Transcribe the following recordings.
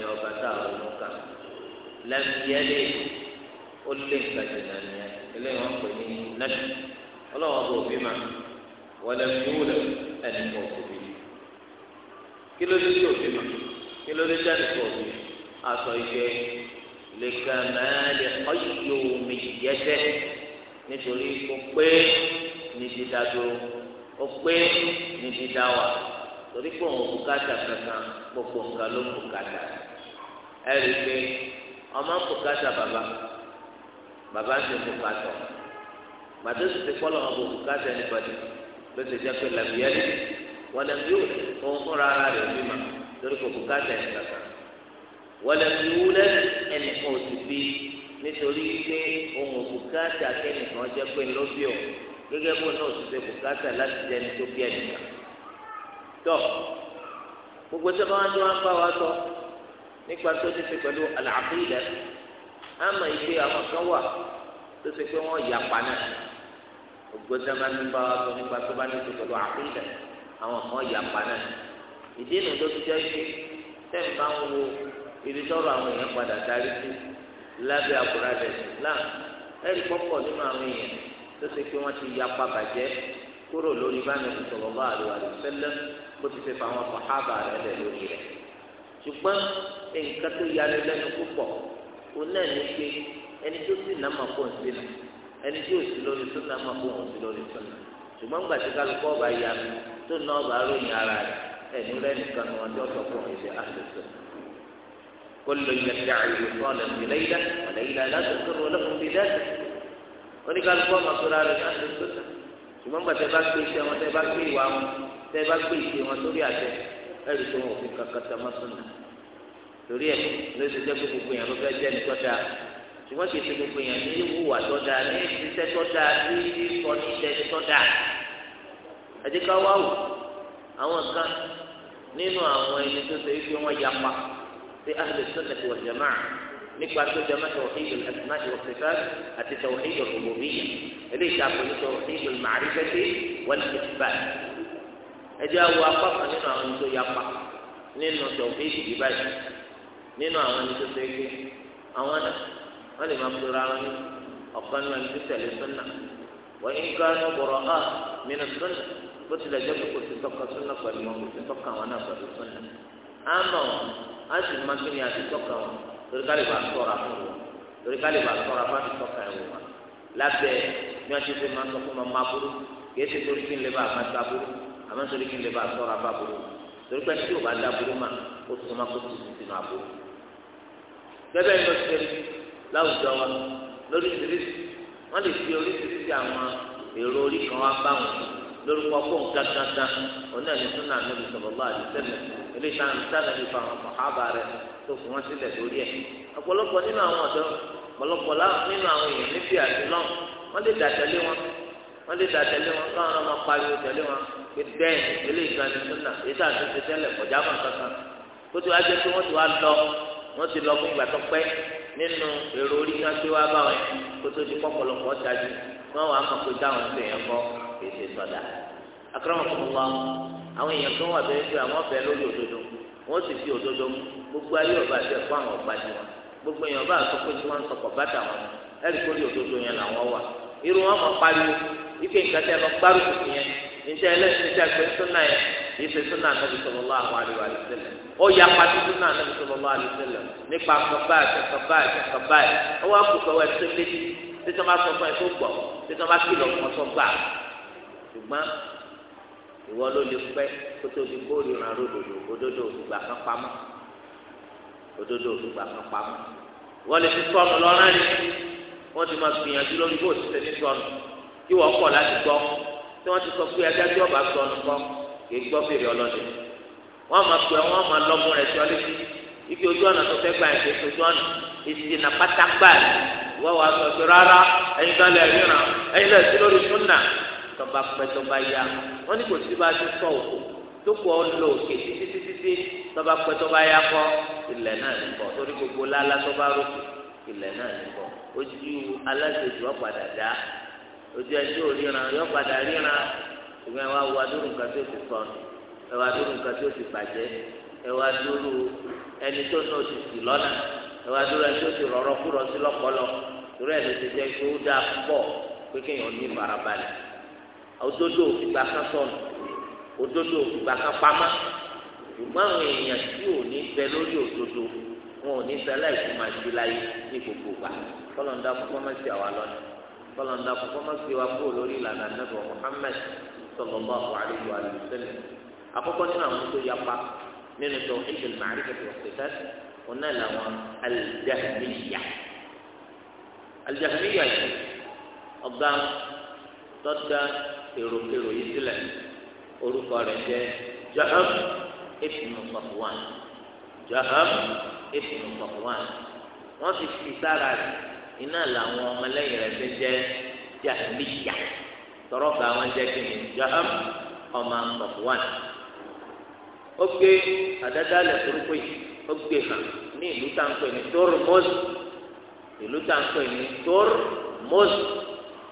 ni ọba tá a ronú kà lẹ́mìíyẹ́ lè ó lé nǹkan jìnnà nìyẹn eléyìí wọn pè ní nẹ́ẹ̀tì ọlọ́wọ́n bò bí ma wọ́n lè fi wúlò ẹnì kan kò bí kí ló dé tí ò bí ma kí ló dé tí ẹnì kan kò bí aṣọ ìgbẹ́ lè ka mẹ́ẹ́lì ọ̀yọ́ mi yẹtẹ́ nítorí kó pé ní dídádúró ó pé ní dídáwà torí pé òun bùkátà kankan gbogbo nǹkan ló bùkátà rẹ̀. ẹrí pé ọmọ ń bàbá bàbá ń ṣe bùkátà màtó ti kọ́lọ̀ ọmọ bùkátà nípasẹ̀ ló ti jẹ́ pé làbíyẹ́lì wọlé ń òun fúnra ara rẹ̀ bí mà lórí kò bùkátà ẹ̀ kàkà wọlé ń bíwò lẹ́nu ẹnì kan bí nítorí pé òun ò kẹ́nìkan jẹ́ pé ló ọ̀ gẹ́gẹ́ bó náà ti ṣe láti jẹ́ ẹni tó bí ẹnìkan. tọ́ nípa tó ti ṣe pẹ̀lú àlàáfíà Ama ìpè àwọn kan wà tó ṣe pé wọ́n yà pa náà ògbóta máa ń bá wa sọ nípa tó bá ní ṣe pẹ̀lú àkídà àwọn kan yà pa náà ìdí ìnù tó ti jẹ́ pé tẹ̀ ń bá ń wo ibi tọ́rọ àwọn èèyàn padà darí sí lábẹ́ àkùrá rẹ̀ náà ẹ̀rí pọ́pọ̀ nínú àwọn èèyàn tó ṣe pé wọ́n ti yà pa bàjẹ́ kúrò lórí bá nàìjíríà sọ̀rọ̀ bá àlùwàlù sẹ́lẹ̀ bó ti ṣe fa àwọn sàhábà ṣùgbọ́n nǹkan tó yà lẹ́nu púpọ̀ òun náà ní pé ẹni tó sì nà máa pọ̀ sí nà ẹni tí ò sí lórí tó nà máa pọ̀ sí lórí tó nà ṣùgbọ́n gbà tí kálukú ọba yà mí tó nà ọba ròyìn ara rẹ̀ ẹni rẹ̀ nìkan ni wọ́n tó sọ pọ̀ ẹ̀ṣẹ̀ àṣẹṣẹ. kóló yẹ kí àyè sọ̀lẹ̀ ìlẹ̀ ilẹ̀ ọ̀lẹ̀ ilẹ̀ alásòkòrò ọlọ́kùn ti dẹ́ oníkálukú ọmọ tó rà rẹ̀ ṣùgbọ́n gbà tẹ bá gbé iṣẹ́ wọn tẹ bá gbé ìwà wọn tẹ bá gbé ìṣe wọn sórí àṣẹ ẹ̀rí tó wọn ò fi kankan tẹ́ mọ́sánná torí ẹ̀ ló ti jẹ́ gbogbo yẹn ló fẹ́ jẹ́ ní tọ́jà ṣùgbọ́n kì í ṣe gbogbo yẹn ní ìwúwà tọ́jà ní ìṣiṣẹ́ tọ́jà ní ìsọ ní ìṣẹ́ tọ́jà ẹ̀díkà wá wò àwọn kan nínú àwọn ẹni tó ṣe wípé wọ́n yapa sí ahlẹ̀ sunnah wal jamaa'ah nípa tó jẹ́ mẹ́ta tawhid al-asma' wa àti tawhid al-rububiyyah eléyìí ẹjẹ́ awo apá kan nínú àwọn ẹni tó yapa nínú tọ̀fí ìdí báyìí nínú àwọn ẹni tó ṣe é gbé àwọn ẹ̀dá wọ́n lè máa pèrò àwọn ọ̀kan nínú ẹni tó tẹ̀lé súnà wọ́n yín ká ní bọ̀rọ̀ á nínú súnà bó tilẹ̀ jẹ́ pé kò sí tọ́ka súnà pẹ̀lú wọn kò sí tọ́ka àwọn náà pẹ̀lú súnà á mọ̀ wọn á sì máa kí ni àti tọ́ka wọn torí ká lè bá sọ̀rọ̀ fún wọn torí ká lè bá sọ̀rọ̀ fún àti tọ́ka ẹ̀wọ̀n wọn lábẹ́ bí wọ́n ti fi máa sọ fún wọn máa kì í ṣe torí kí n lè bá àgbà burú àmọ́ torí kí n lè bá a sọ̀rọ̀ abáburú torí pé tí o bá dáburú mà ó tún má kó tù sí sínú àbúrò. bẹ́ẹ̀ ni wọ́n ti rí láwùjọ wa lóríṣiríṣi wọ́n lè fi oríṣiríṣi àwọn èrò orí kan wá bá wọn lórúkọ fóun gángan oní ẹni tún náà níbi sọlọ́lá àdìsẹ́lẹ̀ eléyìí táwọn sábà nípa àwọn sọ̀hábà rẹ̀ tó fún wọn sílẹ̀ lórí ẹ̀ ọ̀pọ̀lọpọ̀ nínú àwọn ọ̀dọ́ ọ̀pọ̀lọpọ̀ nínú àwọn èèyàn níbi àti lọ́n wọ́n lè dà wọn wọ́n lè dà tẹ̀lé wọn káwọn ọmọ pariwo tẹ̀lé wọn pé bẹ́ẹ̀ eléyìí kan ní súnà ètò àtúnṣe tẹ́lẹ̀ kọjá kan kankan kó tó wá jẹ́ pé wọ́n ti wá lọ wọ́n ti lọ fún ìgbà tó pẹ́ nínú èrò orí kan tí wọ́n bá wọn kó tó di pọ́pọ̀lọpọ̀ ṣáájú wọ́n wàá mọ̀ pé táwọn èsì fún wa àwọn èèyàn ọba àti gbogbo èèyàn bá sọ pé tí iṣẹ́ ẹlẹ́sìn iṣẹ́ pé súnà yẹn kì í ṣe súnà nàbì sallallahu alaihi wa sallam ó yà pàtó súnà nàbì sallallahu alaihi wa sallam nípa kọba àtẹkọba àtẹkọba ẹ ó wà kó sọ wẹ tó létí títí wọn bá sọ fún ẹ tó gbọ́ títí wọn bá kìlọ̀ fún ọ tó gbà ṣùgbọ́n ìwọ ló lè pẹ́ kó tó di bóòlù ràn ródòdò òdodo òdùgbà tí wọ́n ti sọ pé adájọ́ ọba sọ nǹkan kì í gbọ́ fèrè ọlọ́dẹ wọ́n máa pè wọ́n máa lọ́mú rẹ̀ sọ létí ibi ojú ọ̀nà tó fẹ́ gba ẹ̀sẹ̀ tó ojú ọ̀nà èsì nà pátákpá wọ́n wàá sọ pé rárá ẹ̀yin kan lè ríran ẹ̀yin lè sí lórí súnà tọba pẹ́ tọba ya wọ́n ní kò sí bá a ti sọ òkú tó kọ́ ọ lọ òkè títítítí tọba pẹ́ tọba ya kọ́ ilẹ̀ náà ní bọ̀ torí gbogbo lálá tọba rókè ilẹ̀ náà ní bọ̀ ojú aláṣẹ ìjọba padà ojú ẹ tí ò ríran yọ padà ríran ṣùgbọ́n ẹ wá wo adúrú nǹkan tí ó ti sọnù ẹ wá adúrú nǹkan tí ó ti bàjẹ́ ẹ wá ẹni tó náà ti lọ́nà ẹ wá ẹni ti rọrọ kúrọ sí lọ́pọlọ torí ẹ̀ ló ti jẹ́ pé ó dáa pé kéèyàn ní ìfarabalẹ̀ òdodo ìgbà kan sọnù òdodo ìgbà kan pamá ṣùgbọ́n àwọn èèyàn tí ò ní bẹ lórí òdodo wọn gbogbo ń dá fún kọlọ̀ǹda kọ́kọ́ má gbé wa kó lórí ìlànà Ànábì Muhammad sallallahu alaihi wa sallam àkọ́kọ́ nínú àwọn tó yapa nínú tó ìṣẹ̀lẹ̀ màrífẹ̀tì ọ̀sẹ̀tẹ̀ ọ̀nà làwọn al-Jahmiyya al-Jahmiyya yìí ọ̀gá tọ́da èròkèrò yìí sílẹ̀ orúkọ rẹ̀ jẹ́ Jaham ibn Safwan Jaham ibn Safwan wọ́n ti fi sára rẹ̀ iná làwọn ọmọlẹ́yìn rẹ̀ ti jẹ́ jahamiya tọrọ bá wọn jẹ́ kí ni jaham ọmọ sọfwan ó gbé àdádálẹ̀ burúkú yìí ó gbé hàn ní ìlú táǹpẹ ní Tormuz ìlú táǹpẹ ní Tormuz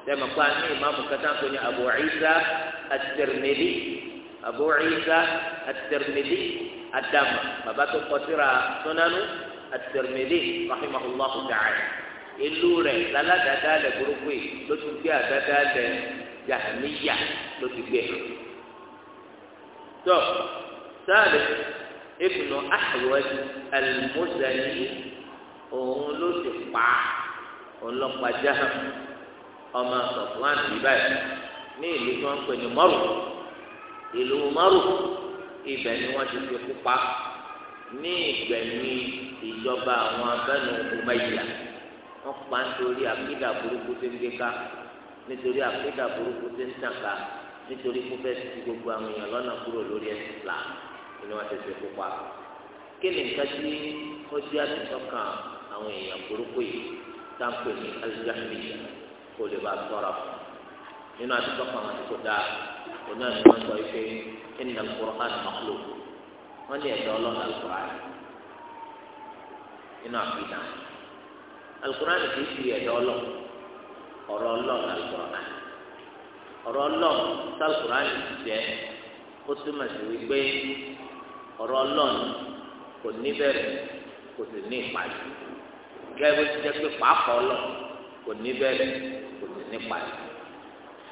tẹmọkpa ní ìmáàmù kátàǹpẹ ní Abu Isa at-Tirmidhi Abu Isa at-Tirmidhi adama bàbá tó kọsíra sunanu at-Tirmidhi rahimahullahu ta'ala ìlú rẹ̀ lálàdàdà lẹ̀ burúkú yìí ló ti gbé àdàdà lẹ̀ yàhámíyà ló ti gbé. tó sáàlẹ̀ ibùnú àhùwẹ́dì àlùmọ́sàlì òun ló ti pa ọlọ́pàá jáhàn ọmọ sọ̀tún ìbáyìí ní ìlú tí wọ́n pè ní mọ́rù ìlú mọ́rù ibẹ̀ ni wọ́n ti fi kú ní ìgbẹ̀yìn ìjọba àwọn abẹ́nu ọmọ wọn pa nítorí àkídà burúkú tó ń gbé ká nítorí àkídà burúkú tó ń tàn ká nítorí kó fẹ́ ti gbogbo àwọn èèyàn lọ́nà kúrò lórí ẹ̀sìn Islam ni wọ́n ti ṣe kópa kí ni nǹkan tí ó jẹ́ àtúntọ́kàn àwọn èèyàn burúkú yìí táǹpẹ̀ ní alijahiliya kó lè bá tọ́ra fún nínú àtúntọ́kàn àwọn àtúntò dáa òun náà ni wọ́n sọ pé inna al-Qur'an makhluq wọ́n ní ẹ̀dọ́ ọlọ́run àlùkò àyè nínú àfihàn alukur'an kì í fi ẹ̀dọ́ lọ ọ̀rọ̀ ọlọ́run alukur'an ọ̀rọ̀ ọlọ́run tí alukur'an ti jẹ́ ó túmọ̀ sí wípé ọ̀rọ̀ ọlọ́run kò ní bẹ̀rẹ̀ kò sì ní ìparí gẹ́gẹ́ bó ti jẹ́ pé pàápàá ọlọ́run kò ní bẹ̀rẹ̀ kò sì ní ìparí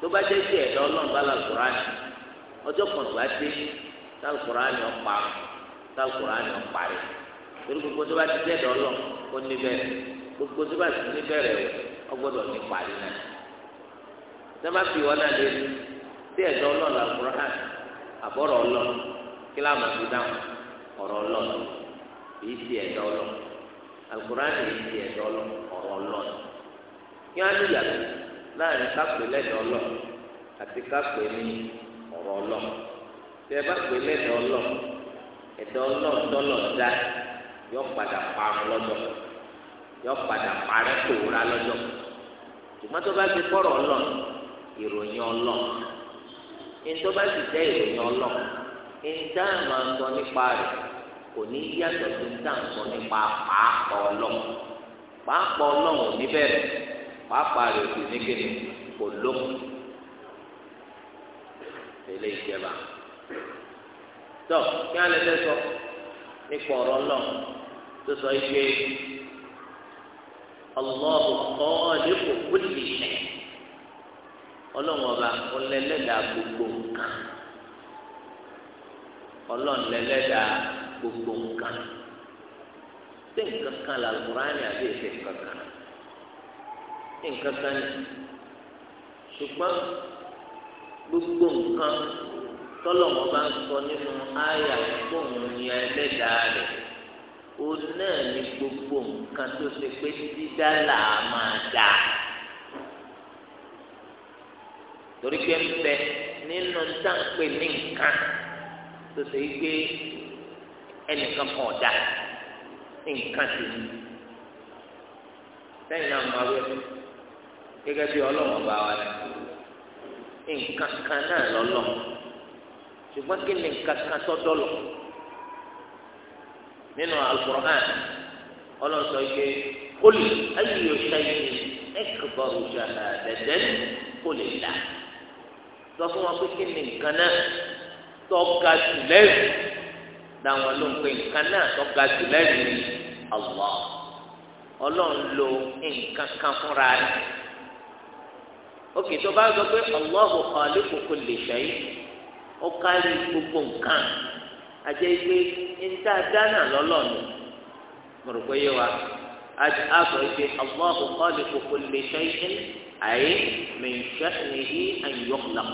tó bá jẹ́ sí ẹ̀dọ́ ọlọ́run bá alukur'an ọjọ́ kan tó bá dé tí alukur'an yọ pa tí alukur'an yọ parí torí gbogbo tó bá ti jẹ́ ẹ̀dọ́ ọlọ́run ó ní bẹ̀rẹ̀ gbogbo tó bá ti ní bẹ̀rẹ̀ rẹ̀ ọgbọ́dọ̀ ní parí náà sábà fi wọn náà lé sí ẹ̀dọ́ ọlọ́ọ̀lá abraham àbọ̀rọ̀ ọlọ́ọ̀ kí láàmú ti dáhùn ọ̀rọ̀ ọlọ́ọ̀ kì í ti ẹ̀dọ́ ọlọ́ọ̀ alukur'an kì í ti ẹ̀dọ́ ọlọ́ọ̀ ọ̀rọ̀ ọlọ́ọ̀ kí wọ́n á níyà láàrin kápẹ́ lẹ́dọ̀ ọlọ́ọ̀ àti kápẹ́ ní ọ̀rọ̀ ọlọ́ọ̀ tí ẹ bá pè lẹ́dọ̀ ọlọ́ọ̀ ẹ̀dọ́ ọlọ́ọ̀ tọ́lọ̀ dá yọ padà pa àwọn yọ padà parẹ́ kòwúra lọ́jọ́ ṣùgbọ́n tó bá ti kọ́rọ̀ ọlọ́ ìròyìn ọlọ́ tó bá ti jẹ́ ìròyìn ọlọ́ ìdá máa ń sọ nípa rẹ̀ kò ní yàtọ̀ sí ìdá ń sọ nípa pàápàá ọlọ́ pàápàá ọlọ́ ò ní bẹ̀rẹ̀ pàápàá rẹ̀ sì ní kéde kò lókun tẹ́lẹ̀ ìjẹba tọ́ kí á lè sọ nípa ọ̀rọ̀ ọlọ́ tó sọ yìí pé. Allahu khaliqu kulli shay ọlọ́run ọba ọlẹ́lẹ́dàá gbogbo nǹkan ọlọ́run lẹ́lẹ́dàá gbogbo nǹkan ṣé nǹkan kan la Kùránì àbí ẹ̀sẹ̀ kankan ṣé nǹkan kan ni ṣùgbọ́n gbogbo nǹkan tọ́lọ̀ wọn ń sọ nínú àyà gbòòrùn yẹn lẹ́dàá rẹ̀ o náà ní gbogbo nǹkan tó ṣe pé dídá là á máa dà torí pé ń bẹ nínú táǹpẹ ní nǹkan tó ṣe pé ẹnìkan kan ọ̀dà nǹkan sì ní sẹ́yìn náà máa wẹ̀ gẹ́gẹ́ bí ọlọ́run bá wà ní nǹkan kan náà lọ́lọ́ ṣùgbọ́n kí ni nǹkan kan tọ́ dọ́lọ́ nínú alukur'an ọlọ́sọ ike kólì ayélujára ṣáyé ẹ̀kọ́bọ̀rù ṣàdẹ̀dẹ̀ kólì là sọ fún wọn pé kí ni nǹkan náà tọ́ka jù lẹ́yìn dáwọn ló ń pè nǹkan náà tọ́ka jù lẹ́yìn Allah ọlọ́run lo nǹkan kan fúnra rẹ̀ òkè tó bá sọ pé Allahu khaliqu kulli shay ó kárí gbogbo nǹkan àjẹ́ ìgbé níta dáná lọ́lọ́ọ̀nù mo rò pé yé wa a sọ ìgbé Allahu khaliqu kulli shay'in àyè min sha'nihi an yukhlaq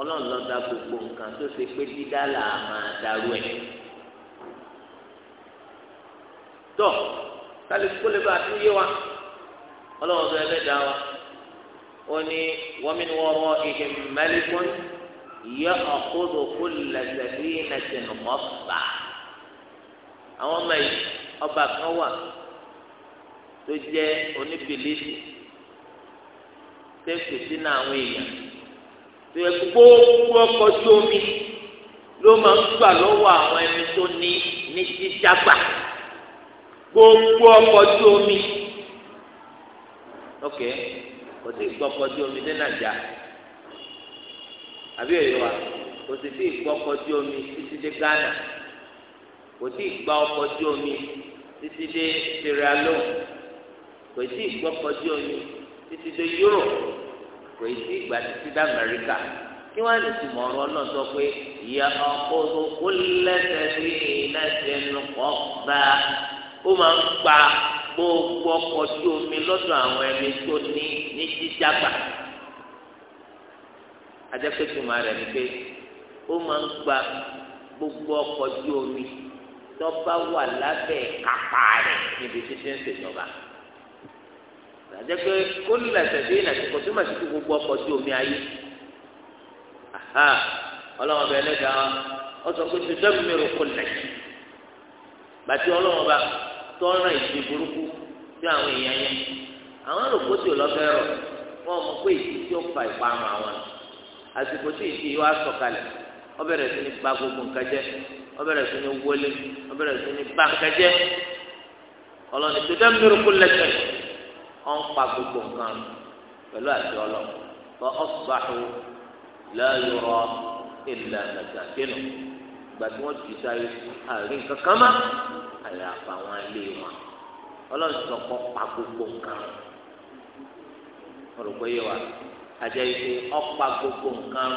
ọlọ́run ló dá gbogbo nǹkan tó ṣe pé dídá là máa darú ẹ̀. tọ́ kálífù lè bá a tún yé wa ọlọ́run sọ ẹlẹ́dàá wa ó ní wa min wara'ihim malikun. يأخذ كل سفينة غصبا àwọn ọmọ yìí ọba kan wà tó jẹ oníbìlísì tẹsí sínú àwọn èèyàn tó yẹ gbogbo ọkọ̀ ojú omi ló máa ń gbà lọ́wọ́ àwọn ẹni tó ní ní jíjágbà gbogbo ọkọ̀ ojú omi ok kò sí ìgbọ́kọ̀ ojú omi dé nàìjíríà àbí òye wa kò sì tí ì gbọ́ ọkọ̀ ojú omi títí dé Ghana kò tí ì gba ọkọ̀ ojú omi títí dé Sierra Leone kò tí ì gbọ́ ọkọ̀ ojú omi títí dé Europe kò tí ì gbà títí dé Amẹ́ríkà kí wọ́n á lè tìmọ̀ ọ̀rọ̀ náà sọ pé ìyá ọkọ̀ òkú lẹ́sẹ̀ sí iná ṣe ń kọ́ gbà ó máa ń gba gbogbo ọkọ̀ ojú omi lọ́dọ̀ àwọn ẹni tó ní ní jíjágbà adẹ́pẹ́tùmọ̀ rẹ̀ ni pé ó máa ń gba gbogbo ọkọ̀ ojú omi tọ́ba wà lábẹ́ kápá rẹ̀ níbi títí ń ṣèjọba àdẹ́pẹ́ kó lílà tẹ̀sí ìlànà kò túmọ̀ sí kó gbogbo ọkọ̀ ojú omi ayé ọlọ́wọ́n bẹ lẹ́dàá ọ sọ pé tuntun mi rò kó lẹ́yìn bàtí ọlọ́wọ́n bá tọ́ran ìdí burúkú sí àwọn èèyàn yẹn àwọn àròkó tí ò lọ́fẹ́ rọ̀ wọ́n mọ̀ pé ìdí tí ó fa ìparun àwọn ni àsìkò tí ìdí wa sọ̀kalẹ̀ ó bẹ̀rẹ̀ sí ní ba gbogbo nǹkan jẹ́ ó bẹ̀rẹ̀ sí ní wọlé ó sí ní ba nǹkan jẹ́ ọlọ́ni tó dá mìíràn lẹ́sẹ̀ ọ̀ pa gbogbo nǹkan pẹ̀lú àti ọlọ́ fọ ọ̀sùbáhù lẹ́yọrọ ìlà nàgàkínú ìgbà tí wọ́n ti sáré àárín kankan má àyàfà wọn lé wọn ọlọ́ni sọ̀kọ́ pa gbogbo nǹkan ọ̀rọ̀ àjẹ́ ìpè ọ̀pá gbogbo nǹkan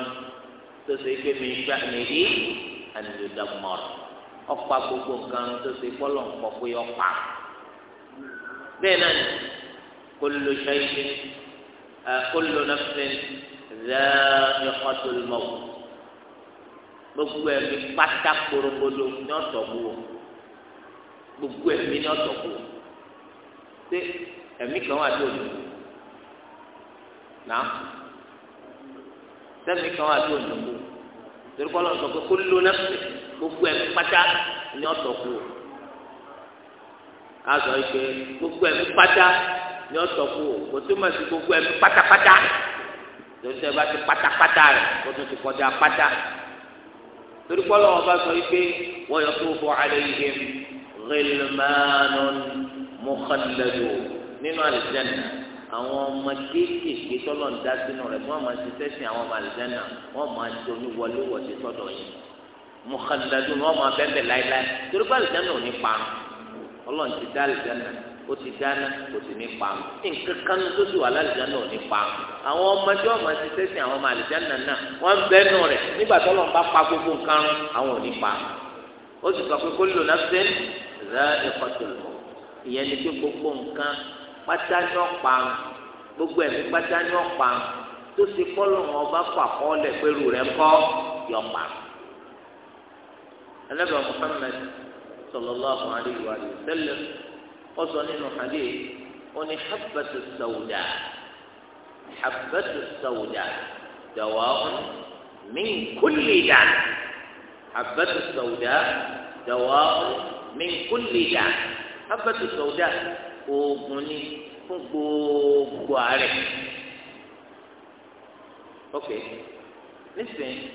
tó ṣe pé mi gbà mí yí ànìlódà mọ̀rọ̀ ọ̀pá gbogbo nǹkan tó ṣe bọ́lọ̀ nǹkan pé ọ̀pá. bẹ́ẹ̀ náà ni kullu shay'in kullu nafsin dha'iqatul maut gbogbo ẹ̀mí pátá korongodo ní ọ̀tọ̀ bu gbogbo ẹ̀mí ní ọ̀tọ̀ bu o ṣé ẹ̀mí kan wà lónìí náà sẹ́mi kan wà tó nìkú torí kọ́ lọ́nà sọ pé kó ló náà gbogbo ẹ̀ pátá ni ọ̀tọ̀ kú o azọ ike gbogbo ẹ̀mí pátá ni ọ̀tọ̀ kú o kò tó máa ti gbogbo ẹ̀mí pátápátá lórí sẹ́mi bá ti pátápátá rẹ̀ kó tó ti kọjá pátá torí kọ́ lọ́wọ́ bá sọ ike wọ́n yọ kó fọ́ alẹ́ yìí ghilmanun mukhalladun nínú àlùjànnà àwọn ọmọ kéékèèké tọ́lọ̀ ń dá sínú rẹ̀ fún ọmọ ṣiṣẹ́ sí àwọn ọmọ àlùjáná wọ́n máa ṣe oníwọlé wọ̀ṣẹ̀ sọ́dọ̀ yìí mọ̀kàndàdún ni wọ́n máa bẹ́ẹ̀ láéláé torí pé àlùjáná ò ní parun ọlọ́run ti dá àlùjáná ó ti dáná kò sì ní parun nǹkan kan tó sì wà lálùjáná ò ní parun àwọn ọmọdé ọmọ ṣiṣẹ́ sí àwọn ọmọ àlùjáná náà wọ́n ń bẹ́nu rẹ̀ nígbà tọ́lọ́ pátá ní ọ̀pá gbogbo ẹ̀mí pátá ní ọ̀pá tó ti kọ́lọ̀ wọn bá kọ́ àkọọ́lẹ̀ pẹ̀lú rẹ̀ kọ́ yọ̀pá. Ànábì Muhammad sallallahu alayhi wa sallam ó sọ nínú hadith ó ní habbatu sawda habbatu sawda dawa'un min kulli dan habbatu sawda dawa'un min kulli dan habbatu sawda oògùn ní fún gbogbo àárẹ̀ ok nísìnyí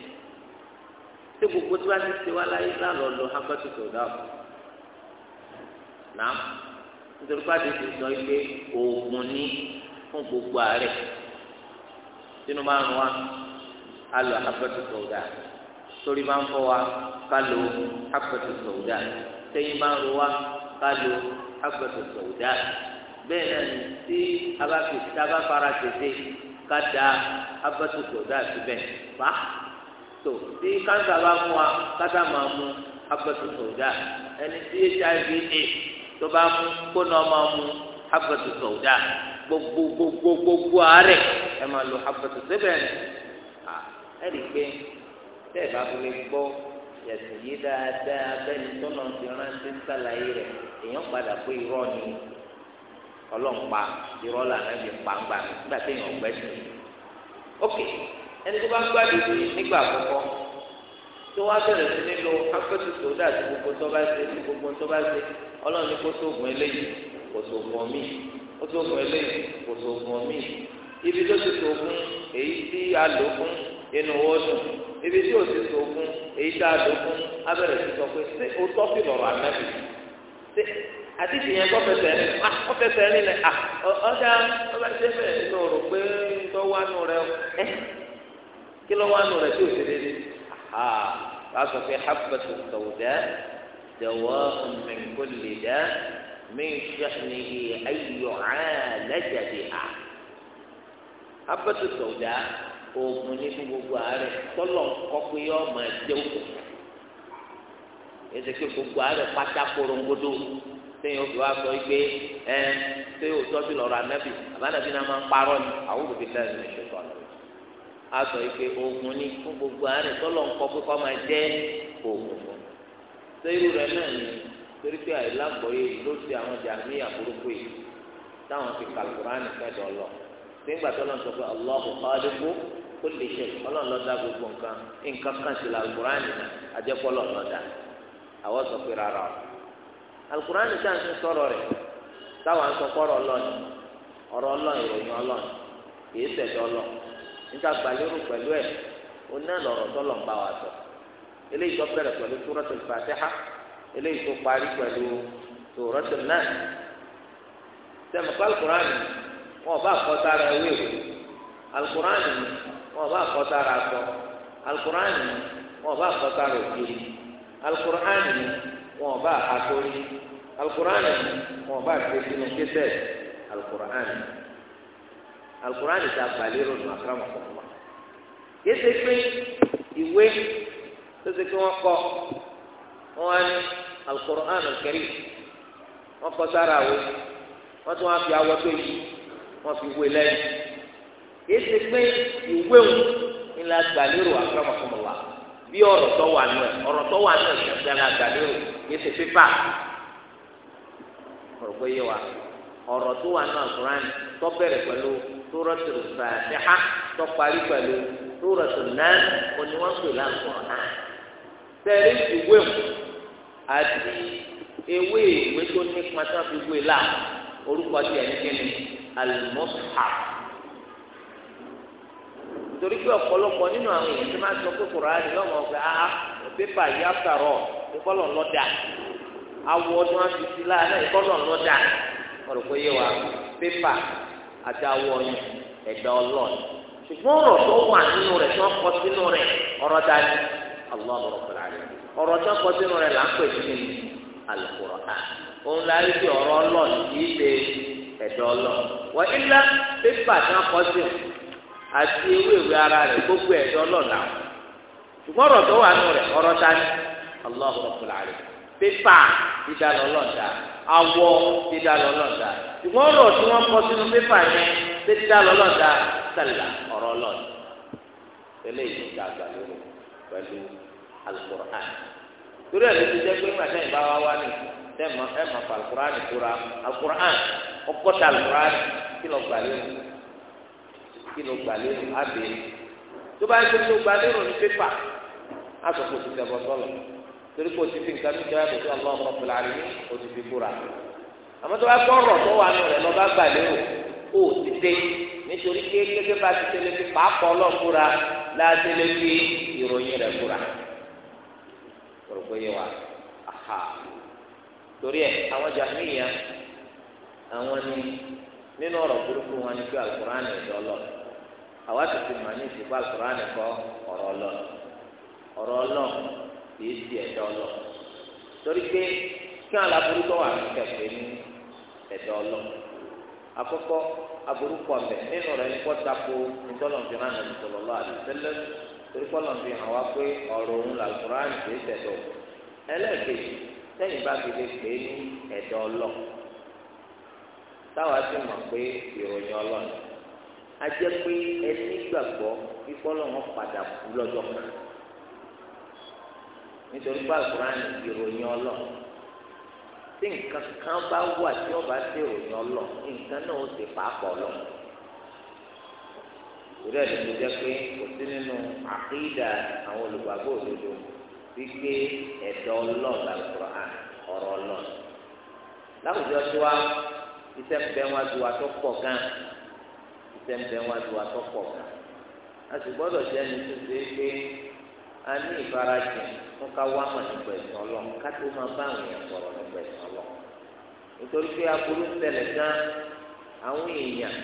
tí gbogbo tí wàá ti ṣe wá láyé lálọ́ lọ hábàtú sọ̀dá ọ̀ nàá nítorí pàdé ti sọ pé oògùn ní fún gbogbo àárẹ̀ sínú máa ń wá alọ hábàtú sọ̀dá torí bá ń fọ wa ká lo hábàtú sọ̀dá sẹ́yìn bá ń ro wa ká lo abẹ́tẹ̀ sọ̀dá bẹ́ẹ̀ náà ní tí abáfẹ́sí tábà fara tètè ká da abẹ́tẹ̀ sọ̀dá síbẹ̀ fà tó tí káńtà bá mú wa káńtà máa mú abẹ́tẹ̀ sọ̀dá ẹni tí hiv aids tó bá mú kó náà máa mú abẹ́tẹ̀ sọ̀dá gbogbo gbogbo gbogbo àárẹ̀ ẹ máa lo abẹ́tẹ̀ síbẹ̀ ẹ rí i pé tẹ́ẹ̀ bá fi lè gbọ́ ẹ̀sìn yìí dáadáa bẹ́ẹ̀ ni tọ́nà ti rántí sàlàyé rẹ̀ èèyàn padà pé irọ́ ni ọlọ́ǹpa irọ́ là nàbí pàǹgbà nígbà tí èèyàn gbẹ́ sí i. ok ẹni tó bá ń gbàdúrà nígbà àkọ́kọ́ tó wá bẹ̀rẹ̀ sí nílò akẹ́tù tó dà sí gbogbo tó bá ṣe sí gbogbo tó bá ṣe ọlọ́run ní kó sóògùn eléyìí kò sóògùn ọ̀mí kó sóògùn eléyìí kò sóògùn ọ̀mí ibi tó ti sóògùn èyí tí a lò fún inú wọ́ọ̀dù ibi tí ò ti sóògùn èyí tí a lò fún abẹ́rẹ́ ti pé ṣé o tọ́ sí lọ́rọ̀ àti ìfìyàn tó fẹsẹ̀ rìn à ó fẹsẹ̀ rìn lẹ̀ à ọ̀dà ọba ṣe fẹ̀ inú rò pé tó wà rẹ ẹ kí ló wà rẹ tí o ṣe dédé a sọ pé habatu sawda dawa'un min kulli da' min shahnihi an yu'alaja oògùn ní gbogbo àárẹ̀ tọ́lọ̀ ń kọ́ pé òkùnkùn ètò ìpè gbogbo àárẹ̀ pátá korongodo sẹ́yìn òfin wa sọ pé ẹ sẹ́yìn òtọ́jú lọ́rọ̀ anábì àbánábì náà máa ń parọ́ ni àwọn òbí náà ní ìṣòro àná a sọ pé oògùn ni fún gbogbo àárẹ̀ tọ́lọ̀ ń kọ́ pé kọ́ máa jẹ́ oògùn fún sẹ́yìn rẹ̀ náà ni torí pé àìlágbọ̀ọ́yé ló ti àwọn jàmí àbúrúkú yìí táwọn fi kàlùkùránì fẹ́dọ̀ lọ nígbà tó lọ́n sọ pé Allahu khaliqu kulli shay ọlọ́run ló dá gbogbo nǹkan nǹkan kan sí làlùkùránì àjẹpọ̀ lọ́ọ̀lọ́dà àwọn sọ pé rárá o alukur'an ní sáà ń sọ̀rọ̀ rẹ̀ táwọn asọ̀kọ̀rọ̀ ọlọ́ọ̀ni ọ̀rọ̀ ọlọ́ọ̀ni ìròyìn ọlọ́ọ̀ni kìí ṣẹ̀dọ̀ ọlọ́ọ̀ níta gbàlérò pẹ̀lú ẹ̀ ó ná lọ̀rọ̀ tọ́lọ̀ ń bá wa sọ eléyìí tó bẹ̀rẹ̀ pẹ̀lú Suratul Fatiha eléyìí tó parí pẹ̀lú Suratul Nas sẹ́mi kọ́ alukur'an wọn bá kọ́ sára ewé o alukur'an wọn bá kọ́ sára akọ alukur'an wọn bá kọ́ òkèèrè alukur'an ni wọn bá àtọ́rí alukur'an ni wọn bá gbé sínú kẹsẹ̀ alukur'an ni alukur'an ni ta balẹ̀ ronú akérèmọ̀ fún wa yéésè pé ìwé tó ṣe pé wọ́n kọ́ wọ́n wá ní alukur'an kẹrì wọ́n kọ́ sára wo wọ́n tún wá fi awọ tó yìí wọ́n fi wé lẹ́yìn yéésè pé ìwé wọn ni la gbàlérò akérèmọ̀ fún wa bí ọ̀rọ̀ tó wà nù ẹ̀ ọ̀rọ̀ tó wà nù ẹ̀ gbàgbà gàdúrò yé ṣe pépà ọ̀rọ̀ pé yé wa ọ̀rọ̀ tó wà nù àkùránì tó bẹ̀rẹ̀ pẹ̀lú sórọ̀tìrì fàtíhà tó parí pẹ̀lú sórọ̀tìrì náà oníwàpè làǹkọ̀ náà tẹ̀lé ìwé mu àti ewé ìwé tó ní pátá fi wé e là orúkọ tiẹ̀ ní kíni al-Mushaf nítorí pé ọ̀pọ̀lọpọ̀ nínú àwọn èèyàn tí máa ń sọ pé kùránì lọ́mọ ọ̀gbẹ́ ah pépà yìí àtàrọ̀ ìkọlọ̀ lọ́dà awọ ọdún àfìsí láàánú ìkọlọ̀ lọ́dà ọ̀rọ̀ pé yé wa pépà àti awọ ọyàn ẹ̀dá ọlọ́ọ̀ni ṣùgbọ́n ọ̀rọ̀ tó wà nínú rẹ̀ tó ń kọ sínú rẹ̀ ọ̀rọ̀ dání Allahu Rabbil alamin ọ̀rọ̀ tó kọ Al-Qur'an òun la rí bí àti ewé ìwé ara rẹ̀ gbogbo ẹ̀dọ́ ọlọ́ọ̀la ṣùgbọ́n ọ̀rọ̀ tó wà nù rẹ̀ ọ̀rọ̀ ta ni Allahu Rabbul Alamin pépà dídálọ́ lọ́ọ̀dà awọ dídálọ́ lọ́ọ̀dà ṣùgbọ́n ọ̀rọ̀ tí wọ́n kọ sínú pépà yẹn pé dídálọ́ lọ́ọ̀dà sàlà ọ̀rọ̀ lọ́ọ̀dà eléyìí dàgbà lóru pẹ̀lú alukur'an torí ẹ̀ ló jẹ́ pé màtá ìbá wá ní ẹ̀ mọ̀ ẹ̀ mọ̀ alukur'an kura alukur'an ọkọ̀ta alukur'an kí ló gbà lérò ábẹ́rẹ́ tó bá yẹ kó gbà lérò ní pépà á sọ kó o ti tẹ̀bọ̀ sọ́lọ̀ torí kó o ti fi nǹkan mi jẹ́ àbẹ̀tí ọlọ́run ọ̀pẹ̀lẹ̀ àrí o ti fi búra àmọ́ tó bá tọrọ tó wà nù rẹ̀ lọ́ bá gbà lérò kó o ti dé nítorí pé gẹ́gẹ́ bá ti tẹ́lẹ̀ fi pàápọ̀ ọlọ́kùnra látẹ́lẹ̀ fi ìròyìn rẹ̀ kúra rògbòye wa aha torí ẹ àwọn jàmíyà àwọn ni nínú ọ̀rọ̀ burúkú wọn ni pé alukóran ẹ̀dọ́ lọ́rọ̀ àwa ti fi mọ̀ ní ìsìnkú àkùrán ẹ̀kọ́ ọ̀rọ̀ ọlọ́run ọ̀rọ̀ ọlọ́run kì í ti ẹ̀dá ọlọ́run torí pé kí wọn láburú tó wà ní kẹfẹ́ ní ẹ̀dá ọlọ́run àkọ́kọ́ aburú pọ̀ mẹ́ nínú rẹ̀ ní kọ́tàkó nítọ́lọ́mùfin náà nàbì sọ̀rọ̀ lọ́wọ́ àdìsẹ́lẹ̀ torí kọ́lọ́mùfin hàn wá pé ọ̀rọ̀ òun làkùrán kì í tẹ̀dọ̀ ẹlẹ́ẹ̀kejì sẹ́yìn bá fi lè pè ní ẹ̀dá ọlọ́run táwa sì mọ̀ pé ìròyìn ọlọ́run ajẹ́ pé ẹni gbàgbọ́ ìfọlọ́ wọn padà kú lọ́jọ́ kan nítorí pé àkùrán ìròyìn ọlọ́ tí nǹkan kan bá wà tí ọba ṣe ìròyìn ọlọ́ nǹkan náà ó ti pàápọ̀ lọ. ìrẹ́ ló ti jẹ́ pé kò sí nínú àkídà àwọn olùgbàgbọ́ òdodo wípé ẹ̀dọ́ ọlọ́ọ̀dà àkùrán ọ̀rọ̀ ọlọ́ọ̀ láwùjọ tí wa iṣẹ́ ń bẹ wọn ju wa gan sẹ́ńtẹ̀ wá ju atọ́pọ̀ kan a sì gbọ́dọ̀ jẹ́ ẹni tó ṣe é pé a ní ìfarajìn fún ká wá mọ̀ nípa ẹ̀sìn ọlọ́run ká tó máa bá àwọn èèyàn sọ̀rọ̀ nípa ẹ̀sìn ọlọ́run nítorí pé aburú ṣẹlẹ̀ gan àwọn èèyàn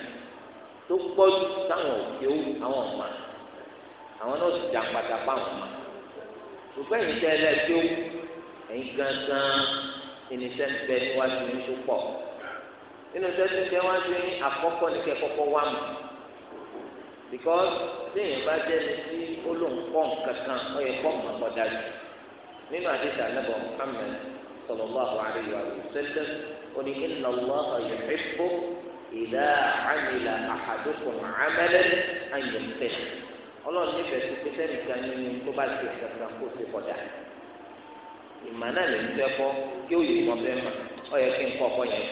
tó gbọ́dọ̀ táwọn òkè ó àwọn ọ̀ma àwọn náà sì jàǹpàtà bá àwọn ọ̀ma ṣùgbọ́n ìṣẹ́ ẹlẹ́jọ́ ẹ̀yin gangan ìníṣẹ́ ń bẹ níwájú ní tó nínú sẹ́sìn tẹ wá sí ní àkọ́kọ́ ní kẹ́ kọ́kọ́ wá mọ̀ because téèyàn bá jẹ́ ní sí olóńkọ́ kankan ó yẹ kọ́ mọ̀ ọ́ dájú nínú àdéhùn anábọ̀ Muhammad sallallahu alayhi wa sallam oní inna Allaha yuhibbu idha amila ahadukum amalan an yumtihi ọlọ́run nífẹ̀ẹ́ sí pé sẹ́nìkan nínú tó bá ti kankan kó ti kọjá ìmọ̀ náà lè ń fẹ́ kọ́ kí ó yẹ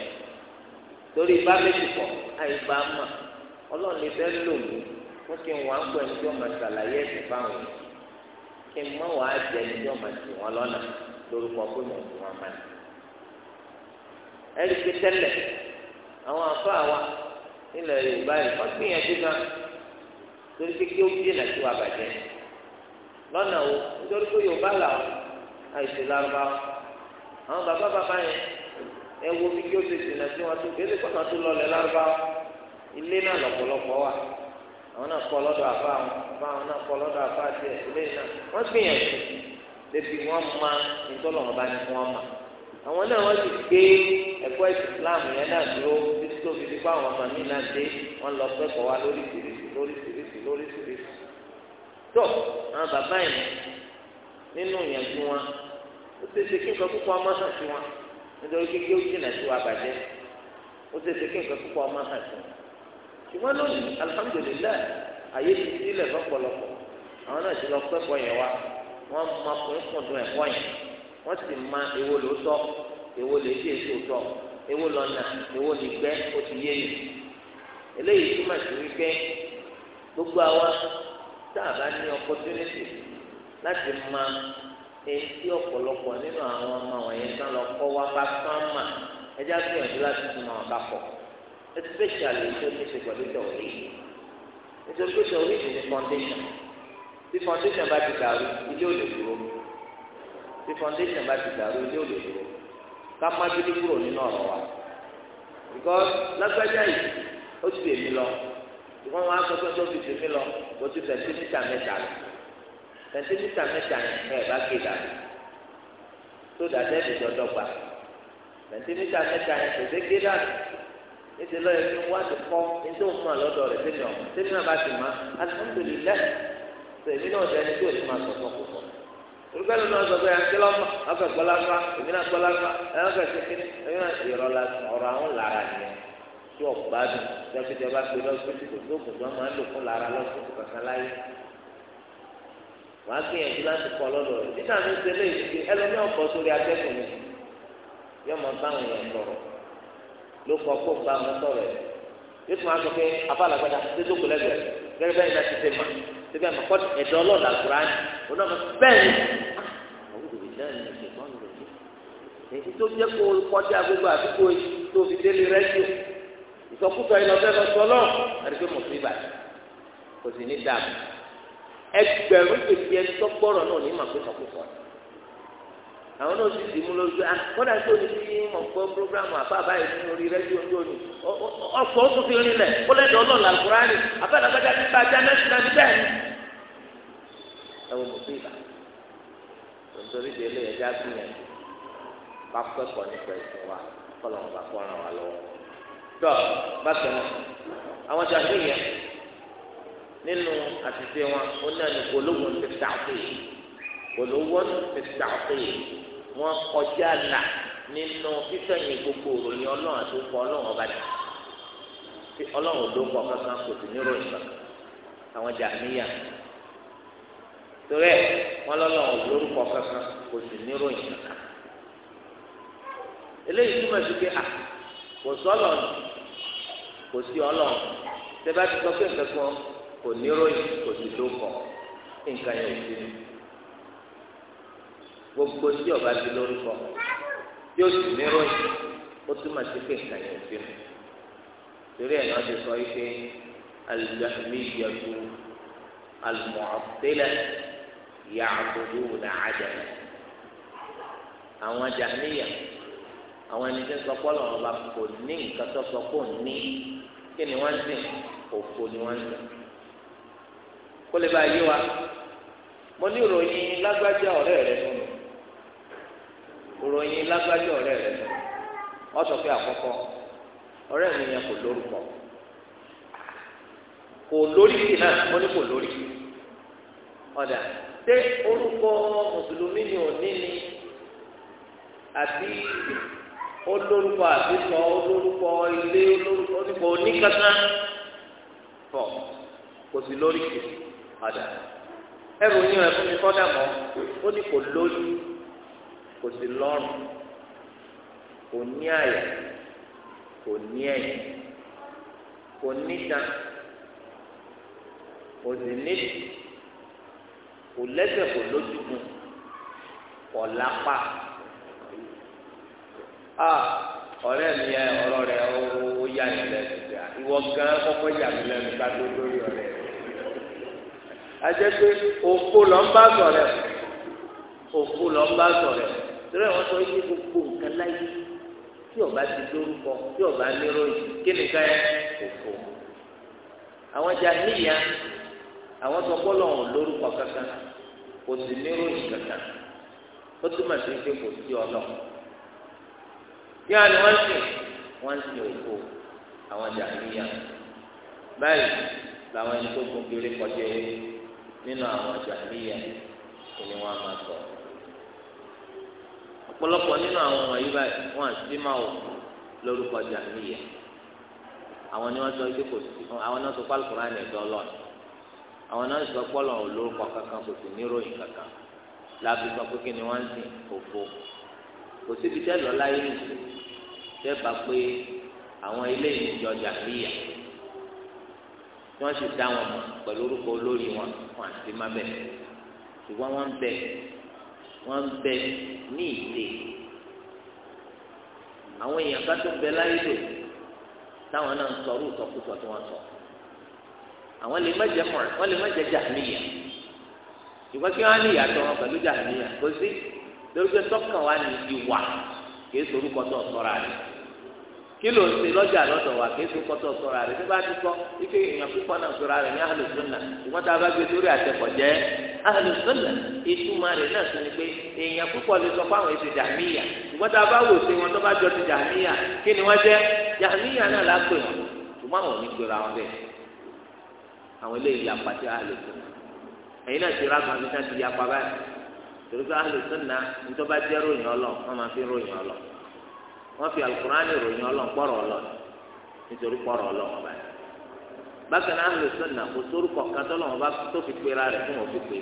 torí bá méjì pọ̀ àyíká mà ọlọ́run lè fẹ́ lò mí wọ́n ti wọ́n á pọ̀ ẹni tí wọ́n máa ṣàlàyé ẹ̀sìn fáwọn kí n mọ̀ wàá jẹ ẹni tí wọ́n máa ṣì wọ́n lọ́nà lórúkọ pé mo ti wọ́n máa ẹni pé tẹ́lẹ̀ àwọn afọ àwa nílẹ̀ Yorùbá yìí wọ́n gbìyànjú náà torí pé kí ó dènà tí wàá bàjẹ́ lọ́nà wo nítorí pé Yorùbá làwọn àìsè lárúbáwọ̀ àwọn bàbá bàbá yẹn ẹ wo bí kí ó ṣe jìnnà sí wọn tó kéde kọ́nà tó lọlẹ̀ lárúbáwá ilé náà lọ́pọ̀lọpọ̀ wà àwọn náà kọ́ lọ́dọ̀ àfa àwọn àfa àwọn náà kọ́ lọ́dọ̀ àfa tiẹ̀ ilé náà wọ́n gbìyànjú débi wọ́n ma ìtọ́lọ́wọ́n bá ní fún wọn ma àwọn náà wọ́n ti gbé ẹ̀kọ́ Islam yẹn náà dúró títí tó fi di pa àwọn ọmọ mi náà dé wọ́n lọ pẹ́kọ̀ọ́ wa lóríṣiríṣi lóríṣiríṣi lóríṣiríṣi tó àwọn bàbá yìí nínú ìyànjú wọn ó ti ṣe kí nǹkan púpọ̀ ọmọ náà sí wọn nítorí kékeré ó jìnà sí wa bàjẹ́ ó ṣe ṣe kí nǹkan púpọ̀ ọmọ hàn sí ṣùgbọ́n lónìí alihamudulilayi ayé ti sílẹ̀ lọ́pọ̀lọpọ̀ àwọn náà ti lọ pẹ́pọ̀ yẹn wa wọ́n máa kún fún ọdún ẹ̀kọ́ yẹn wọ́n sì máa èwo ló tọ́ èwo lè dé èso tọ́ èwo lọ́nà èwo lè gbẹ́ ó ti yé yìí eléyìí túmọ̀ sí wípé gbogbo àwa tá a bá ní opportunity èyí tí ọ̀pọ̀lọpọ̀ nínú àwọn ọmọ wọ̀nyẹn tán lọ kọ́ wá bá sánmà ẹjẹ́ àgbìyànjú láti tún àwọn àbápọ̀ especially tó ní ṣe pẹ̀lú tọ̀wé nítorí pé tọ̀wé ní foundation bí foundation bá ti dàrú ilé ò lè dúró bí foundation bá ti dàrú ilé ò lè dúró ká má gidi kúrò nínú ọ̀rọ̀ wa because lágbájá yìí ó ti tèmi lọ ìwọ́n wọn á sọ pé ó ti tèmi lọ ó ti fẹ̀ sí mítà mẹ́ta lọ sẹńtímítà mẹ́ta ẹ bá gé dàbí tó dàbí ẹbí dọdọ gbà sẹńtímítà mẹ́ta ẹ kò dé gé dàbí ètò lọ́yẹ̀ tó wá ti kọ́ ètò òfin àlọ́dọ̀ rẹ̀ sẹ́mi ọ̀ sẹ́mi náà bá ti mọ́ alhamdulillah sẹ́mi náà dẹni tó ní máa sọ̀tọ̀ kó sọ. olùkọ́ni náà sọ pé àti lọ́mọ ọkọ̀ gbọ́láfà èmi náà gbọ́láfà ẹ̀ ọkọ̀ sẹ́kìnì èmi náà sì rọ la ọ̀rọ̀ àwọn lára nìyẹn tí ọ̀gbádùn sẹ́kìtì ọba gbé lọ́sọ̀tì kò tó kò máa ń lò fún lára lọ́sọ̀tì kankan láyé wà á gbìyànjú láti kọ́ lọ́dọ̀ rẹ̀ títà ní sẹ́lẹ̀ ìdíje ẹlẹ́ni ọ̀pọ̀ sórí atẹ́kùn mi yọ mọ báwọn yẹn sọ̀rọ̀ ló kọ́ kó bá wọn sọ̀rọ̀ ẹ̀ yóò tún wá sọ pé abalagbada tètè kò lẹ́gbẹ̀ẹ́ gẹ́gẹ́ bẹ́ẹ̀ náà ti tẹ̀ mà síbẹ̀ mà kọ́ ẹ̀dọ́ ọlọ́ọ̀dà kúránì oná mọ bẹ́ẹ̀ ni àwọn òbí náà ní ìṣègùn ọ̀nà rẹ̀ èyí tó jẹ́ kó kọ́tí agbègbè àdúgbò tó fi délé rẹ́díò ìsọkúsọ ìlọ́fẹ́ lọ́sọ̀ọ́ náà àdìgbò mọ̀ sí ibà kò sì ní ẹgbẹ̀rún kejì ẹni tó gbọ́rọ̀ náà ní màkúsọ̀kúsọ̀ àwọn náà sì dì mú lójú à ah, kódà tó ní bí mo gbọ́ programu àbábá yìí nínú orí rẹ́díò tó ní ọ̀pọ̀ tó fi rinlẹ̀ ó lẹ́dọ̀ ọlọ́ọ̀ làkúránì àbẹ́lẹ́gbẹ́dá ti bá ajá mẹ́sìn náà bẹ́ẹ̀ ni. ẹ̀wọ̀n mo fi ìlà nítorí de ilé ẹja gbìyànjú bá kẹ́kọ̀ọ́ nípa ẹ̀sìn wa kọ́lọ́ wọn bá kọ́ wa lọ́wọ́. tó bá tẹ̀wọ̀n àwọn jàdúrà yẹn nínú àtìsí wọn ó náà ní gbólóhùn ti tààtì gbólóhùn ti tààtì wọn kọjá là nínú fífẹ̀yìn gbogbo ìròyìn ọlọ́run àti ọkọ ọlọ́run ọba dà tí ọlọ́run ò lóko kankan kò sí ní ròyìn kan àwọn jà níyà torí ẹ wọn lọ́lọ́run ò lórúkọ kankan kò sí ní ròyìn kankan eléyìí túmọ̀ sí pé à kò sọ́lọ́run kò sí ọlọ́run tẹ́ bá ti sọ pé nǹkan kan kò níròyìn kò sì tó kọ nǹkan yẹn ò sí ni gbogbo tí ọba ti lórúkọ tí ó sì níròyìn ó túmọ̀ sí pé nǹkan yẹn ò sí torí ẹ̀ náà ti sọ yìí pé alùpàmìyàtú alùmọ̀ọ́tẹ́lẹ̀ yàgòdò làájàlẹ̀ àwọn jàmíyà àwọn ẹni tí ń sọ pọ́lọ̀ ọba kò ní nǹkan tó sọ kò ní kí ni wọ́n ń sìn òfò ni wọ́n ń sìn. kó lè bá yé wa mo ní ìròyìn lágbájá ọ̀rẹ́ rẹ fún mi ìròyìn lágbájá ọ̀rẹ́ rẹ fún mi wọ́n sọ pé àkọ́kọ́ ọ̀rẹ́ mi yẹn kò lórúkọ kò lórí sí náà mo ní kò lórí ọ̀dà ṣé orúkọ mùsùlùmí ni òní ni àti olórúkọ olórúkọ ilé olórúkọ ọ̀dà ẹrù yín rẹ fún mi kọ́ dàmọ́ ó ní kò lójú kò sí lọ́rùn kò ní àyà kò ní ẹ̀yìn kò níta kò sí níbi kò lẹ́sẹ̀ kò lójúkun kò lápá a ọ̀rẹ́ mi ẹ ọ̀rọ̀ rẹ ó yà mí lẹ́nu ìwọ gan kọ́kọ́ yà mí lẹ́nu ká lórí ọ̀rẹ́ ajẹ́ pé òkú lọ́n bá sọ̀rọ̀ òkú lọ́n bá sọ̀rọ̀ torí àwọn sọ yìí gbogbo nǹkan láyé tí ọba ti dórúkọ tí ọba lérò yìí kí ni ká yẹ òkú àwọn jàhílíyà àwọn sọ pé Ọlọ́run lórúkọ kankan kò sí lérò yìí kankan ó túmọ̀ sí pé kò sí Ọlọ́run kí á ní wọ́n sìn wọ́n sìn òkú àwọn jàhílíyà báyìí làwọn ẹni tó gun kiri kọjá yìí nínú àwọn jàmíyà ni wọn máa sọ ọ̀pọ̀lọpọ̀ nínú àwọn wọ̀nyí báyìí wọn àti máa wò lórúkọ jàmíyà àwọn ni wọn sọ pé kò sí àwọn náà sọ pé alukóran ní ẹ̀dọ́ lọ́nà àwọn náà sọ pé Ọlọ́run olórúkọ kankan kò sí níròyìn kankan láti sọ pé kí ni wọn ń sìn òfo kò síbi tẹ́ lọ láyé nìyí tẹ́ bá pé àwọn ilé ìjọ jàmíyà tí wọ́n sì dá wọn mọ̀ pẹ̀lú orúkọ olórí wọn wọn àti má bẹ̀ ṣùgbọ́n wọ́n ń bẹ wọ́n ń bẹ ní ìdè àwọn èèyàn ká tó bẹ láyé lò táwọn náà ń sọrú ìsọkúsọ tí wọ́n sọ àwọn lè má jẹ mọ̀ wọ́n lè má jẹ jàmíyà ṣùgbọ́n kí wọ́n ní ìyàtọ̀ wọn pẹ̀lú jàmíyà kò sí lórúkọ tọkàn wa ní ìwà kì í sorúkọ tó sọ́ra rẹ̀. kí ló ń ṣe lọ́jà lọ́dọ̀ wa kí èso kọ́tọ̀ rẹ̀ nígbà tí kọ́ ike èèyàn púpọ̀ náà sọ̀rọ̀ rẹ̀ ní ahlus sunnah ìwọ́n tá a bá gbé lórí àtẹ̀kọ̀ jẹ́ ahlus sunnah ìtumọ̀ rẹ̀ náà sọ pé èèyàn púpọ̀ lè sọ fáwọn èsì ìwọ́n tá a bá wò sí wọn tó bá jọ ti jàmíyà kí ni wọ́n jẹ́ jàmíyà náà lápè wọn ṣùgbọ́n àwọn ò wọ́n fi alukurani ròyìn ọlọ́run pọ̀rọ̀ ọlọ́run nítorí pọ̀rọ̀ ọlọ́run báyìí bákan náà lè sọ̀nà kó sórúkọ kan tó lọ́wọ́ bá tó fi pera rẹ̀ fún òfin pé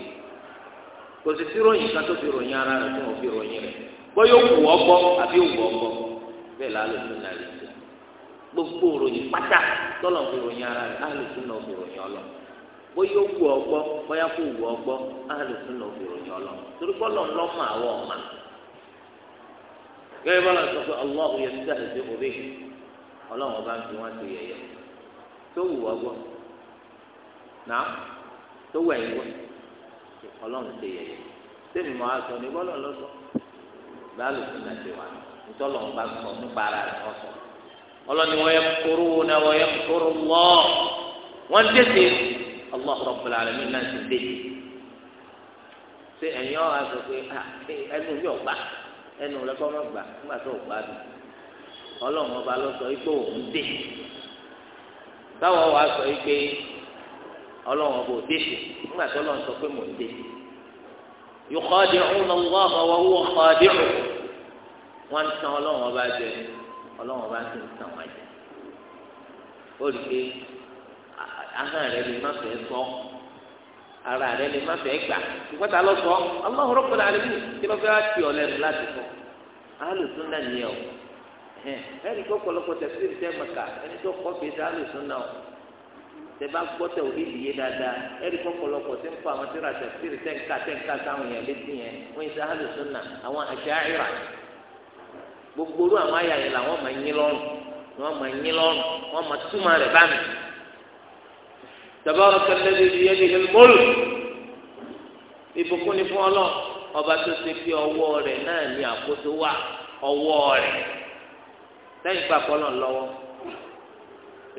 kò sì sí ròyìn kan tó fi ròyìn ara rẹ̀ fún òfin ròyìn rẹ̀ bóyá ó wù ọ́ gbọ́ àbí ó wù ọ́ gbọ́ bẹ́ẹ̀ la lè sọ̀nà rẹ̀ sí gbogbo ròyìn pátá tó lọ́wọ́ fi ròyìn ara rẹ̀ á lè sọ̀nà ròyìn ọlọ́run bóyá ó wù ọ́ bóyá kò wù ọ́ gbọ́ á lè sọ̀nà òfin ròyìn ọlọ́run torí kọ́ lọ́ gẹ́gẹ́ bọ́lá sọ pé Allahu yastahzi'u bihi ọlọ́run ọba ń fi wọ́n ṣe yẹ̀yẹ́ tó wù wá gbọ́ náà tó wù ẹ̀yìn gbọ́ ọlọ́run ṣe yẹ̀yẹ́ sẹ́mi máa sọ ní bọ́lá lọ́sọ̀ láàlù fún nàìjíríà wa ìtọ́lọ̀ ọba sọ nípa ara rẹ̀ ọ̀sọ̀ ọlọ́ni wọ́n yẹ kúrú na wọ́n yẹ kúrú lọ́ wọ́n dẹ́sẹ̀ Allahu Rabbul Alamin náà ti dé ṣe ẹ̀yìn ọ̀ ẹnu rẹ kọ́ mọ́ gbà nígbà tó o gbádùn ọlọ́run ọba lọ sọ pé òun dé táwọn wàá sọ pé ọlọ́run ọba ò dé sí nígbà tó ọlọ́run sọ pé mò ń dé yukhadi'una Allaha wa huwa khadi'uhum wọ́n ń tan ọlọ́run ọba jẹ ọlọ́run ọba ti ń tan wọn jẹ ó rí i pé ahọ́n rẹ ni má fẹ́ sọ. ara rẹ lè má fẹ́ gbà ṣùgbọ́n a ló sọ Allahu Rabbul Alamin kí ló fẹ́ ọ lẹ́nu o ẹni tó kọlọpọ tẹsílẹ tẹ màkà ẹni tó kọ fèsì alùsùn o tẹ bá gbọ́ tẹ òbí yìí dáadáa ẹni tó kọlọpọ tẹ ń fọ àwọn tẹ̀ra tẹsílẹ tẹ ń ká tẹ ń ká sáwọn yẹn létí yẹn yìí sẹ alùsùn náà àwọn gbogbo olú àwọn àyà yẹn làwọn máa ń yín lọ́rùn tabaraka alladhi biyadihi al-mulk ìbùkún ni fún ọlọ́run ọba tó ṣe fi ọwọ́ rẹ̀ náà ní àkóso wà ọwọ́ rẹ̀ sẹ́yìn pàpọ̀ lọ́n lọ́wọ́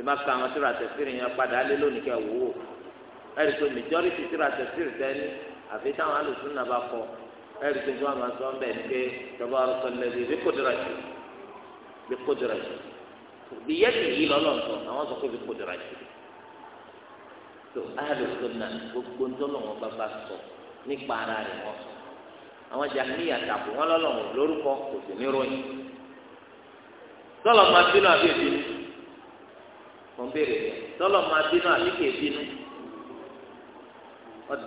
ìmọ̀ kan àwọn tíra tẹ̀sírì yẹn padà lé lónìí kẹ́ wò ó ẹ̀rí tó majority tíra tẹ̀sírì tẹ́ni àfi táwọn alùsùn náà bá kọ ẹ̀rí tó gbọ́n àwọn sọ́n bẹ́ẹ̀ ni pé tabaraka alladhi bi qudratihi bi qudratihi bìyẹ́ kì í lọ́lọ́ọ̀tọ̀ àwọn sọ pé bi qudratihi tó na gbogbo ńtọ́lọ́wọ́n bá bá sọ nípa ara rẹ̀ wọ́n sọ àwọn jàmíyà wọn lọ́lọ́wọ́n lórúkọ kò sí níròyìn tọ́lọ̀ máa bínú àbí èbínú mo ń béèrè rẹ̀ tọ́lọ̀ máa bínú àbí àbí ẹ̀sẹ̀ wọn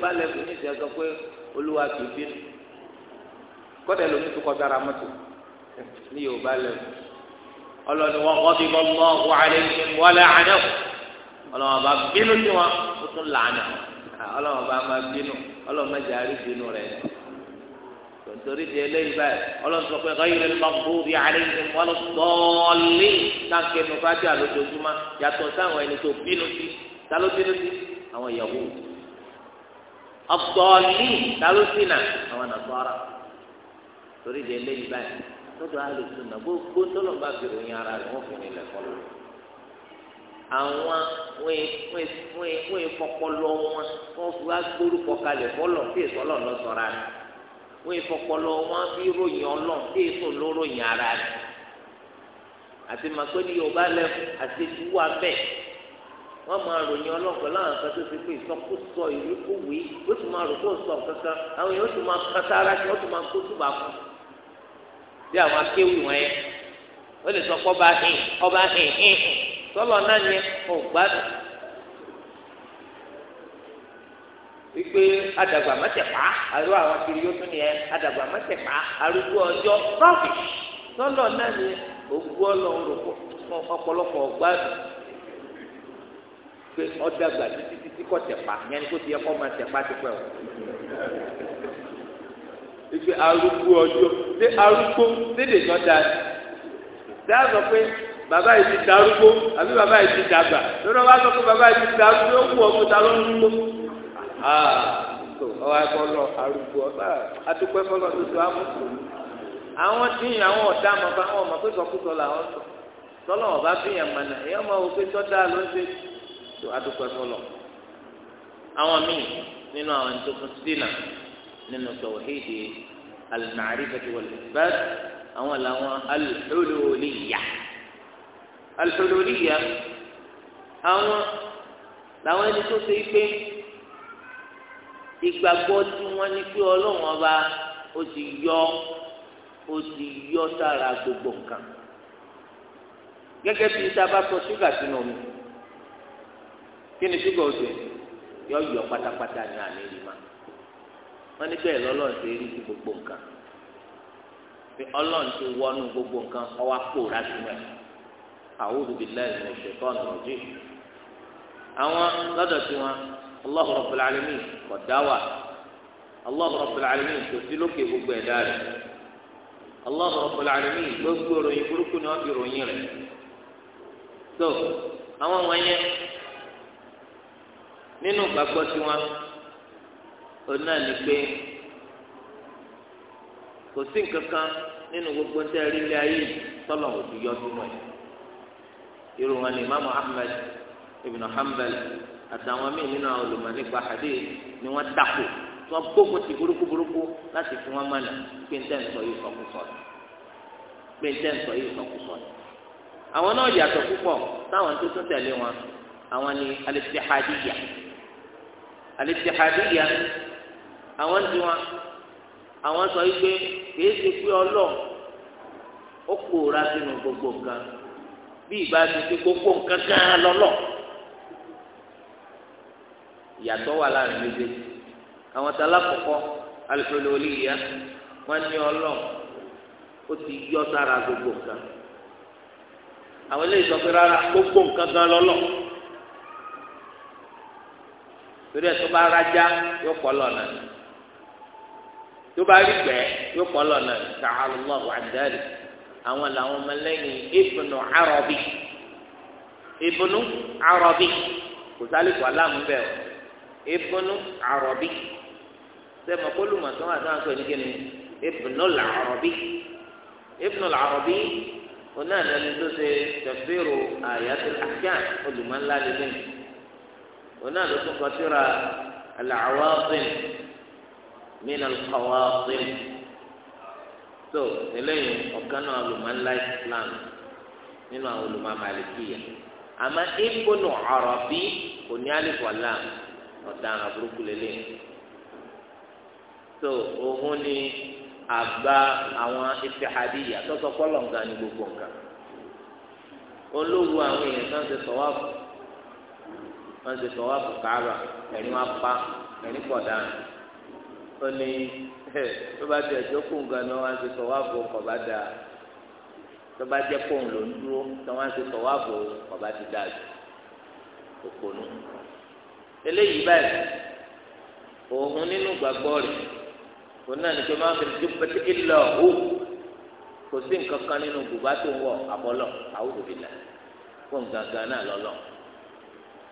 pé lẹ́kùn ní pé olúwa kì í bínú tó mọ́tò ọlọ́ni wọn kọ́sí bọ́ mọ́ ọkọ̀ àlẹ́ wọlé àná ọlọ́wọ́n bá bínú sí wọn ó tún làánà ọlọ́wọ́n bá máa bínú ọlọ́wọ́n mẹ́jọ àrí bínú rẹ̀ nítorí di eléyìí báyìí ọlọ́run sọ pé ọ̀yìn ló ń bú bí àárín ní wọn lọ sọ́ọ́lì táǹkì ní fájú yàtọ̀ sáwọn ẹni tó bínú sí ta bínú sí àwọn ìyàwó ọ̀sọ́ọ̀lì ta sí nà àwọn nàṣọ́ra lọ́dọ̀ alùsùnà gbogbo tọ́lọ̀ bá fi ròyìn ara rẹ̀ wọ́n fi ní ilẹ̀ kọlọ̀ àwọn e, e, e, wọn ìfọpọlọ wọn wọn fi wá gbórúkọ kalẹ̀ fọlọ̀ tí èso ọlọ́ọ̀ lọ sọ̀ra rẹ̀ wọn ìfọpọlọ wọn fi ròyìn ọlọ́ọ̀ tí èso ló ròyìn ara rẹ̀ àti màkpé ní yorùbá lẹ́fù àti ìdúwà bẹ́ẹ̀ wọ́n máa ròyìn ọlọ́ọ̀ pẹ̀lú àwọn kan tó ti pé ìsọkúsọ ìwé kòwé ó sì máa rò tó sọ kankan àwọn èèyàn ó sì máa kàtàrà kí wọ́n sì máa kó túbà fún un. bí àwọn akéwì wọn yẹn ó lè sọ kọba hìn kọba hìn hìn sọlọ náà gbádùn wípé adàgbà àwọn yóò tún adàgbà arúgbó ọjọ́ sọlọ náà Ọlọ́run gbádùn pé ọdàgbà títí títí kọ ife arúgbó ọjọ́ ṣé arúgbó lédè kan da ẹ dáa sọ pé bàbá yìí ti darúgbó àbí bàbá yìí ti dàgbà lọ́nà wá sọ pé bàbá yìí ti darúgbó ó kú ọkùnrin ta ló ń rúgbó ọwọ́ ah, ẹ̀kọ́ lọ arúgbó ọba àtúpẹ́ ah, fọlọ́ tuntun amúkú àwọn tíyìn àwọn ọ̀dà àmọ́ bá wọn mọ̀ pé sọkúsọ làwọn sọ tọ́lọ̀ ọba fìyàn mọ̀nà èèyàn máa wò pé tọ́da ló ń ṣe àtúpẹ́ fọlọ́ àwọn míì nínú àwọn tó fún sídìnà nínú tawhidi al-ma'rifati wal-ithbat àwọn làwọn al-hululiyya al-hululiyya àwọn làwọn ẹni tó ṣe pé ìgbàgbọ́ tí wọ́n ní pé ọlọ́run ọba ó ti yọ ó ti yọ sára gbogbo nǹkan gẹ́gẹ́ bí tá sọ ṣúgà sínú omi kí ni ṣúgà ó yọ yọ pátápátá ní àná ìrìnnà wọ́n ní bẹ́ẹ̀ lọ́lọ́run ti rí sí gbogbo nǹkan pé ọlọ́run ti wọnú gbogbo nǹkan ọwọ́ àpò láti mọ̀ ẹ́ a'udhu billahi minash shaitanir rajim àwọn lọ́dọ̀ tí wọn Allahu rabbil alamin kò dá wà Allahu rabbil alamin kò sí lókè gbogbo ẹ̀dá rẹ̀ Allahu rabbil alamin gbogbo ròyìn burúkú ni wọ́n fi ròyìn rẹ̀ so àwọn wọ̀nyẹn nínú gbàgbọ́ tiwọn òun náà ní pé kò sí nǹkan kan nínú gbogbo ń tẹ́rí ilé ayé tọ́lọ̀ òbí yọ sínú ẹ̀ irun wọn ni imaamu ahmed ibn hanbal àtàwọn míì nínú àwọn olùmọ̀ nípa hadith ni wọ́n dàpọ̀ tí wọ́n gbógun ti burúkú burúkú láti fi wọ́n mọ̀nà pé ń tẹ́ǹsọ yìí sọkúsọ pé ń tẹ́ǹsọ yìí sọkúsọ. àwọn náà yàtọ̀ púpọ̀ táwọn tó tún tẹ̀lé wọn àwọn ni al-ittihadiyya al-ittihadiyya àwọn ń tiwọn àwọn sọ yìí pé kìí ṣe pé ọlọ ó pòórá sínú gbogbo nǹkan bí ìbá ti fi gbogbo nǹkan kan lọlọ ìyàtọ̀ wà láàrin méjèèjì àwọn tá lákòókò alùpùpù olùyà wọn ní ọlọ ó ti yọ sára gbogbo nǹkan àwọn eléyìí sọ rárá gbogbo nǹkan kan lọlọ torí ẹ tó bá rájá yóò pọ̀ lọ́nà tó bá rí gbẹ yóò kọ́ lọ́nà ta'alallahu an dhalik àwọn làwọn ọmọlẹ́yìn ibnu arabi ibnu arabi kò sálẹ̀ kó aláàmú bẹ́ẹ̀ o ibnu arabi sẹ́mi ọ̀pọ̀lùmọ̀ tó wà sáà ń sọ nìkan ni ibnu làrọ̀bí ibnu làrọ̀bí onáàdàni tó ṣe tafsiru ayatul ahkam olùmọ̀ńlá lélẹ́yìn onáàdàni tó kọ́ síra al-awatin min al-khawatim tó eléyìí ọ̀kan náà olùmọ̀lá islam nínú àwọn olùmọ̀màlìkìyà àmọ́ ìkónú ọ̀rọ̀ bí òní àlìkọ̀lá ọ̀daràn burúkú lélẹ̀ tó òhun ni àgbà àwọn ìfihàdíyà tọ́sọ pọ́lọ̀ nǹkan ní gbogbo nǹkan olówó àwọn èèyàn kan ṣe sọ wá fún wọn ṣe sọ wá fún káàrà ẹni wọn pa ẹni pọ̀ dáhùn ó ní tó bá di ẹjọ́ kó nǹkan ni wọ́n á ti sọ wá bò kọ̀ bá dáa tó bá jẹ́ kó ń lò ń dúró tó wọ́n á ti sọ wá bò kọ̀ bá ti dáa jù òpònú eléyìí báyìí òun nínú gbàgbọ́ rẹ̀ òun náà ní pé máa ń fi dúpẹ́ pété ìlọ òwú kò sí nǹkan kan nínú bùbá tó ń wọ àbọ̀lọ̀ àwòdòdìlà fún gangan náà lọ́lọ́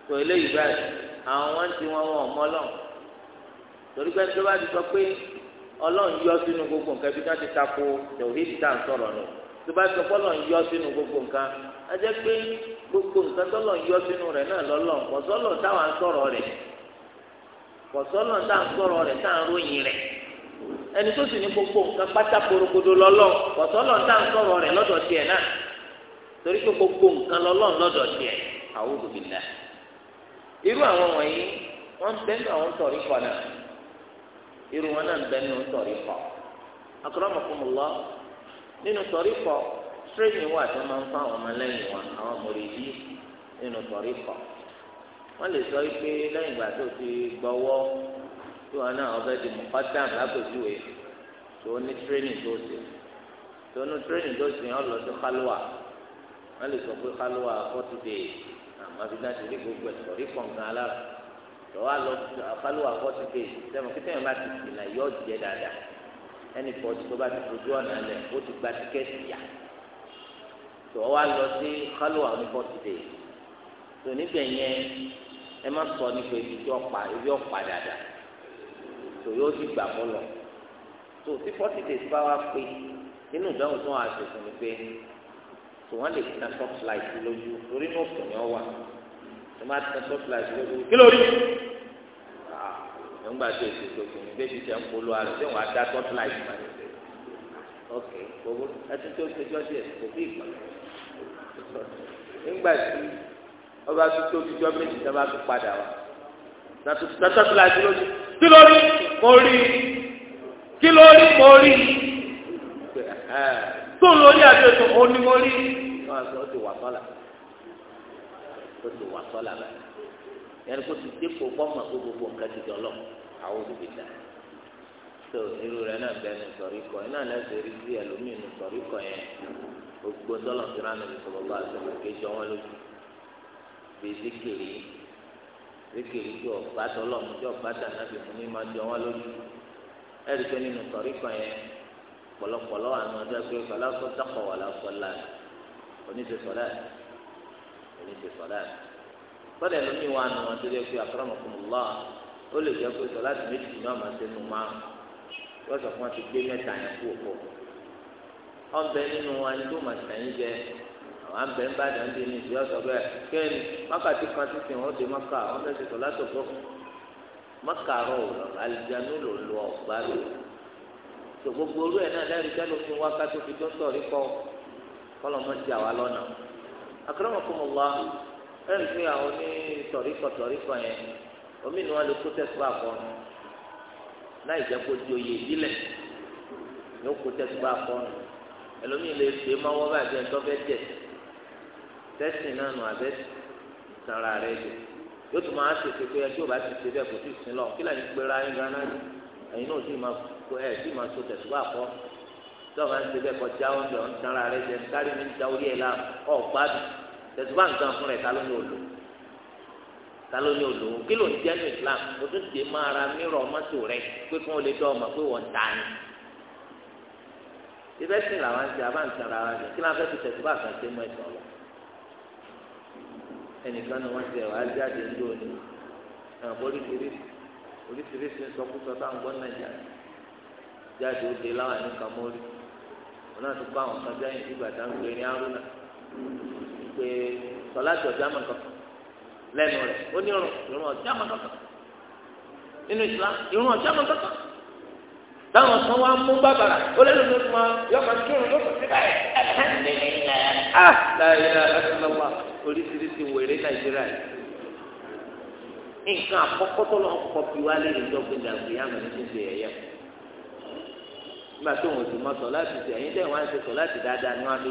tó eléyìí báyìí àwọn tí wọ́n wọ̀ mọ́lọ́ọ̀ torí pé tó bá ti sọ pé ọlọ́run gbogbo nǹkan ibi tí ti tako tá à gbogbo nǹkan á jẹ́ pé gbogbo nǹkan tọ́lọ̀ yọ sínú rẹ̀ náà lọ́lọ́ kọ̀sọ́lọ̀ táwa ń sọ̀rọ̀ rẹ̀ kọ̀sọ́lọ̀ tá à ń sọ̀rọ̀ rẹ̀ tá à ń ròyìn rẹ̀ ẹni gbogbo nǹkan pátá korokodo tá à ń sọ̀rọ̀ irú wọn náà ń bẹ nínú sọ̀rí kọ akramakumullah nínú sọ̀rí kọ tírénì wà tí wọ́n máa ń fún àwọn ọmọlẹ́yìn wọn àwọn mọ̀rẹ́dí nínú sọ̀rí kọ wọ́n lè sọ pé lẹ́yìn ìgbà tó ti gbọ́wọ́ tí wọn náà ọbẹ̀ di mọ̀kọ́tàm lápèjúwe tó ní tírénì tó ṣe tó ní tírénì tó ṣe ọ lọ sí kálúwà wọ́n lè sọ pé kálúwà forty days àmọ́ bí náà ti rí gbogbo ẹ̀ sọ̀rí kọ̀ọ̀kan alára lọ́wọ́ lọ àfálùwà fọ́tí dé sẹ́mu kíkẹ́ yẹn bá ti sì là yọ jẹ dáadáa ẹnì pọ̀jù tó bá ti fojú ọ̀nà lẹ̀ ó ti gba tíkẹ́ẹ̀tì yá lọ́wọ́ lọ sí kálùwà ní fọ́tí dé tó níbẹ̀ yẹn ẹ má sọ nípa ibi tí ọ̀pá ibi ọ̀pá dáadáa tó yóò sì gbà bọ́lọ̀ tó tí fọ́tí dé bá wá pé nínú ìdánwò tó wà á ṣe fún mi pé tó wọ́n lè fi ná tó máa tẹ tó fìlàsì lóko kí ló rí nígbà ah, tó èsì tó kù ní bébí tẹ ń polówó alẹ tí wọn á dá tó fìlàsì máa ní sè ok gbogbo ẹtí tó tẹjọ díẹ̀ kò bí ìgbà nígbà tí ọba tó tó tẹjọ méjì tó bá tó padà wá tọ́tọ́ fìlàsì lóko kí ló rí mo rí kí ló rí mo rí tó lórí àbí ètò onímọ̀rí wọn àti wọn ti wà sọ́la ó ti wà sọ́là báyìí yẹn kó ti dépò kọ́mọ̀ kó gbogbo nǹkan ti dọ̀lọ́ àwọn olùgbèjà tó irú rẹ náà bẹnu sọ̀rí kọ iná lẹ́sẹ̀ rí sí ẹlòmíì nù sọ̀rí kọ yẹn gbogbo dọ́lọ̀ tí ránà ní sọ̀rọ̀ bá aṣọ kéjọ wọn lójú bíi zikiri zikiri tí ọ̀gbá dọ́lọ̀ tí ọ̀gbá dáná bí fún mi máa jọ wọn lójú ẹ̀rí pé nínú sọ̀rí kọ yẹn pọ̀lọpọ̀lọ àwọn ọjọ́ pé kọlá kò ní ṣe sọlá rẹ kọ́dà lómi wa nù wọn torí ẹgbẹ́ akramakumullah ó lè jẹ́ pé sọlá ti méjì ní ọmọ ṣe nù márùn yóò sọ fún wa ti gbé mẹ́ta yẹn kú òkú ọ̀nbẹ nínú wa ni tó mà sẹ́yìn jẹ àwọn àbẹ̀ ń bàdàn dé ní ìdí ọ̀sọ̀ bẹ́ẹ̀ kéènì wákàtí kan ti sìn wọ́n dé mọ́kà wọ́n fẹ́ ṣe sọlá tó fọ́ mọ́kà rọ̀ ọ̀rọ̀ alìjánu lò lọ ọ̀gbá lò tó gbogbo orú ẹ̀ náà lẹ́rìí akramakumullah ẹnì pé àwọn ní tọ̀ríkọ̀ tọ̀ríkọ̀ yẹn omi ni wọn lè kó tẹ̀síwá àkọ́nù láì jẹ́ kó di oyè ìbílẹ̀ ni ó kó tẹ̀síwá àkọ́nù ẹlòmíì lè gbé mọ́wọ́ bàjẹ́ ẹ̀tọ́ fẹ́ jẹ tẹ́sìn náà nù abẹ́ sara rẹ̀ jẹ yóò tún máa ṣètò pé ẹjọ́ bá ti ṣe bẹ́ẹ̀ kò tíì sin lọ kí lẹ́yìn gbéra yín gan náà ẹ̀yin náà sì máa kó ẹ̀ sì máa so tẹ̀síwá àkọ́ tí wọ́n ń ṣe bẹ́ẹ̀ kọjá oúnjẹ ọ̀hún sara rẹ̀ jẹ kárí mi ń orí ẹ̀ la ọ̀ gbádùn tẹ̀síwá nǹkan fún rẹ̀ ta ló ní olò ta ló ní olò kí ló ń jẹ́ ní Islam o tún ti máa ra mírọ̀ mọ́tò rẹ̀ pé kí wọ́n lè ọmọ pé wọ́n ta ni ibẹ̀ sìn làwọn ti àbá nǹkan ra wa ni kí láwọn fẹ́ fi tẹ̀síwá kan ṣe mọ́ ẹ̀sọ́ lọ ẹnìkan ni wọ́n ti ẹ̀ jáde ń lóni ẹ̀ oríṣiríṣi oríṣiríṣi sọkúsọ táwọn gbọ́ nàìjíríà jáde ó de láwọn ẹnìkan mórí wọn náà ti kọ́ àwọn kan sẹ́yìn ìgbà táwọn ní arúnà pé sọlá ti ọjà mọ̀ kankan lẹ́nu rẹ̀ ó ní irun irun ọjà mọ̀ kankan nínú ìsìlá irun ọjà mọ̀ kankan táwọn kan wá mú bàbàrà ó lẹ́nu ló fún wa yọkàn tí òun lọ́kàn sí báyìí ah láyé ẹ̀ẹ́dẹ́gbẹ̀wá oríṣiríṣi wèrè nàìjíríà yìí nǹkan àkọ́kọ́ tó lọ́wọ́ kọ́ fi wá lẹ́yìn ìjọba ìdàgbéyàwó ní ti ṣe ẹ̀yẹ́ fún nígbà tó wọn sì mọ sọ láti ṣe ṣe sọ láti dáadáa wọn á ṣe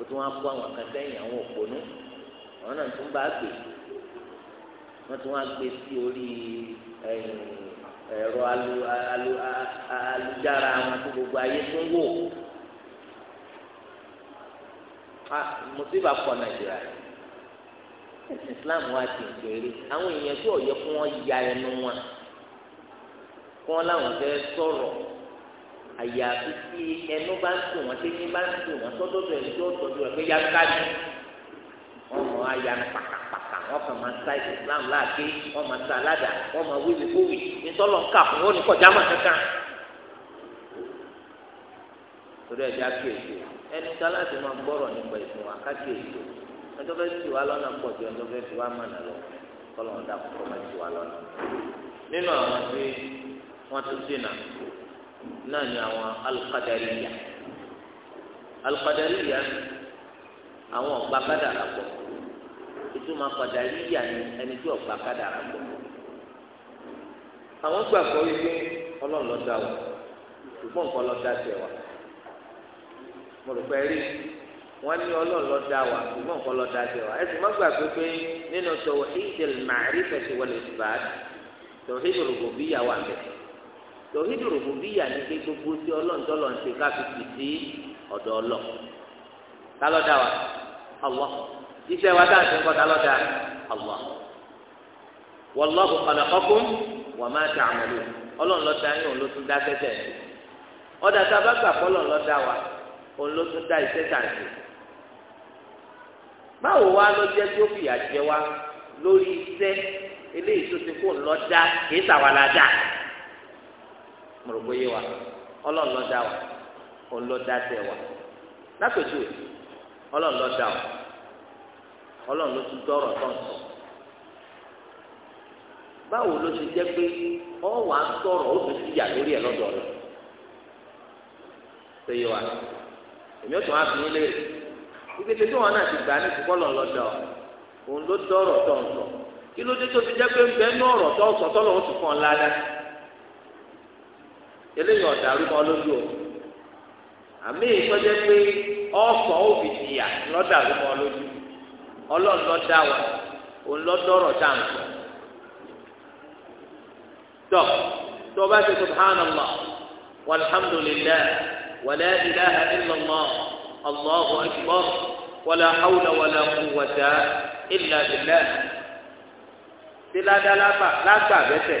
ó tún wá kó àwọn kan sẹ́yìn àwọn òpónú àwọn náà tún bá gbé wọ́n tún wá gbé sí orí ẹ̀rọ alùjára wọn tó gbogbo ayé tún wò mùsíbà pọ̀ nàìjíríà islam wa ti ń kéré àwọn èèyàn tí ò yẹ kí wọ́n ya ẹnu wọn kí wọ́n láwọn fẹ́ sọ̀rọ̀ àyàfi tí ẹnu bá ń tò wọn tí ẹni bá ń tò wọn sọdọdọ ẹni tó tọdọ ẹ pé ya ká ní wọn mọ aya pàkàpàkà wọn kàn máa sa islam láàké wọn máa sa aládàá wọn máa wíwí kówì nítọ́lọ̀ ńkà fún wọn ní kọjá mọ̀ kankan. torí ẹja kéèké ẹni tá láti máa gbọ́rọ̀ nípa ìsìn wa ká kéèké ẹjọ́ fẹ́ tì wá lọ́nà pọ̀ ju ẹjọ́ fẹ́ tì wá mọ̀nà lọ kọ́lọ́ wọn dà kọ́ máa tì wá lọ́nà. nínú àwọn tí wọ́n tún dènà náà ni àwọn alukadariya alukadariya àwọn ọgbà kádàrà pọ̀ ìtumọ̀ kadariya ni ẹni tí ọgbà kádàrà pọ̀ àwọn gbàgbọ́ wípé ọlọ́run ló dá wa ṣùgbọ́n nǹkan ló dá tiẹ̀ wa mo rò pé rí wọ́n ní ọlọ́run ló dá wa ṣùgbọ́n nǹkan ló dá tiẹ̀ wa ẹ má gbàgbé pé nínú tawhidul ma'rifati wal isbat tawhidul rububiyyah wà bẹ́ẹ̀. tòhídì rògbòbíyà ni pé gbogbo tí ọlọ́ọ̀dọ́lọ́ ń ṣe káfíńtì sí ọ̀dọ̀ ọlọ́ tálọ́dà wa Allah iṣẹ́ wa dáhùn sí ń kọ́ tálọ́dà Allah wallahu khalaqakum wa ma ta'malun ọlọ́run ló dá yín òun ló tún dá sẹ́sẹ̀ ọ̀dà tá a bá gbà wa òun ló tún dá iṣẹ́ báwo wá ló wa lórí iṣẹ́ eléyìí tó ti kó mo rò pé yé wa ọlọ́run wa òun wa lápèjú ọlọ́run wa ọlọ́run ló tún báwo ló ti jẹ́ pé ọ wà á sọ̀rọ̀ ó fi síyà lórí ẹ̀ lọ́dọ̀ rẹ̀ tó yé wa èmi ò tún á fi yín léèrè tí wọn náà ti gbà ní ìsìnkú ọlọ́run ló dá wa òun ló dọ́rọ̀ tó kí ló dé tó fi jẹ́ pé ń bẹ́ẹ̀ ní ọ̀rọ̀ tó eléyìí ọ̀dàrú mọ́ lójú o àmì ìtọ́jẹ́ pé ọ̀sọ̀ òbí tìyà lọ́dàrú mọ́ lójú ọlọ́run ló dá wa òun ló dọ́rọ̀ dá ń sọ. tọ́ tó o bá ṣe subhanallah walhamdulillah wala ilaha illallah allahu akbar wala hawla wala quwwata illa billah tí ládàá lágbà bẹ́tẹ̀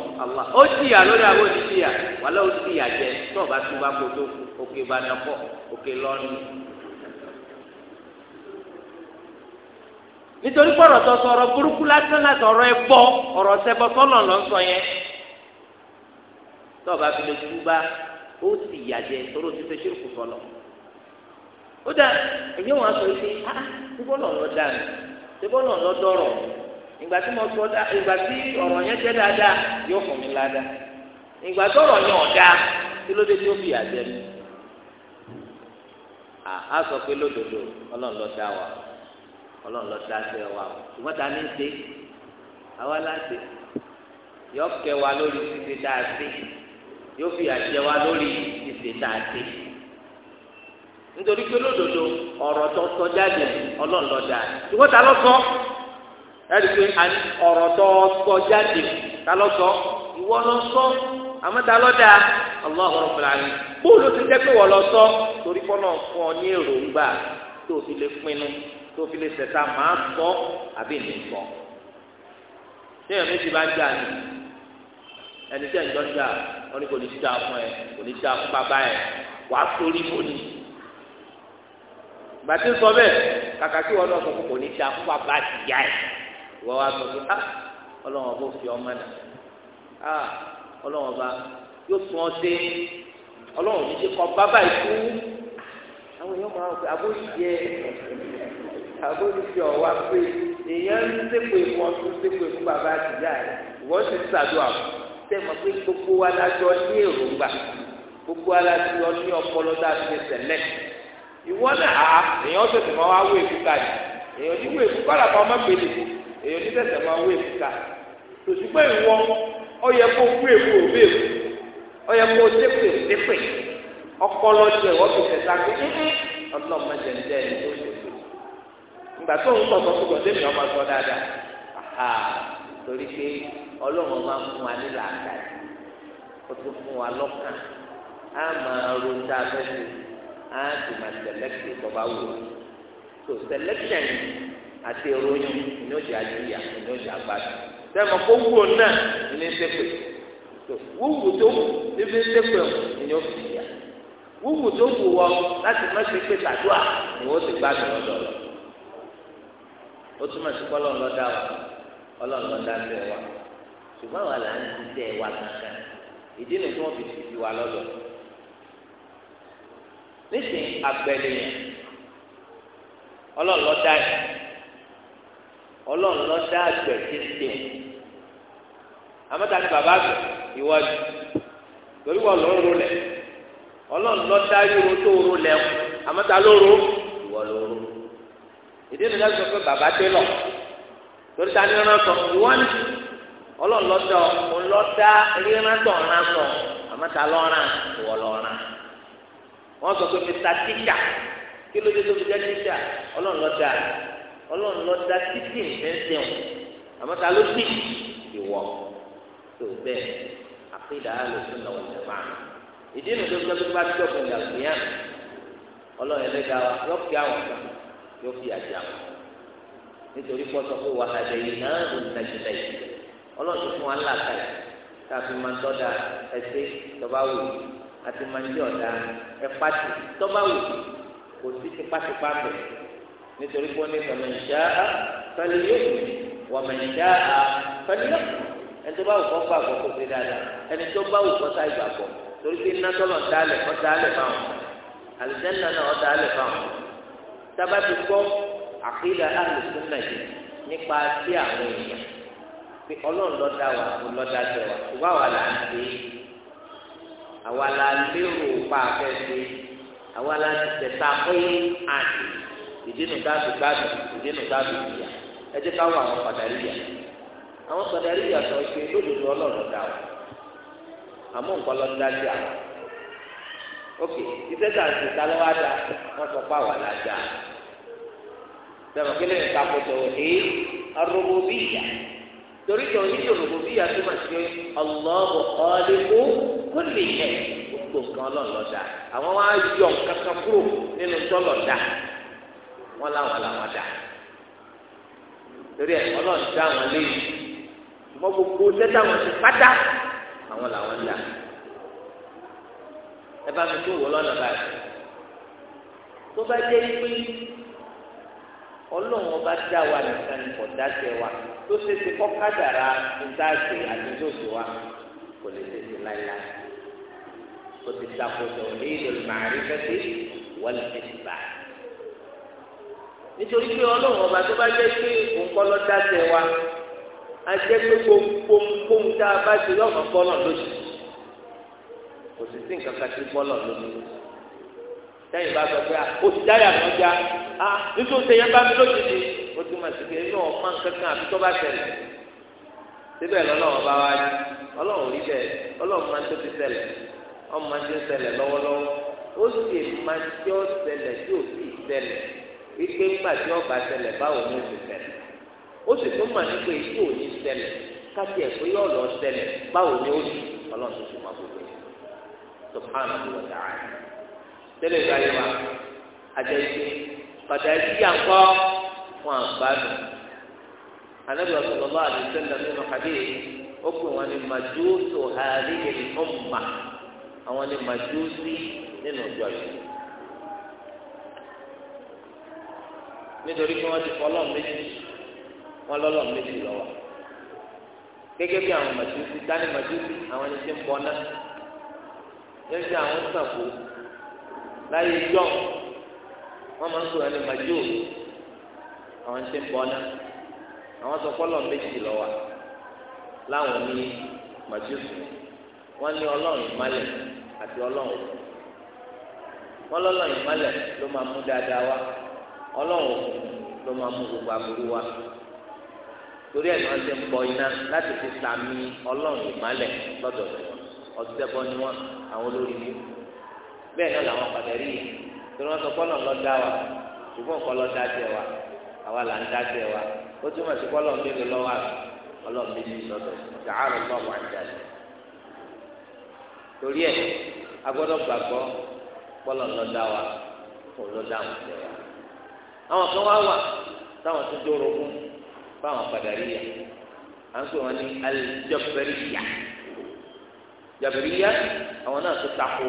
Allah ó jìyà lórí àwọn oníṣìyà wàhálà ó jìyà jẹ tó o bá tún bá kojú òkè banakọ òkè lọrin. nítorí pé ọ̀rọ̀ tó sọ ọ̀rọ̀ burúkú lásán láti ọ̀rọ̀ ẹ gbọ́ ọ̀rọ̀ sẹ́gbọ́ sọ́nà lọ sọ yẹn tó o bá fi lè tú bá ó sì yà jẹ torí ti fẹ́ ṣírùkù sọ̀lọ̀ ó dà ẹ̀yẹ́ wọn sọ pé ah, ah ṣé bọ́ọ̀lù ọ̀rọ̀ dà ní ṣé bọ́ọ̀lù ọ̀rọ̀ dọ̀rọ̀ ìgbà tí mo sọ dá ìgbà ọ̀rọ̀ yẹn jẹ́ dáadáa yóò fún mi ọ̀rọ̀ yẹn ọ̀dá kí ló dé tí ó fi àjẹ mi a sọ pé lódodo ọlọ́run ló dá wa ọlọ́run ló dá wa ṣùgbọ́n ta ní ṣe àwa la yọ kẹ wa lórí ṣíṣe tá a ṣe yóò fi àjẹ wa lórí tá a ṣe nítorí pé lódodo ọ̀rọ̀ tó sọ jáde ọlọ́run dá ṣùgbọ́n sọ. ẹni pé ọ̀rọ̀ tó sọ jáde ta lọ sọ ìwọ lọ sọ àmọ́ta lọ́dà Allahu Rabbil Alamin bóòlù ti jẹ́ pé wọ́n lọ sọ torí fọ́nà fún ọ ní èròǹgbà tó fi lè pinnu tó fi lè sẹ̀ta máa sọ àbí ní sọ. téèyàn méjì bá jà ní ẹni tẹ́ ń jọ jà wọ́n ní kò ní jà fún ẹ kò ní jà fún bàbá ẹ wàá sórí bóni. gbàtí sọ bẹ́ẹ̀ kàkà kí wọ́n lọ sọ fún kò ní jà fún bàbá àtìyá ẹ wọ́n wá sọ pé a ah, ọlọ́wọ́n bó fi ọmọ nà a ah, ọlọ́wọ́n bá yóò fún ọ sí ọlọ́wọ́n mi ti kọ bábà ikú àwọn èèyàn máa ń pè abóyíjẹ abóyíjẹ ọwọ́ pé èèyàn ń sèpè fún ọtún sèpè fún bàbá àtìyá rẹ wọ́n ti sàdúrà tẹ̀ mọ́ pé gbogbo wa lájọ ní èròǹgbà gbogbo ala ti lọ ní ọpọlọ dá ti ṣẹlẹ̀ ìwọ náà èèyàn tètè máa wá wé èkú káàdì èèyàn ní wé èkú kọlà kan má èyí ní tẹ̀sẹ̀ máa wé ìfúta tòṣùpẹ́ ìwọ ọyẹ kó kú èkó òbí èkó ọyẹ kó ṣépè ṣépè ọpọlọ jẹ wọ́n fi tẹ̀sà pé ọlọ́run má jẹ níjẹ́ ẹni tó ṣépè ìgbà tó ń sọ̀tọ̀ tó gbọ̀dé mi ọmọ sọ dáadáa torí pé ọlọ́run máa fún wa nílà àgbà yìí ó tún fún wa lọ́kàn á máa ro tá a fẹ́ ṣe á sì máa tẹ̀lẹ́kì tó bá wù ú tó tẹ̀lẹ́kì ẹ̀yìn àti ìròyìn ní òjì àjùyà ní òjì àgbàdo sẹ́mi kó wù ó náà ní sẹ́pẹ̀ wúwù tó wù níbi sẹ́pẹ̀ ní òfì yà wúwù tó wù wọ láti má ṣe pé tàdúà ni wọ́n ti gbàgbé lọ́dọ̀ lọ. ó túmọ̀ sí kọ́lọ́n lọ́dà wa kọ́lọ́n lọ́dà bẹ́ wa ṣùgbọ́n àwa là ń ṣiṣẹ́ wa kankan ìdí ni tí wọ́n fi fi wa lọ́dọ̀ nísìnyí àgbẹ̀lẹ̀ ọlọ́run lọ́dà yẹn. ọlọ́run lọ dá àgbẹ̀ títí amọ́ta bàbá àgbẹ̀ ìwọ́jú torí wọ́n lọ ń lẹ̀ ọlọ́run lọ dá yòrò tó lẹ̀ ìwọ́ ló lọ torí ta ni rán sọ ọlọ́run lọ dá òun lọ dá rán sọ ìwọ́ rán wọ́n sọ pé ọlọ́run lọ da títì ìfẹsẹ ọ àmọ́ ta ló sì ìwọ tó bẹ́ẹ̀ àfihàn àlòsùn náà wọn jẹba ìdí nu tó gbọ́ tó bá tó kùn yàgò yá ọlọ́run ẹlẹ́gà wa yọ fi àwọn kan yọ fi àjà wọn nítorí pọ́sọ pé wà á dẹ̀yìn náà ló ń dájú lẹ́yìn ọlọ́run tó fún wa ńlá ká tá a fi máa tọ́da ẹsẹ̀ tọ́ba wù àti máa ń jẹ́ ọ̀dà ẹ̀pátì nítorí pé ó ní kàmẹ́ńṣá fẹ́lẹ́yẹ́kù wàmẹ́ńṣá fẹ́lẹ́yẹ́kù ẹni tó bá wù kọ́ gbàgbọ́ kó ṣe dáadáa ẹni tó bá wù kọ́ sá ìgbàgbọ́ torí pé iná tọ́lọ̀ ń dálẹ̀ ọ́ dálẹ̀ fáwọn àlùjẹ́nà náà ọ́ dálẹ̀ fáwọn tábà ti gbọ́ àkídà ahlùsùn náà yìí nípa sí àwọn èèyàn pé ọlọ́run ló dá wa kò ló dá wa ìwà wa là ń ṣe àwa la lérò pa afẹ́ ṣe àwa la ti tẹ̀ta pé àti ìdínú dáàbò dáàbò ìdínú dáàbò ìyá ẹ jẹ́ ká wọ àwọn padàríyà àwọn padàríyà sọ pé lódodo ọlọ́run dà wọ́n àmọ́ nǹkan lọ dá sí àwọn ok iṣẹ́ tà ń sèta lọ́wọ́ àdá wọ́n sọ pé àwọn àdá sọ̀rọ̀ kí lóyún ká kótó ẹ̀ arúgbó bí ìyá torí tó ní yorùbá bí ìyá tó máa ṣe Allahu khaliqu kulli shay gbogbo nǹkan ọlọ́run lọ́dà àwọn wá yọ nǹkan kan kúrò nínú tọ́lọ̀ dà wọn làwọn làwọn dà torí ẹ Ọlọ́run dá wọn léyìn mọ gbogbo sẹta wọn ti pátá àwọn làwọn dà ẹ bá mi tún wọ lọ́nà báyìí tó bá jẹ́ pé Ọlọ́run ọba dá wa nìkan ní kọ̀dá tẹ wa tó ṣeéṣe kọ́ kádàrá àdúgbò wa kò lè ṣeéṣe láéláé kò ti dàpọ̀ sọ̀rọ̀ ní ìlú màrífẹ́tì wọ́n lè ṣe ìbáyìí nítorí pé ọlọ́run ọba tó bá jẹ́ pé nǹkan lọ dáṣẹ wa a jẹ́ pé pohùn tá a bá ṣe lọ́nà bọ́lọ̀ lójú kò sí sí nǹkan kan sí bọ́lọ̀ lójú sẹ́yìn bá sọ pé ah, o ti dáyà kan já a ah, nítorí sẹ́yìn bá mi lójijì o ti máa sèké inú ọmọ kankan àbí tó bá ṣẹlẹ̀ síbẹ̀ lọ́lọ́run ọba wa ni ọlọ́run rí bẹ́ẹ̀ ọlọ́run máa ń tó ti ṣẹlẹ̀ ọmọ máa ń tó ti ṣẹlẹ̀ lọ́wọ́lọ́wọ́ ó sì máa wípé nígbà tí ọba ṣẹlẹ̀ báwo ni ó ti ṣẹlẹ̀ ó sì tún mà nípa èyí ò ní ṣẹlẹ̀ kájí ẹ̀kọ́ yóò lọ ṣẹlẹ̀ báwo ni ó ti ọlọ́run tó ti máa gbogbo ẹ̀ subhanahu wa ta'ala tẹ́lẹ̀ ìgbà wa àjẹ́ ìṣe pàtàkì yíyànkọ́ wọn àgbàdo anabi sallallahu alaihi wasallam nínú ó pè wọn ní majusu hadhihi al àwọn ní majusi nínú ìjọ yìí. nítorí pé wọ́n ti fọ́ ọlọ́run méjì wọ́n lọ́lọ́run méjì lọ́wọ́ gẹ́gẹ́ bí àwọn màjúsí dání màjúsí àwọn ẹni tí ń bọ náà gẹ́gẹ́ bí àwọn sàkó láyé jọ́ wọ́n máa ń sọ ẹni màjú àwọn ẹni tí ń bọ náà àwọn sọ fọ́ ọlọ́run méjì lọ́wọ́ láwọn ní màjúsí wọ́n ní ọlọ́run ìmálẹ̀ àti ọlọ́run wọn lọ́lọ́run ìmálẹ̀ ló máa mú dáadáa wá. ọlọ́run ló máa mú gbogbo aburú wa torí ẹ̀ máa ń ṣe ń bọ iná láti fi sàmì ọlọ́run ìmálẹ̀ lọ́dọ̀ rẹ̀ ọ̀sẹ̀bọ ni wọn àwọn olórí mú bẹ́ẹ̀ rí yìí torí sọ wa ṣùgbọ́n wa àwa là ń dá wa ó sí lọ́wọ́ ọlọ́run lọ́dọ̀ ṣàárọ̀ torí ẹ̀ agbọ́dọ̀ gbàgbọ́ àwọn kan wá wà táwọn tó dóró fún fáwọn Qadariyya à ń pè wọn ní al-Jabariyya Jabariyya àwọn náà tó takò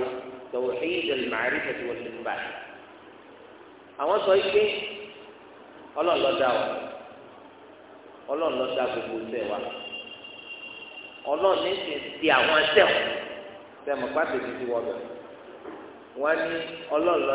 tawhid al-ma'rifah wal-ithbat àwọn sọ ike Ọlọ́run ló dá wa Ọlọ́run ló dá gbogbo sẹ́ wa Ọlọ́run ní sì ti àwọn sẹ́wọ̀n sẹ́wọ̀n pàtó ti ti wọ́ bẹ̀ wọ́n ní Ọlọ́run ló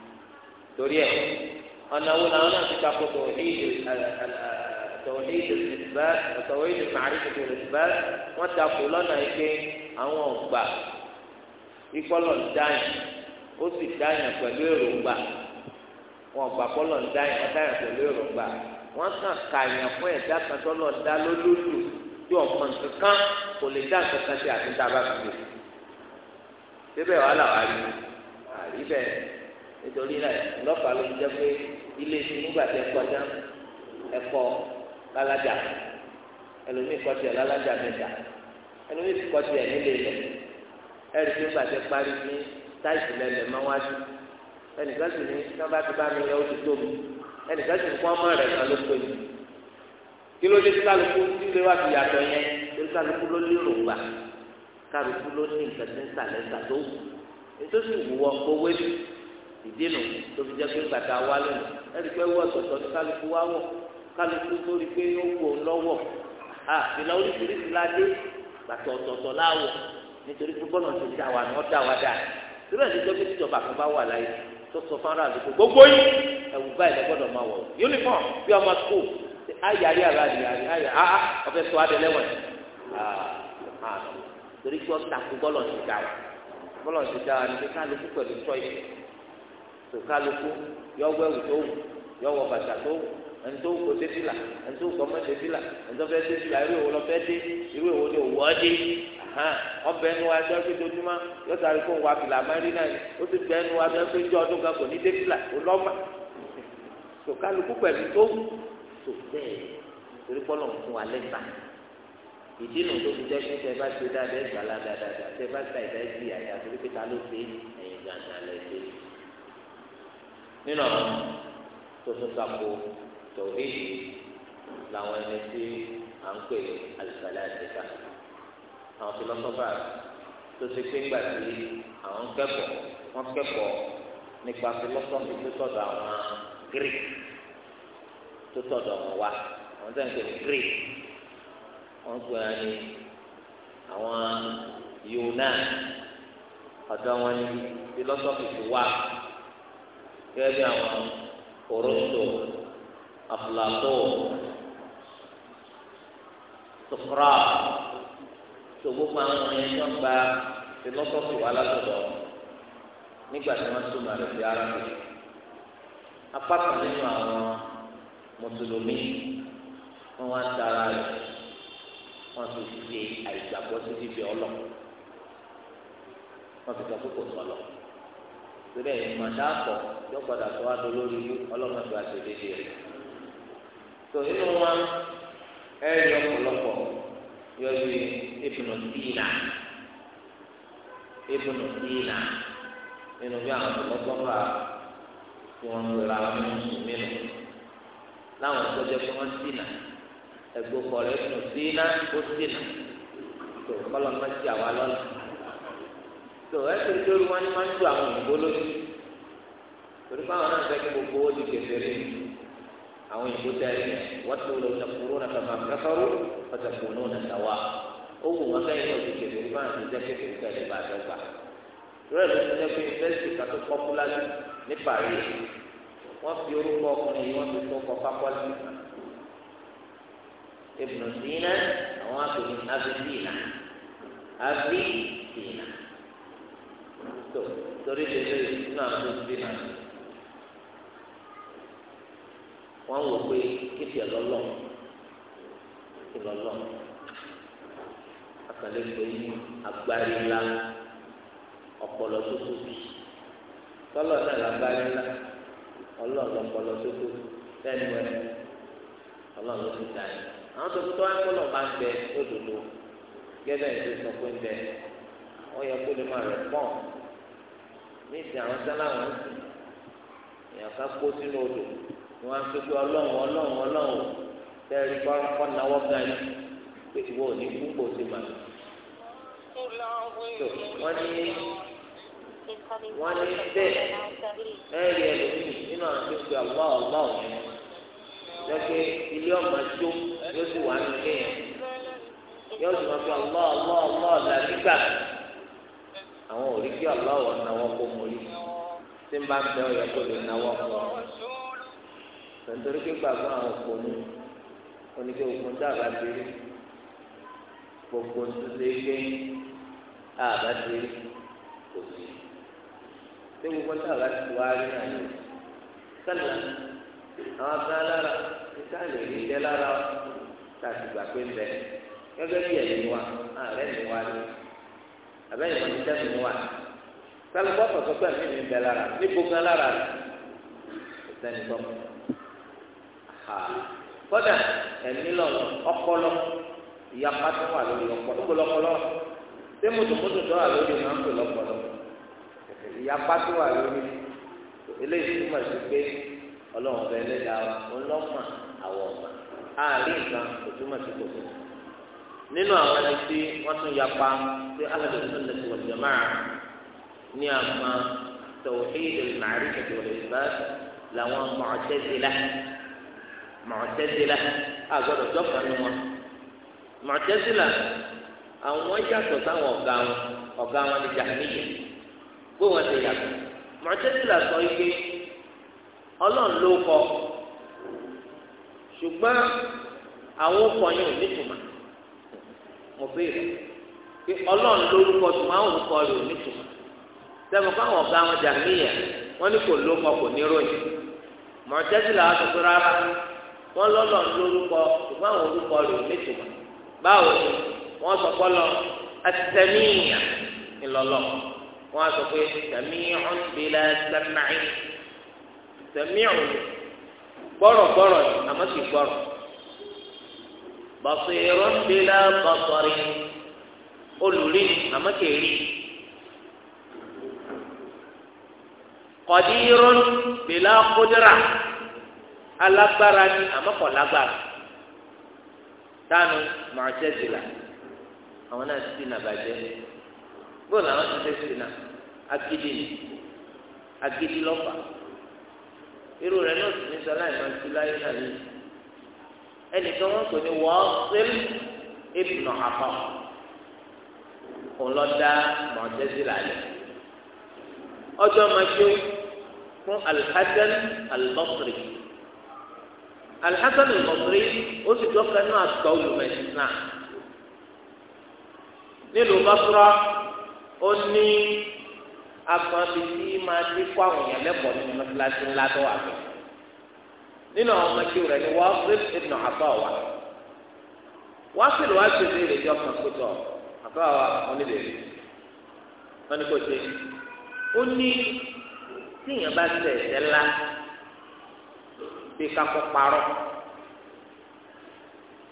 torí ẹ Ọ na làwọn náà ti takò tọ̀wéyìí ìsìnbá tọ̀wéyìí ìmàrífẹ̀ ìsìnbá wọ́n takò lọ́nà ike àwọn ọ̀gbà ìkọlọ̀ ń ó sì dáyìn wọn dáyìn kàn kàyàn fún kan dá tí kò lè dá sí nítorí náà lọ́pàá ló ń jẹ́ pé ilé tí nígbà tí ẹ kọjá ẹ kọ lálájà ẹlòmíì kọ tiẹ̀ lálájà mẹ́ta ẹlòmíì kọ tiẹ̀ nílé lẹ̀ ẹ̀rí tí nígbà tí ẹ parí ní táìsì lẹ́lẹ̀ máa wájú ẹnìkan sì ní sábà ti bá mi lọ ó ti tó mi ẹnìkan sì ní kó ọmọ rẹ̀ kan ló pè mí kí ló dé kálukú tí ilé wa fi yàtọ̀ yẹn lórí kálukú ló lérò gbà kálukú ló ní nǹkan tí ń ètò sì wù ọ ìdínú tó fi jẹ́ pé gbàtà wá lẹ́nu ẹni pé wọ́ ọ̀tọ̀ọ̀tọ̀ ní kálukú wá wọ̀ kálukú tó rí pé ó wù ọ́ lọ́wọ́ à ìlà oríṣiríṣi la dé gbàtà ọ̀tọ̀ọ̀tọ̀ láwọ̀ nítorí pé bọ́lá ti dá wa ní ọ́ dá wa dá síbẹ̀ ní jẹ́ pé tíjọba kan bá wà láyé tó sọ fáwọn àdúgbò gbogbo yìí ẹ̀wù báyìí lẹ gbọ́dọ̀ máa wọ̀ uniform bí ọmọ school ayàrí àbáyé ayàrí àá ọ̀fẹ́ sọ adé lẹ́wọ̀n torí pé ọ̀tàkùn bọ́lọ̀ ti dá wa bọ́lọ̀ ti dá wa ní pé káàlùkù tó kálukú yọ wọ ẹ̀wù tó wù yọ wọ bàtà tó wù ẹni tó wù kó dé fìlà ẹni tó wù kó mẹsẹ fìlà ẹni tó fẹ́ dé fìlà irú èwo lọ fẹ́ dé irú èwo ni òwò ọdẹ ọbẹ ẹnu wa ẹjọ pé dojúmọ yọ sáré kó wa fìlà mẹ́rin náà ó ti bẹ ẹnu wa ẹjọ pé jọ ọdún kan kò ní dé fìlà ọlọ́mà tó kálukú pẹ̀lú tó wù tó bẹ́ẹ̀ torí pọ́lọ̀ ń fún wa lẹ́sà ìdí nu tó fi jẹ́ pé tẹ bá ṣe dáadáa ẹ̀ṣọ́ aládàáda tẹ bá ṣe àìdáa ẹ̀ṣì àyà torí pé ta ló ṣe ẹ̀yìn gàdá lẹ́sẹ̀ nínú àwọn tuntun sako tòhídì làwọn ẹni tí à ń pè àlùfàlà àtẹ̀ká àwọn fìlọ́sọ́fà tó ti pé ńgbà tí àwọn kẹ́kọ̀ọ́ wọ́n kẹ́kọ̀ọ́ nípa fìlọ́sọ́fì tó sọ̀dọ̀ àwọn greek tó sọ̀dọ̀ wọn wá àwọn tẹ̀ ń pè ní greek wọ́n pè á ní àwọn Yunan ọ̀dọ̀ wọn ní fìlọ́sọ́fì tó wà gẹ́gẹ́ bí àwọn kòrótò àfúlàtò sukura tó gbogbo àwọn ọmọ yẹn tó ń gba filosofi wà látọ̀dọ̀ nígbà tí wọ́n túmọ̀ rẹ̀ sí ara rẹ̀ apá kan nínú àwọn mùsùlùmí wọn wá ń rẹ̀ wọn fi ṣe àìgbàgbọ́ sí fífi ọlọ́ wọn fi sọ kò sọ lọ́wọ́ síbẹ̀ ìmọ̀ dáàpọ̀ yóò padà tó wá dolórí ọlọ́mọdé àtẹ̀lẹ́dẹ rẹ̀ tó inú wa ẹ̀rí ọ̀pọ̀lọpọ̀ yóò di ìbùnú tìlà ìbùnú tìlà nínú bí àwọn ọ̀pọ̀lọpọ̀ bá tí wọ́n ń ra wọn nínú sùnmí nù láwọn tó jẹ́ pé wọ́n tìlà ẹ̀gbọ́n kọ̀ọ̀rẹ́ ìbùnú tìlà ó tìlà tó kọ́lọ́ mọ́tì àwa lọ́la tó ẹsẹ̀ tó rí wọn ni máa ń tó àwọn òyìnbó lójú torí báwọn náà fẹ́ kí gbogbo ó di kékeré àwọn òyìnbó tẹ́lẹ̀ wọ́n tó lọ sàkóró náà kàmá kẹfọ́rọ́ wọ́n sàkóró náà sàwà ó wù wọ́n sẹ́yìn náà di kékeré báwọn ti jẹ́ kékeré tẹ́lẹ̀ bá dọ́gba rẹ̀ ló ti jẹ́ pé yunifásitì kàtó pọ́pùlà ní Paris wọ́n fi orúkọ ọkùnrin yìí wọ́n ti tó kọ pápálí ibùdó sínú àwọn àtòmí abidina abidina torí lè lè náà tó ti nà wọn wò pé kéde ọlọlọ kéde ọlọlọ akàlẹ pé agbárí ńlá ọpọlọ tó tóbi tọlọ náà lágbárí ńlá ọlọlọ ọpọlọ tó tóbi lẹ́nu ẹ ọlọlọ tó dání àwọn tó tó wá kọlọ bá ń bẹ lódodo gẹ́gẹ́ ìdí sọ pé ń bẹ wọ́n yẹ kó lè máa rẹ̀ pọ̀ ní ìsìn àwọn sáláwọ̀n èèyàn ká kó sínú odò ni wọ́n á fi pé ọlọ́run ọlọ́run ọlọ́run tẹ́rì kọ́ náwó gan yìí pé ìwọ ò ní kú kó sí màá. wọ́n ní wọ́n ní bẹ́ẹ̀ ẹ̀rí ẹlòmíì nínú àwọn tó ń pe ọ̀gbá ọ̀gbá òun lẹ́gbẹ́ ilé ọ̀gbà tó yóò sì wà nínú ilé yẹn yóò sì máa fi ọ̀gbá ọ̀gbá ọ̀gbá ọ̀dà nígbà àwọn ò rí kí ọlọ́wọ́ náwó kó mórí tí ń bá ń bẹ ọyọ tó lè náwó kọ nítorí pé gbàgbọ́ àwọn òkò ní oníkẹ́ òkun dábàá ti rí gbogbo tó ṣe é gbé àbá ti rí kò sí tí gbogbo dábàá ti wá rí àná sẹ́lẹ̀ àwọn abẹ́ lára níta lè rí jẹ́ lára tàbí gbà pé ń bẹ gẹ́gẹ́ bí ẹ̀yìn wa ààrẹ ni wá rí abẹ́rẹ́ ní sẹ́mi wà sálùkọ́ sọ̀tọ̀ pé ẹ̀mí mi bẹ lára ní gbogbo lára rẹ̀ kò sẹ́ni tọ́ kódà ẹ̀mí lọ́nà ọpọlọ ìyapa tó wà lórí ọpọlọ ńgbọ lọpọlọ ṣé mùtùmùtù tó wà lórí máa ń pè lọpọlọ ìyapa tó wà lórí eléyìí túmọ̀ sí pé ọlọ́run ọ̀bẹ ẹlẹ́dàá wa ńlọ́mà àwọ̀ ọ̀mà àárín nǹkan kò túmọ̀ sí kò nínú àwọn ẹni tí wọ́n tún yapa pé alẹ́ lọ́sùn lẹ́sùn wal jamaa ní àmà tawhid al-ma'rifah wal isbat làwọn Mu'tazilah Mu'tazilah àgọ́dọ̀ jọ́pọ̀ ni wọn Mu'tazilah àwọn yàtọ̀ sáwọn ọ̀gá wọn ọ̀gá wọn ni Jahmiyya gbé wọn ti yàtọ̀ Mu'tazilah sọ ike ọlọ́run ló kọ ṣùgbọ́n àwọn ọkọ̀ yẹn ò ní tùmọ̀. mọ̀béèrè pé ọlọ́run lórúkọ tó máa ń wò kọ́ rẹ̀ onítùmọ̀ sẹ́wọ̀n káwọn ọ̀gá wọn jàmíyà wọn ní kò lóko kò ní ròyìn mọ̀tẹ́sílà wọn tuntun rárá wọn lọ́lọ́ lórúkọ ṣùgbọ́n àwọn orúkọ rẹ̀ onítùmọ̀ báwo ni sọ wọn sọ pé sẹ̀míhùn bílẹ̀ sẹ́máì sẹ̀míhùn gbọ́rọ̀gbọ́rọ̀ àmọ́ sì gbọ́rọ̀ basirun bila basari olùrí ni àmọ́ kèrí qadirun bila qudra alágbára ni àmọ́ kò lágbára tánu Mu'tazila àwọn náà ti nà bàjẹ́ bóòlù àwọn ti fẹ́ sí nà ni agídí lọ́fà irú rẹ̀ náà sì ní sọ láì ti láyé náà nìyí ẹnìkan wọn pè ní wọ́ọ̀sìl ibùnà àpọ̀ ọlọ́dà mọ̀tẹ́sílà lẹ̀ ọjọ́ màṣẹ fún alhassan albasri alhassan albasri ó sì tọ́ka ní àgbà olùmẹ̀sìn náà nílùú basra ó ní akpọ̀nbi tí máa ti kó àwọn èèyàn lẹ́kọ̀ọ́ nínú mọ́tíláṣí ńlá tó wà fún un nínú àwọn ọmọ kíw rẹ ni wàásìl ibn àbáwá wàásìl wàásìl ní ìrètí ọkàn kótó àbáwá oníbèrè wọn ni kò ṣe ó ní tíyẹn bá tẹ ẹsẹ ńlá bí kakọ parọ́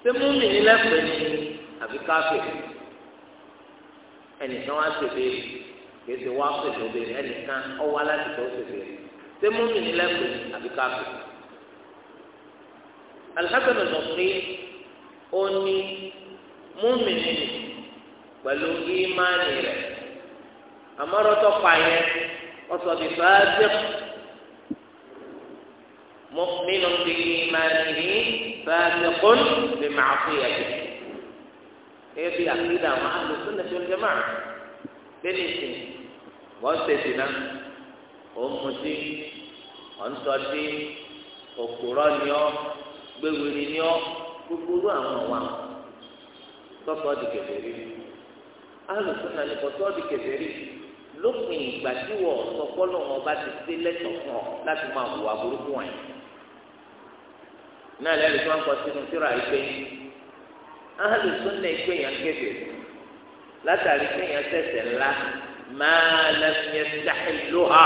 ṣé múmi ní lẹ́pẹ́ ni àbí káfẹ́ ẹnìkan wá ṣèbè kèsì wàásìl lóbèrè ẹnìkan ọwọ́ aláṣẹ tó ṣèbè ṣé múmi ní lẹ́pẹ́ ni àbí káfẹ́. Al-Hasan al-Basri ó ní múmìnì nì pẹ̀lú ìmánì rẹ̀ àmọ́rọ́tọ́ fààyè ọ̀sọ̀ bí fàájì مؤمن بإيمانه فاسق بمعصيته هي في عقيدة مع أهل السنة والجماعة بالإسلام وأستثناء أمتي أنصتي أكرانيو gbẹwèrè ni ọ gbogbo olú àwọn ọ̀wà tọ́tọ́ di kẹfẹ́rí alùpùpù ní kọ́tọ́ di kẹfẹ́rí lópin ìgbà tí wọ́n sọpọ́lọ́ wọn bá ti dé lẹ́tọ̀ọ́ fún ọ láti máa hùwà burúkú wọn yìí náà lẹ́rìí tí wọ́n kọ sínú síra ìgbẹ́ alùpùpù ní ìgbẹ́ yẹn kẹfẹ́ látàrí pé yẹn sẹ̀sẹ̀ ńlá máa lẹ́sìn yẹn dáhìlóhà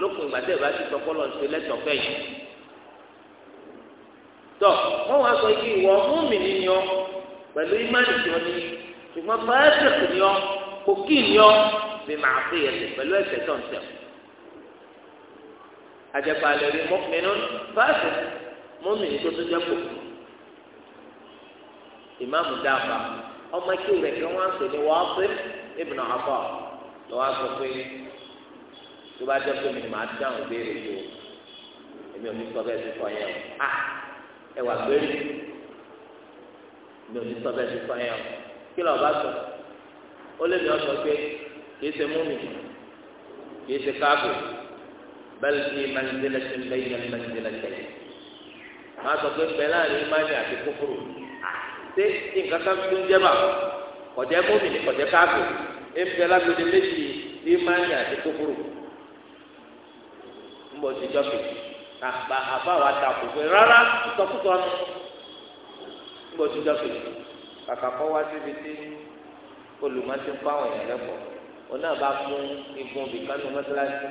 lópin ìgbà tí ìbá ti sọpọ́lọ́ ti lẹ́tọ̀ọ́ fẹ́ yìí tọ wọn wá sọ ike ìwọ múmi ni ọ pẹ̀lú imáni tí ọ ní ṣùgbọ́n pàṣẹkù ni ọ kòkí ni ọ bí màá fi ẹsẹ̀ pẹ̀lú ẹsẹ̀ tó ń tẹ àjẹpà lórí mọkùnrin pàṣẹ múmi ni tó tó jẹ kò ìmáàmù dáàbà ọmọ ike rẹ kí wọn sọ ní wọn pé ibùdó àbọ lọ wá sọ pé tó bá jẹ pé mi màá dáhùn béèrè yìí o èmi ò ní sọ bẹ́ẹ̀ ti kọ yẹn o ah! ẹwà péré mi ò ní sọ bẹ́ẹ̀ ti sọ yẹn o kí lọ bá sọ ó lé mi ọ sọ pé kì í ṣe mú mi kì í ṣe káàbù bẹ́ẹ̀ ni mẹ́lẹ́dẹ́lẹ́ ṣe ń bẹ́ẹ̀ yẹn mẹ́lẹ́dẹ́lẹ́ ṣe yẹn má sọ pé bẹ́ẹ̀ láàrin ìmáàmì àti kúkúrú ṣé nǹkan kan tó ń jẹ́ bá kọ̀jẹ́ mú mi ní kọ̀jẹ́ káàbù ẹ ń bẹ́ẹ̀ lágbèdè méjì ìmáàmì àti kúkúrú ń bọ̀ sí jọ́kì àgbà àbá wa ta kò pé rárá ìtọ́kùtọ̀ ọ̀nà nígbà tó jọ́pẹ̀ kàkà kọ́ wá síbi tí olùmọ̀tí ń pàwọn èèyàn lẹ́kọ̀ọ́ òun náà bá fún igun bìkan ní mọ́tíláṣí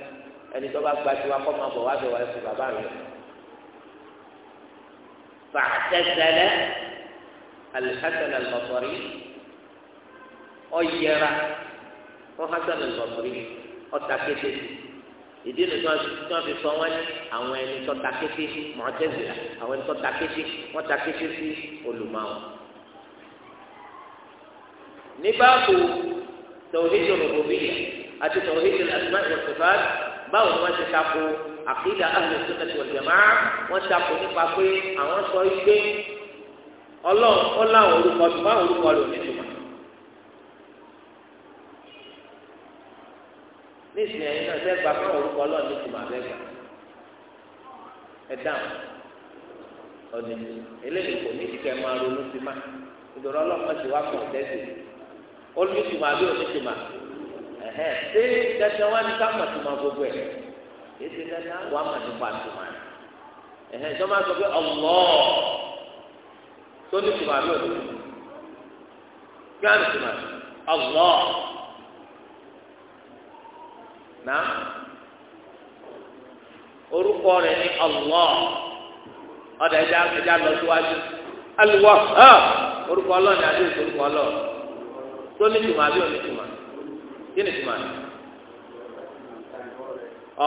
ẹni tó bá gba tiwa kọ́ máa bọ̀ wá bẹ̀ wá sí bàbá rẹ̀ fàtẹ́sẹ̀lẹ̀ alhassan al-basri ọ̀yẹ̀ra fún hassan al-basri ìdí ni wọn fi sọ wọn ní àwọn ẹni tó ta kété mọ̀tẹ́sílà àwọn ẹni tó ta kété wọn ta kété sí olùmọ̀ọ́. ní báàbò tòhídìí olùkòbíyà àti tòhídìí asmá ìwọ̀sùfà báwo ni wọ́n ti tako àkídà ahlu sunnah wal jamā'ah wọ́n tako nípa pé àwọn sọ igbe ọlọ́run ó láwọn orúkọ tó báwọn orúkọ rẹ̀ ò ní tuma. nísìnyí ẹ̀yin náà sẹ́gbà fún orúkọ ọlọ́run ní tìmọ̀ abẹ́gbà ẹ dáhùn ọ̀nì eléyìí kò ní kíkẹ́ máa ronú sí má ìdọ̀rọ̀ ọlọ́pàá ti wá pọ̀ tẹ́sí olùtìmọ̀ àbí onítìmọ̀ ẹ̀hẹ́n ṣé dandan wá ní káàmọ̀ tìmọ̀ gbogbo ẹ̀ kìí dandan wà á mà nípa tìmọ̀ máa sọ pé tó ní kí ní náà orúkọ rẹ̀ ní Allah ọ̀dà ẹja ẹja lọ síwájú aluwa ha orúkọ ọlọ́ọ̀ ni adé orúkọ ọlọ́ọ̀ tó ní tùmọ̀ àbí òní tùmọ̀ kí ni tùmọ̀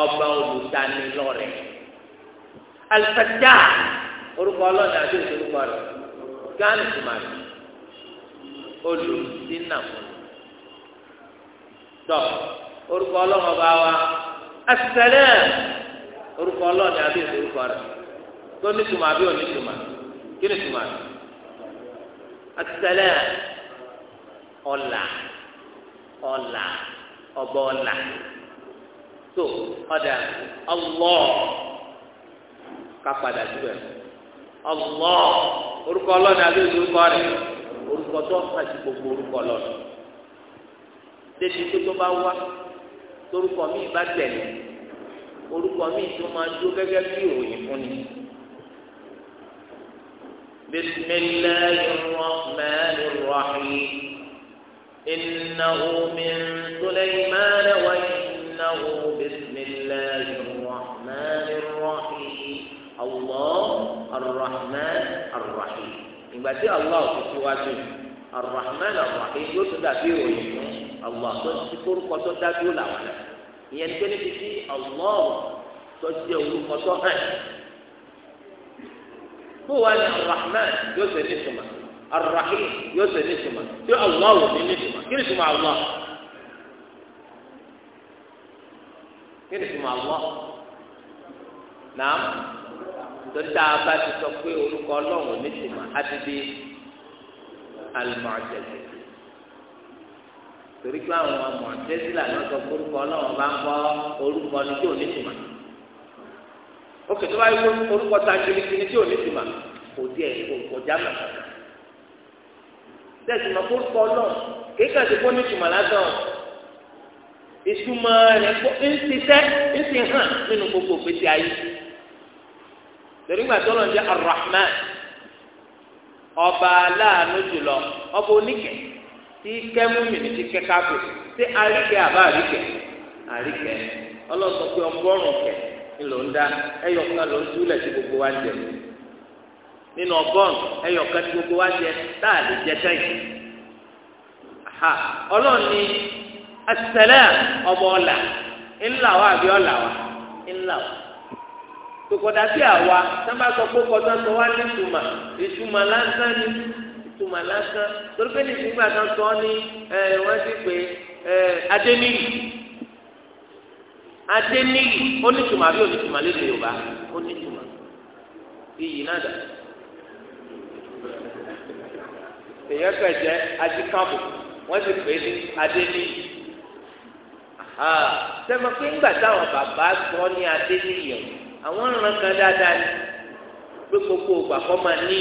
ọba olùdánilọ́rẹ̀ alifajá orúkọ ọlọ́ọ̀ ni adé orúkọ rẹ̀ gánì tùmọ̀ rẹ̀ olùdínàmù orúkọ ọlọ́run ọba wa asẹlẹ orúkọ ọlọ́run ni àbí èso orúkọ rẹ tó ní tuma àbí òní tuma kí ni tuma asẹlẹ ọlà ọlà ọba ọlà tó ọdà ọlọ kápadà síbẹ̀ ọlọ orúkọ ọlọ́run ni àbí èso orúkọ rẹ orúkọ tó ń fà gbogbo orúkọ ọlọ́run débi tó tó bá wá torúkọ míì bá tẹ̀lé orúkọ míì tó máa dúró gẹ́gẹ́ bí ìròyìn fún ni. بسم الله الرحمن الرحيم إنه من سليمان وإنه بسم الله الرحمن الرحيم الله الرحمن الرحيم يبقى الله في الرحمن الرحيم يوسف في وينه Allah tó ti kórúkọ tó dájú làwọn náà ìyẹn ní kéde títí Allah tó ti orúkọ tó hàn kó wá ní Ar-Rahman yóò ṣe ní sùnmà Ar-Rahim yóò ṣe ní sùnmà tí Allah ò ní ní sùnmà kí ni sùnmà Allah kí ni sùnmà Allah nàá torí tá ti sọ pé orúkọ ọlọ́run ní sùnmà á ti di al-Mu'tazila torí pé àwọn ọmọ tẹ́sílà náà sọ orúkọ ọlọ́run bá ń kọ́ orúkọ ni tí ò ní tìmọ̀ ó kè tó bá yẹ orúkọ ta kirikiri tí ò ní tìmọ̀ kò tiẹ̀ kò já mọ̀ tẹ̀sí mọ̀ orúkọ ọlọ́run kéka ti kó ní tìmọ̀ lásán ìtumọ̀ rẹ̀ kó ń ṣiṣẹ́ ń ṣe hàn nínú gbogbo òfìsí ayé torí gbà tó lọ́n jẹ́ ar ọba aláàánú jùlọ ọba oníkẹ̀ẹ́. tí kẹ́mú ti kẹ́ káfíìn ṣé àríkẹ́ àbá àríkẹ́ àríkẹ́ ọlọ́sọ pé ọgọ́rùn-ún kẹ́ ńlò ń dá ẹyọ ló ń túlẹ̀ tí gbogbo wa jẹ nínú ọgọ́rùn a lè jẹ sẹ́yìn ha ọlọ́ọ̀ni asẹ̀lẹ̀ ọmọ ọ̀là ńlá wa àbí ọ̀là wa ńlá wa tòkọ̀dá sí àwa sábà sọ pé tuma lásán torí pé nìsín gbà kan sọ ní ẹ ti pè ẹ adéníyì adéníyì onítùmọ̀ àbí onítùmọ̀ lédè Yorùbá onítùmọ̀ iyì náà dà èyàn kàn jẹ́ adìkàbò wọ́n ti pè ní pé táwọn bàbá sọ ní àwọn ọ̀ràn kan dáadáa ni gbogbo ògbà kọ́ máa ní.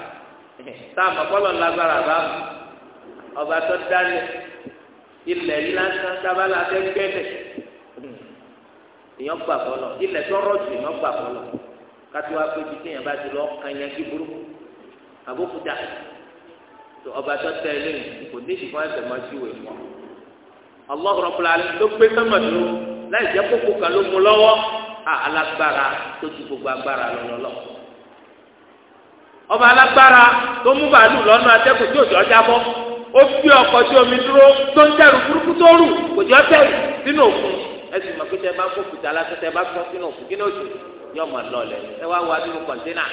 táàmù ọpọlọ lágbára bá ọba tó dálẹ̀ ilẹ̀ yìí lásán sábàlá fẹ́ gbẹ́lẹ̀ èèyàn gbà fọlọ ilẹ̀ tó rọ̀ jù èèyàn gbà fọlọ kátó wá pé títí èèyàn bá ti lọ kanya kí burúkú àbókúta tó ọba tó tẹ ilé yìí kò ní ìdìbò ẹsẹ̀ máa ti wò é mọ́ Allahu Rabbul Alamin ló gbé sọ́mọ̀ dúró láì jẹ́ kókó kan ló mu lọ́wọ́ alágbára tó ti gbogbo agbára lọ́lọ́lọ́ ọba alágbára tó mú bàálù lọ́nà atẹ́kùn tí òjò ọjà bọ́ ó fi ọkọ̀ tí omi dúró tó ń dẹrù burúkú tó rù kò jọ tẹ̀rù sínú òkun ẹsùn mọ̀ pé tẹ bá kó kùtà lásán tẹ bá sọ sínú òkun kí ní oṣù yọ mọ̀ lọ́lẹ̀ ẹ wá wá nínú kọ̀ǹtínà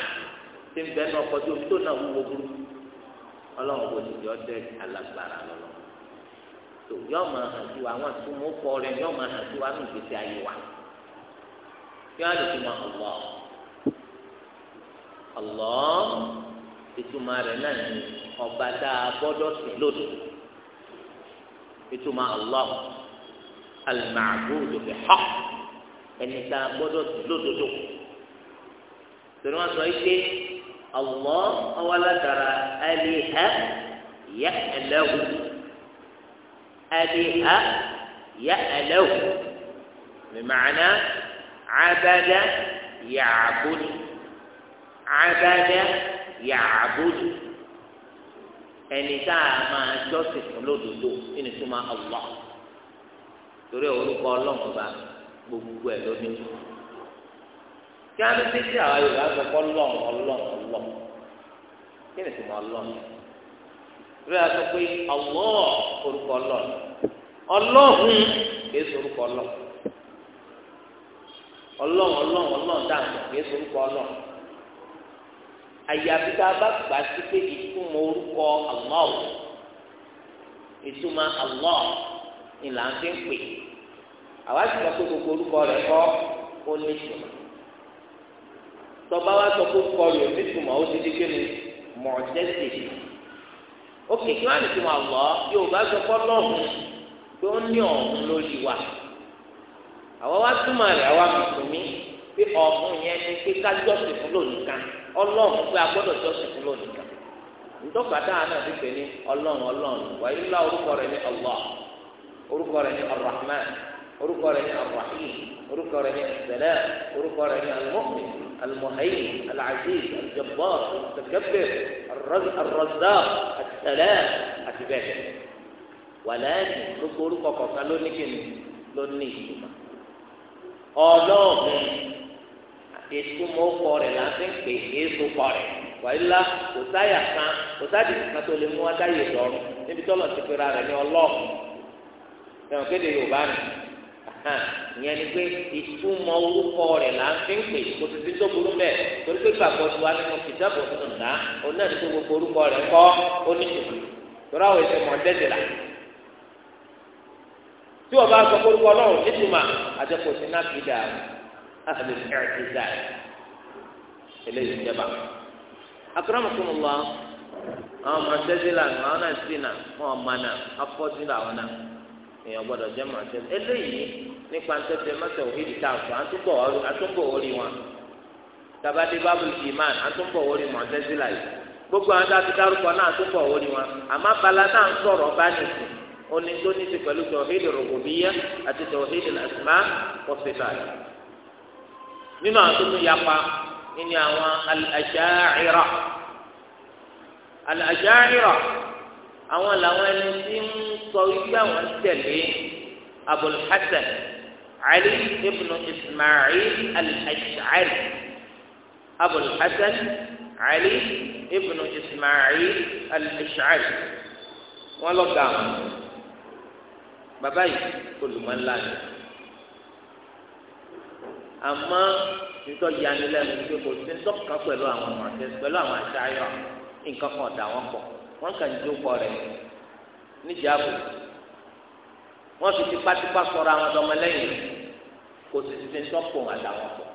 tí ń bẹ ní ọkọ̀ tí omi tó náà wúwo burúkú ọlọ́run kò sì jọ tẹ alágbára lọ́lọ́ tó yọ mọ̀ hàn sí wa àwọn àti mú kọ́ rẹ̀ yọ mọ̀ hàn sí wa ní Allah ìtumọ̀ rẹ̀ náà ni ọba tá a gbọ́dọ̀ sìn lódò ìtumọ̀ Allah al-ma'budu bi haqq ẹni tá a gbọ́dọ̀ sìn lódodo torí wọn sọ yìí pé Allah ọwọ́ ẹni hẹ yẹ ẹlẹ́wù ẹni hẹ yẹ ẹlẹ́wù àná mímàánà abada ya'budu. abada ya'budu ẹni tá a máa jọ́sìn fún lódodo ẹni tó máa Allah torí orúkọ ọlọ́run ọba gbogbo ẹ̀ lónìí kí á ló sí àwọn yorùbá sọ pé ọlọ́run ọlọ́run ọlọ́run kí ni tó máa ọlọ́run torí a sọ pé ọwọ́ orúkọ ọlọ́run ọlọ́run kìí sorúkọ ọlọ́run ọlọ́run ọlọ́run ọlọ́run dáhùn àyàfi tá a bá gbà sí pé ìtumọ̀ orúkọ Allah ìtumọ̀ Allah ni là ń fi ń pè àwa sì sọ pé gbogbo orúkọ rẹ̀ kọ́ ó ní ìtumọ̀ tọba wa sọ pé orúkọ rẹ̀ ó ní ìtumọ̀ ó ti di pé ní mọ̀ọ́tẹ́sì ó kì í ní ìtumọ̀ Allah yóò bá sọ pé ọlọ́run pé ó ní ọ̀hún lórí wa àwa wá túmọ̀ rẹ̀ àwa mùsùlùmí pé ọ̀hún yẹn ni pé kájọ́sì fún lónìí kan ọlọ́run pé agbọ́dọ̀ jọ́sìn fún lónìí kan ntọ́ka dáhà náà ti pè ní ọlọ́run ọlọ́run wàyí ńlá orúkọ rẹ̀ ní Allah orúkọ rẹ̀ ní Ar-Rahman orúkọ rẹ̀ ní Ar-Rahim orúkọ rẹ̀ ní As-Salam orúkọ rẹ̀ ní Al-Mu'min Al-Muhaymin Al-Aziz al àti bẹ́ẹ̀ bẹ́ẹ̀ wàlẹ́ẹ̀dì gbogbo orúkọ kọ̀ọ̀kan lónìí kìnnì lónìí ìtumọ̀ ọlọ́ọ̀gbìn. ìtumọ̀ ọkọ rẹ̀ là ń fi ń pè é sopọ̀ rẹ̀ wàhálà kò sáyà kan kò sáyà kan tó lè mú adáyé dọ̀rùn níbi tọ́lọ̀ ti ní kéde yorùbá ni ìyẹn ni pé ìtumọ̀ orúkọ rẹ̀ là ń fi kò sì sí tó burú bẹ́ẹ̀ torí pé gbàgbọ́ ti wá nínú kìtàbù nùnà òun gbogbo orúkọ kọ́ oníṣòwò àwọn tí ahli al-i'tizal eléyìí ń jẹba akramakumullah àwọn ọmọ tẹ́sílà àwọn náà sì nà wọn ọmọ náà afọ́sílà àwọn náà èèyàn gbọ́dọ̀ jẹ́ mọ̀ tẹ́sílà eléyìí nípa tẹ́sílà mọ́tò òhìrì tá a fọ́ àtúbọ̀ orí wọn tabadé bábùlù ìmán àtúbọ̀ orí mọ̀ tẹ́sílà yìí gbogbo àwọn dáa ti dárúkọ náà àtúbọ̀ orí wọn àmọ́ abala náà ń sọ̀rọ̀ bá nìsín oní tó ní ti pẹ̀lú tawhid ar-rububiyyah àti tawhid al-asma' wa sifat nínú àwọn tó tún yapa nínú àwọn al-Asha'ira al-Asha'ira àwọn làwọn ẹni tí ń sọ wípé àwọn tẹ̀lé Abul Hasan Ali ibn Ismail al-Ash'ari Ali ibn Ismail al wọn lọ gà bàbá yìí olùmọ̀ńlá ni àmọ́ nítorí yanilẹ́nu pé kò sí tọ́ka pẹ̀lú àwọn ọmọdé pẹ̀lú àwọn àṣàyọ nǹkan kan dà wọ́n pọ̀ wọ́n kàn jó pọ̀ rẹ̀ níjàbù wọ́n fi tipátipá sọ̀rọ̀ àwọn ọmọlẹ́yìn kò sì ti tọ́pọ̀ àtàwọn pọ̀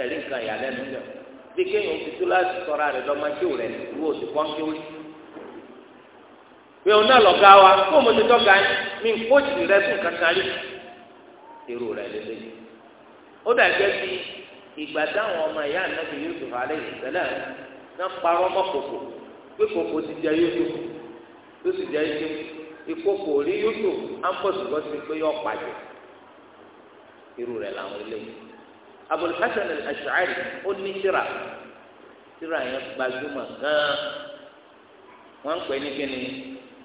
ẹ̀rí nǹkan ìyàlẹ́nu bẹ̀ bí kéèyàn ti tó láti sọ̀rọ̀ rẹ̀ lọ́mọdé rẹ̀ wò sí pọ́ńkì orí pé òun náà lọ́gá wa kó o ti tọ́ka yín mi kó sì rẹ́ fún kankan rí èrò rẹ̀ lélẹ́yìn ó dàgẹ́ bí ìgbà táwọn ọmọ ìyá ànábì Yusuf alayhi salam náà parọ́ mọ́ kòkò pé kòkò ti jẹ Yusuf tó sì jẹ Yusuf ìkòkò rí Yusuf ámbọ̀sibọ́sí pé yọ pàjẹ́ irú rẹ̀ làwọn eléyìí Abul Hasan al-Ash'ari ó ní síra síra yẹn gbajúmọ̀ gan wọ́n ń pè ní kíni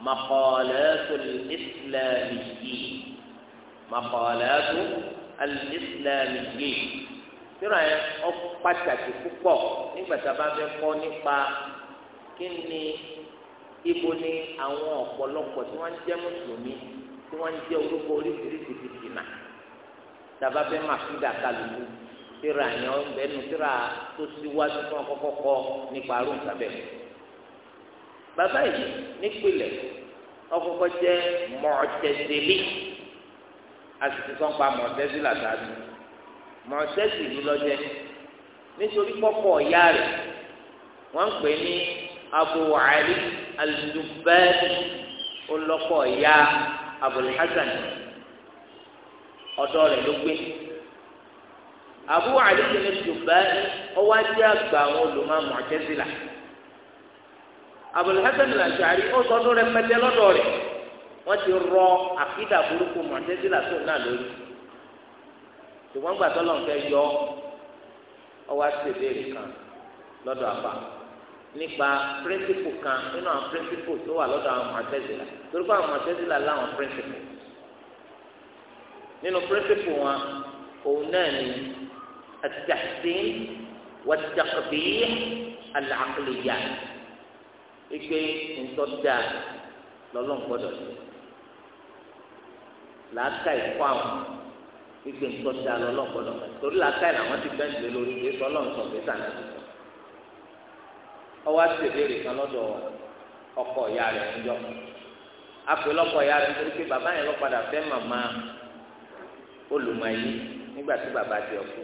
maqalatul islamiyyin maqalatul alìsílámìyé tíra yẹn ọ pàtàkì púpọ̀ nígbà tá a bá fẹ́ kọ́ nípa kí ni ibo ni àwọn ọ̀pọ̀lọpọ̀ tí wọ́n ń jẹ́ mùsùlùmí tí wọ́n ń jẹ́ orúkọ oríṣiríṣi ti dìnnà tá a bá fẹ́ máa fi dàka lùlù tíra yẹn ọ bẹ́ẹ̀ nu tíra fún ọkọ̀ọ̀kọ̀ kọ́ nípa arúgbó sábẹ́ bàbá yìí nípìnlẹ̀ ọkọ̀ọ̀kọ̀ jẹ́ mọ̀ọ́tẹ̀dẹ́lẹ́ asìkò sọ́npa mọ̀tẹ́sí làtàdù mọ̀tẹ́sí ìlú lọ́jẹ́ nítorí kọ́kọ́ ọ̀yá rẹ̀ wọ́n ń pè ní Abu Ali al-Jubbani olọ́kọ̀ ọ̀yá Abul Hasan ọ̀dọ́ rẹ̀ ló gbé Abu Ali al-Jubbani ọwọ́ ajé àgbà àwọn olùmọ̀ mọ̀tẹ́sí là Abul Hasan al-Ash'ari ó sọ ọdún rẹ̀ wọ́n ti rọ àkídà burúkú mọ̀tẹ́sílà tó náà lórí ṣùgbọ́n gbà tó lọ́n fẹ́ yọ ọwọ́ àtẹ̀bẹ̀rẹ̀ kan lọ́dọ̀ àbá nípa píríncípù kan nínú àwọn píríncípù tó wà lọ́dọ̀ àwọn mọ̀tẹ́sílà torí pé àwọn mọ̀tẹ́sílà láwọn píríncípù nínú píríncípù wọn òun náà ni àtẹ̀sìn wàtẹ̀kọ̀bí àlàkùlẹ̀yà ìgbé ńtọ́jà lọ́lọ́n gbọ́dọ̀ làákà ìkọ́ àwọn gbígbé nǹkan ti alọ́ lọ́gbọ́dọ̀ torí làákà ìlà wọn ti bẹ́ẹ̀ lé lórí pé sọlọ́run sọ pé ti sọ. ọwọ́ àti ìbéèrè kan lọ́dọ̀ ọkọ ìyá rẹ̀ ń yọ. a ìyá rẹ̀ nítorí pé bàbá yẹn lọ fẹ́ màmá olùmọ̀ yìí nígbà tí bàbá ti ọkọ.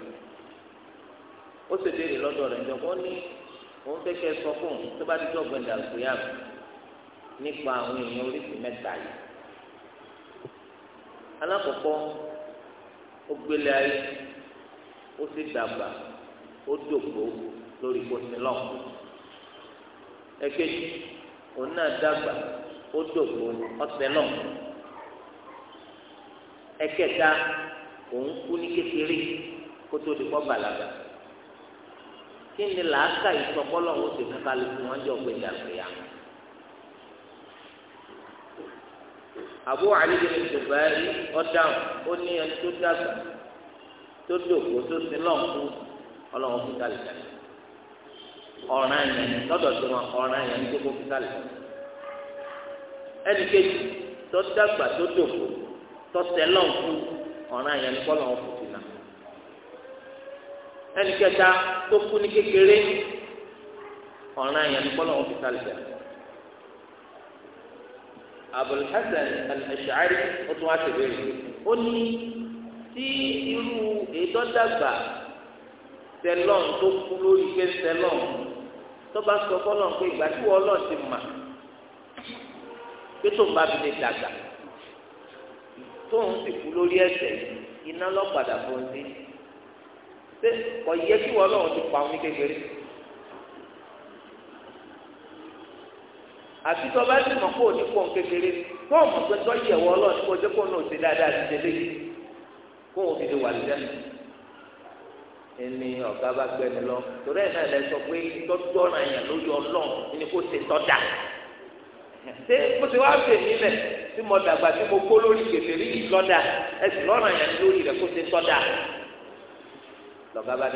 ó sì béèrè lọ́dọ̀ rẹ̀ ńjọ kó ní òun fẹ́ kẹ́ sọ fún tó bá ti dọ́gbẹ̀dà òkú alákọ̀ọ́kọ́ ogbele gbélé ayé ó sì dàgbà ó dògbò lórí kòsílọ̀ èkejì òun náà òun kú ní kékeré kótó di kí ni làákà ìsọkọlọ wo ti kàkà lè fún wọn Abu Ali bin Zubairi ọ̀dáhùn ó ní ẹni tó dàgbà tó dògbò tó sin lọ́n kú ọlọ́run fún kálíkà ọ̀ràn yẹn lọ́dọ̀ tó wọn ọ̀ràn yẹn tó kó fún kálíkà ẹni kejì tó dàgbà tó dògbò tó sin lọ́n kú ọ̀ràn yẹn kọ́ lọ́run fún kálíkà ẹni kẹta tó kú ní kékeré ọ̀ràn yẹn kọ́ lọ́run fún kálíkà. Abul Hasan al-Ash'ari ó tún wá ṣèbéèrè ó ní tí irú ìdọ́dàgbà sẹlọ́n tó kú lórí pé sẹlọ́n tó bá sọ fọlọ́n pé ìgbà tí wọ́n lọ́ọ̀ ti mà pé tó ń bá fi lè dàgbà tó ń sì kú lórí ẹsẹ̀ iná lọ́padà fún un sí ṣé kò yẹ kí wọ́n lọ́wọ́ ti pa òun kékeré. àbí tó bá sì mọ̀ kó o ní pọ̀ kékeré kó o mọ̀ pé tó yẹ wọ́ ọlọ́ọ̀ni kó o jẹ́ kó o náà ṣe dáadáa ti tẹ̀lé yìí kó o fi lè wà lẹ́yìn ẹni ọ̀gá bá gbẹni lọ torí ẹ̀ náà lẹ sọ pé tọ́jú ọ̀ràn yẹn lórí ọlọ́ọ̀ ẹni kó ṣe tọ́jà ṣé mo ti wá fè mí lẹ̀ tí mo dàgbà tí mo kó lórí kékeré yìí lọ́dà ẹ̀sìn lọ́ràn yẹn lórí rẹ̀ kó ṣe tọ́jà lọ́gá bá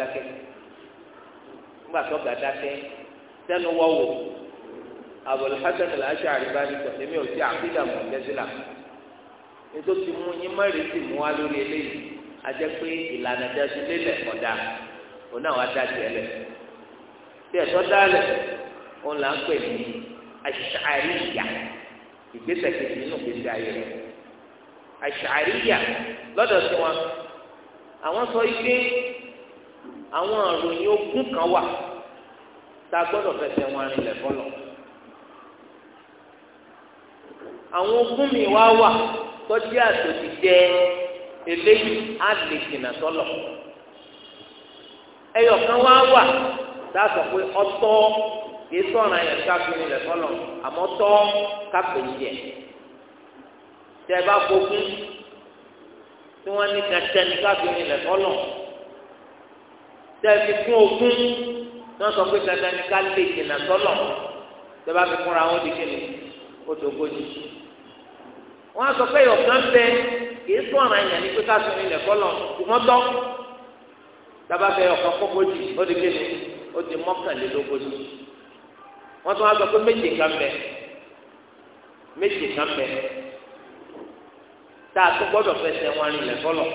dákẹ́ Abul Hasan al-Ash'ari bá ní sọ èmi ò sí àkídà Mu'tazila nítorí ti mú yín mẹ́rin sì mú wa lórí eléyìí ajẹ́ pé ìlànà dájú lélẹ̀ ọ̀dà òun náà wá dájú ẹlẹ̀ tí ẹ̀tọ́ dálẹ̀ òun là ń pè ní Ash'ariyya ìgbésẹ̀ kejì nínú ìgbésí ayé rẹ̀ Ash'ariyya lọ́dọ̀ sí wọn àwọn sọ ike àwọn àròyìn ogún kan wà tá a gbọ́dọ̀ fẹsẹ̀ wọn rìnlẹ̀ fọlọ́ àwọn ogún mi wá wà tọ́jú àtòjì jẹ eléyìí á lè jìnnà sọ́lọ̀ ẹyọ kan wá wà dáàbò pé ọtọ́ kìí sọ̀rọ̀ ayẹ̀ káfíń lẹ̀ sọ́lọ̀ àmọ́ tọ́ káfíń yẹ tẹ bá fogún tí wọ́n ní kẹtẹ ní káfíń lẹ̀ sọ́lọ̀ tẹ fi kún ogún wọ́n sọ pé kẹtẹ ní ká lè jìnnà sọ́lọ̀ tẹ bá fi kúnra wọn di kíni ó dogoji wọn á sọ pé ọ̀kan bẹ kìí sún ọ̀ràn ẹ̀yàn ní pé ká sọ nílẹ̀ kọ́lọ̀ ìmọ́tọ́ dábàbẹ̀ ọ̀kan kókójì ó di kéde ó di mọ́kànlélógójì wọ́n tún wá sọ pé méje kan bẹ méje kan bẹ tá a tún gbọ́dọ̀ fẹsẹ̀ wọn rìn lẹ̀ kọ́lọ̀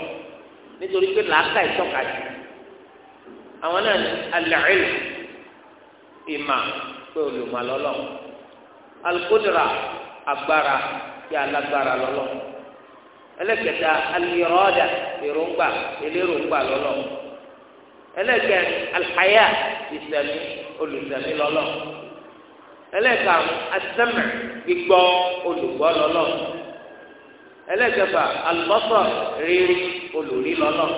nítorí pé làákà ìtọ́ka jù àwọn náà ní alẹ́rìí ìmà pé olùmọ̀lọ́lọ́ alukódìrà agbára kí alágbára lọ́lọ́ ẹlẹ́kẹta alìrọ́dà èròǹgbà eléròǹgbà lọ́lọ́ ẹlẹ́kẹ alhaya ìsẹ̀mí olùsẹ̀mí lọ́lọ́ ẹlẹ́kẹ asẹ́mẹ̀ gbígbọ́ olùgbọ́ lọ́lọ́ ẹlẹ́kẹfà alùbọ́sọ̀ rírí olùrí lọ́lọ́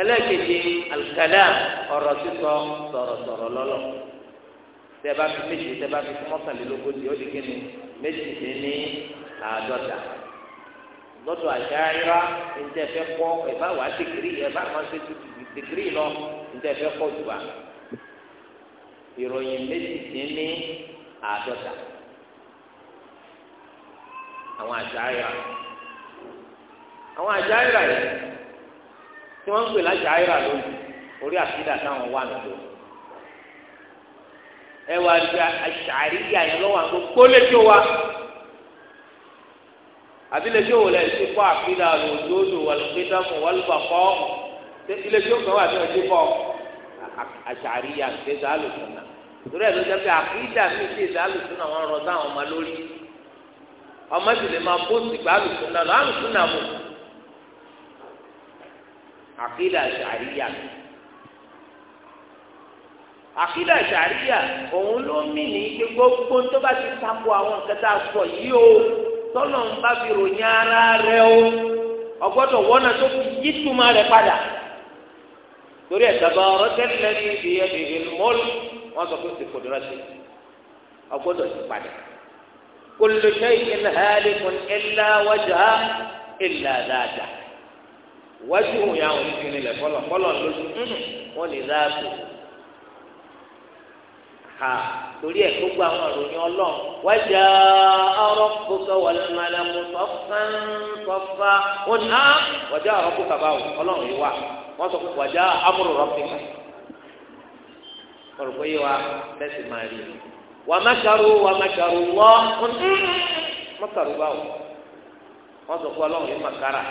ẹlẹ́kẹjẹ alùkàdà ọ̀rọ̀ sísọ sọ̀rọ̀sọ̀rọ̀ lọ́lọ́ tẹ́ bá fi méjì tẹ́ bá fi mọ́kànlélógójì ó di kíni méjì dín ní àádọ́ta lọ́dọ̀ àṣàyíra ǹjẹ́ fẹ́ kọ́ ẹ̀ bá wàá dìgírì ẹ̀ bá wọn ṣe dìgírì lọ ǹjẹ́ fẹ́ kọ́ jù wá ìròyìn méjì dín ní àádọ́ta àwọn àṣàyíra àwọn àṣàyíra yẹn tí wọ́n ń pè láṣàyíra lónìí orí àfíìdá táwọn wà lọ́dọ̀ ẹ wá àbí ilé iṣẹ́ wo lẹ ti kọ́ àfihàn lòdòdò wàlùkídàmù wàlùbàkọ́ ilé iṣẹ́ òkè wà ní ọjọ́ kọ́ àṣàrí àti ẹ̀dá àlùsùnà torí ẹ̀ ló jẹ́ pé àfihàn àti ẹ̀dá àlùsùnà wọn rọ sáwọn ọmọ lórí ọmọ sì lè máa bóòsì gba àlùsùnà lọ àlùsùnà mọ̀ àfihàn àṣàrí àti àkídà sàríyà òun ló mí ní pé gbogbo tó bá ti tako àwọn nǹkan tá a sọ yìí o tọ́lọ̀ ń bá fi ròyìn ara rẹ o ọgbọ́dọ̀ wọ́nà tó fi yí túmọ̀ rẹ padà torí ẹ̀ ọ̀rọ̀ tẹ́lẹ̀ ní ibi ẹ̀dẹ̀gbẹ̀ mọ́lù wọ́n sọ pé sèkò dúró sí ọgbọ́dọ̀ ti padà kullu shay'in halikun illa wajha illa dáadáa wájú òun yà wọn ti ní lẹ̀ fọlọ̀ fọlọ̀ lójú wọn ní dáàbò ha torí ẹ gbogbo àwọn ìròyìn Ọlọ́run wájà ọ̀rọ̀ gbogbo wọlé malamu sọfán sọfá wọn ná wájà ọ̀rọ̀ gbogbo báwo Ọlọ́run yìí wà wọn sọ pé wájà amúrò rọpìkà ọ̀rọ̀ pé wa bẹsẹ máa rí wà mẹsàrú wà mẹsàrú wọ mẹsàrú báwo wọn sọ pé Ọlọ́run yìí màkàrà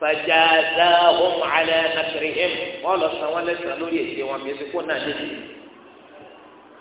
fàjà dáhùn alẹ nàkìrìhìm wọn lọ sàn wọn lẹsàn lórí èsì wọn bí ẹsẹ kó náà dé sí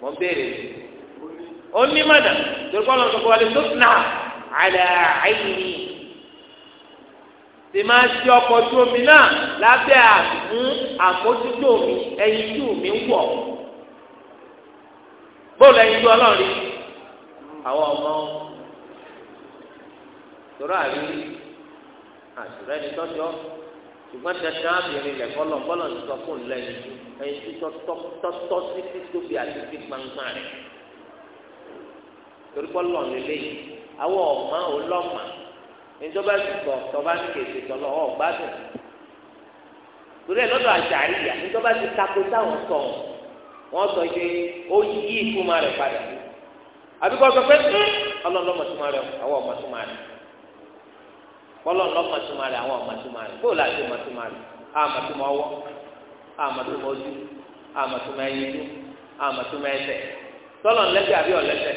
mo béèrè ó ní mọ̀dà torí kọ́ lọ́nà kọ́kọ́ wálé tó nà àlẹ́ àìní tì máa ṣe ọkọ̀ ojú omi náà lábẹ́ àmú àmójútó mi ẹyin tí omi ń wọ̀ bóòlù ẹyin tí ọlọ́run àwọn ọmọ tòrọ àrí àtúrẹ́ni tọ́jọ́ ṣùgbọ́n dandan abìrin lẹ̀kọ́ lọ́nbọ́lọ́ ní sọ tó ẹ̀sùn tọ́tọ́ títí tó fi àtúntí gbangba rẹ̀ torí kọ́ lọ́ọ̀ lélẹ̀ yìí àwọn ọ̀ma ọlọ́ọ̀ma ìjọba ìsìnkọ tọba ní kèsì tọlọ ọgbádùn torí ẹ lọ́dọ̀ àjàrí yà ìjọba ti tako táwọn sọ wọn sọ pé ó yí ìfúnma rẹ̀ padà àbíkọ sọ pé ọlọ́ọ̀lọ́mọ tó máa rẹ àwọn ọmọ tó máa rẹ ọlọ́ọ̀lọ́mọ tó máa rẹ àwọn ọmọ tó máa rẹ bóòlù àti ọmọ tó máa rẹ àmọ́ tó máa wọ́ àmọ̀túnmọ̀ ojú àmọ̀túnmọ̀ ẹyinjú àmọ̀túnmọ̀ ẹsẹ̀ sọlọ ńlẹ́sẹ̀ àbí ọ̀lẹ́sẹ̀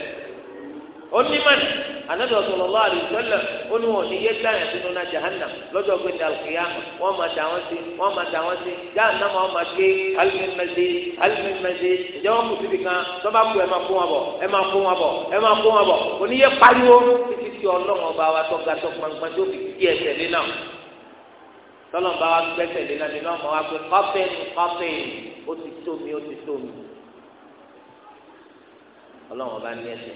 onímọ̀nì anabi sallallahu alaihi wasallam ó ní wọn ò ní yé dáhùn sínú náà jahannam lọ́jọ́ pé ní alùpùpù wọn máa dà wọn sí wọn máa dà wọn sí jahannam wọn máa gé alimẹmẹdé alimẹmẹdé ìjẹ́ wọn kù síbi kan tọ́ba kú ẹ máa kó wọn bọ̀ ẹ máa kó wọn bọ̀ ẹ máa kó wọn bọ̀ oníyẹ pariwo títí tí ọlọ́run ọba wa tọ́ga fi kí ẹsẹ̀ lé tọ́lọ̀ bá wa gbẹ́sẹ̀ lé náà nínú ọmọ wa pé kọ́pẹ́ ní kọ́pẹ́ ó ti tó mi ó ti tó mi ọlọ́run ọba ní ẹsẹ̀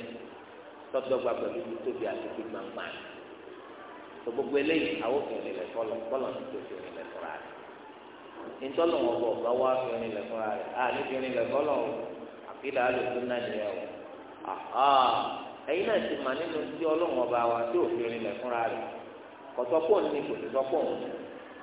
tọ́dọ́gba pẹ̀lú títóbi àti gbígbàgbà tó gbogbo eléyìí àwọn òfin ìrìnlẹ̀ fọlọ́ fọlọ́ ní tó fi ìrìnlẹ̀ fọlọ́ rẹ̀ ntọ́lọ̀ wọn bọ̀ bá wá fi ìrìnlẹ̀ fọlọ́ rẹ̀ à níbi ìrìnlẹ̀ fọlọ́ àfihàn àlòkù náà ni ẹ̀ ọ́ ẹ̀yin náà ti mà nínú tí ọlọ́run ọba wa tí òfin ìrìnlẹ̀ fọlọ́ rẹ̀ kọ̀tọ́pọ̀ ní kò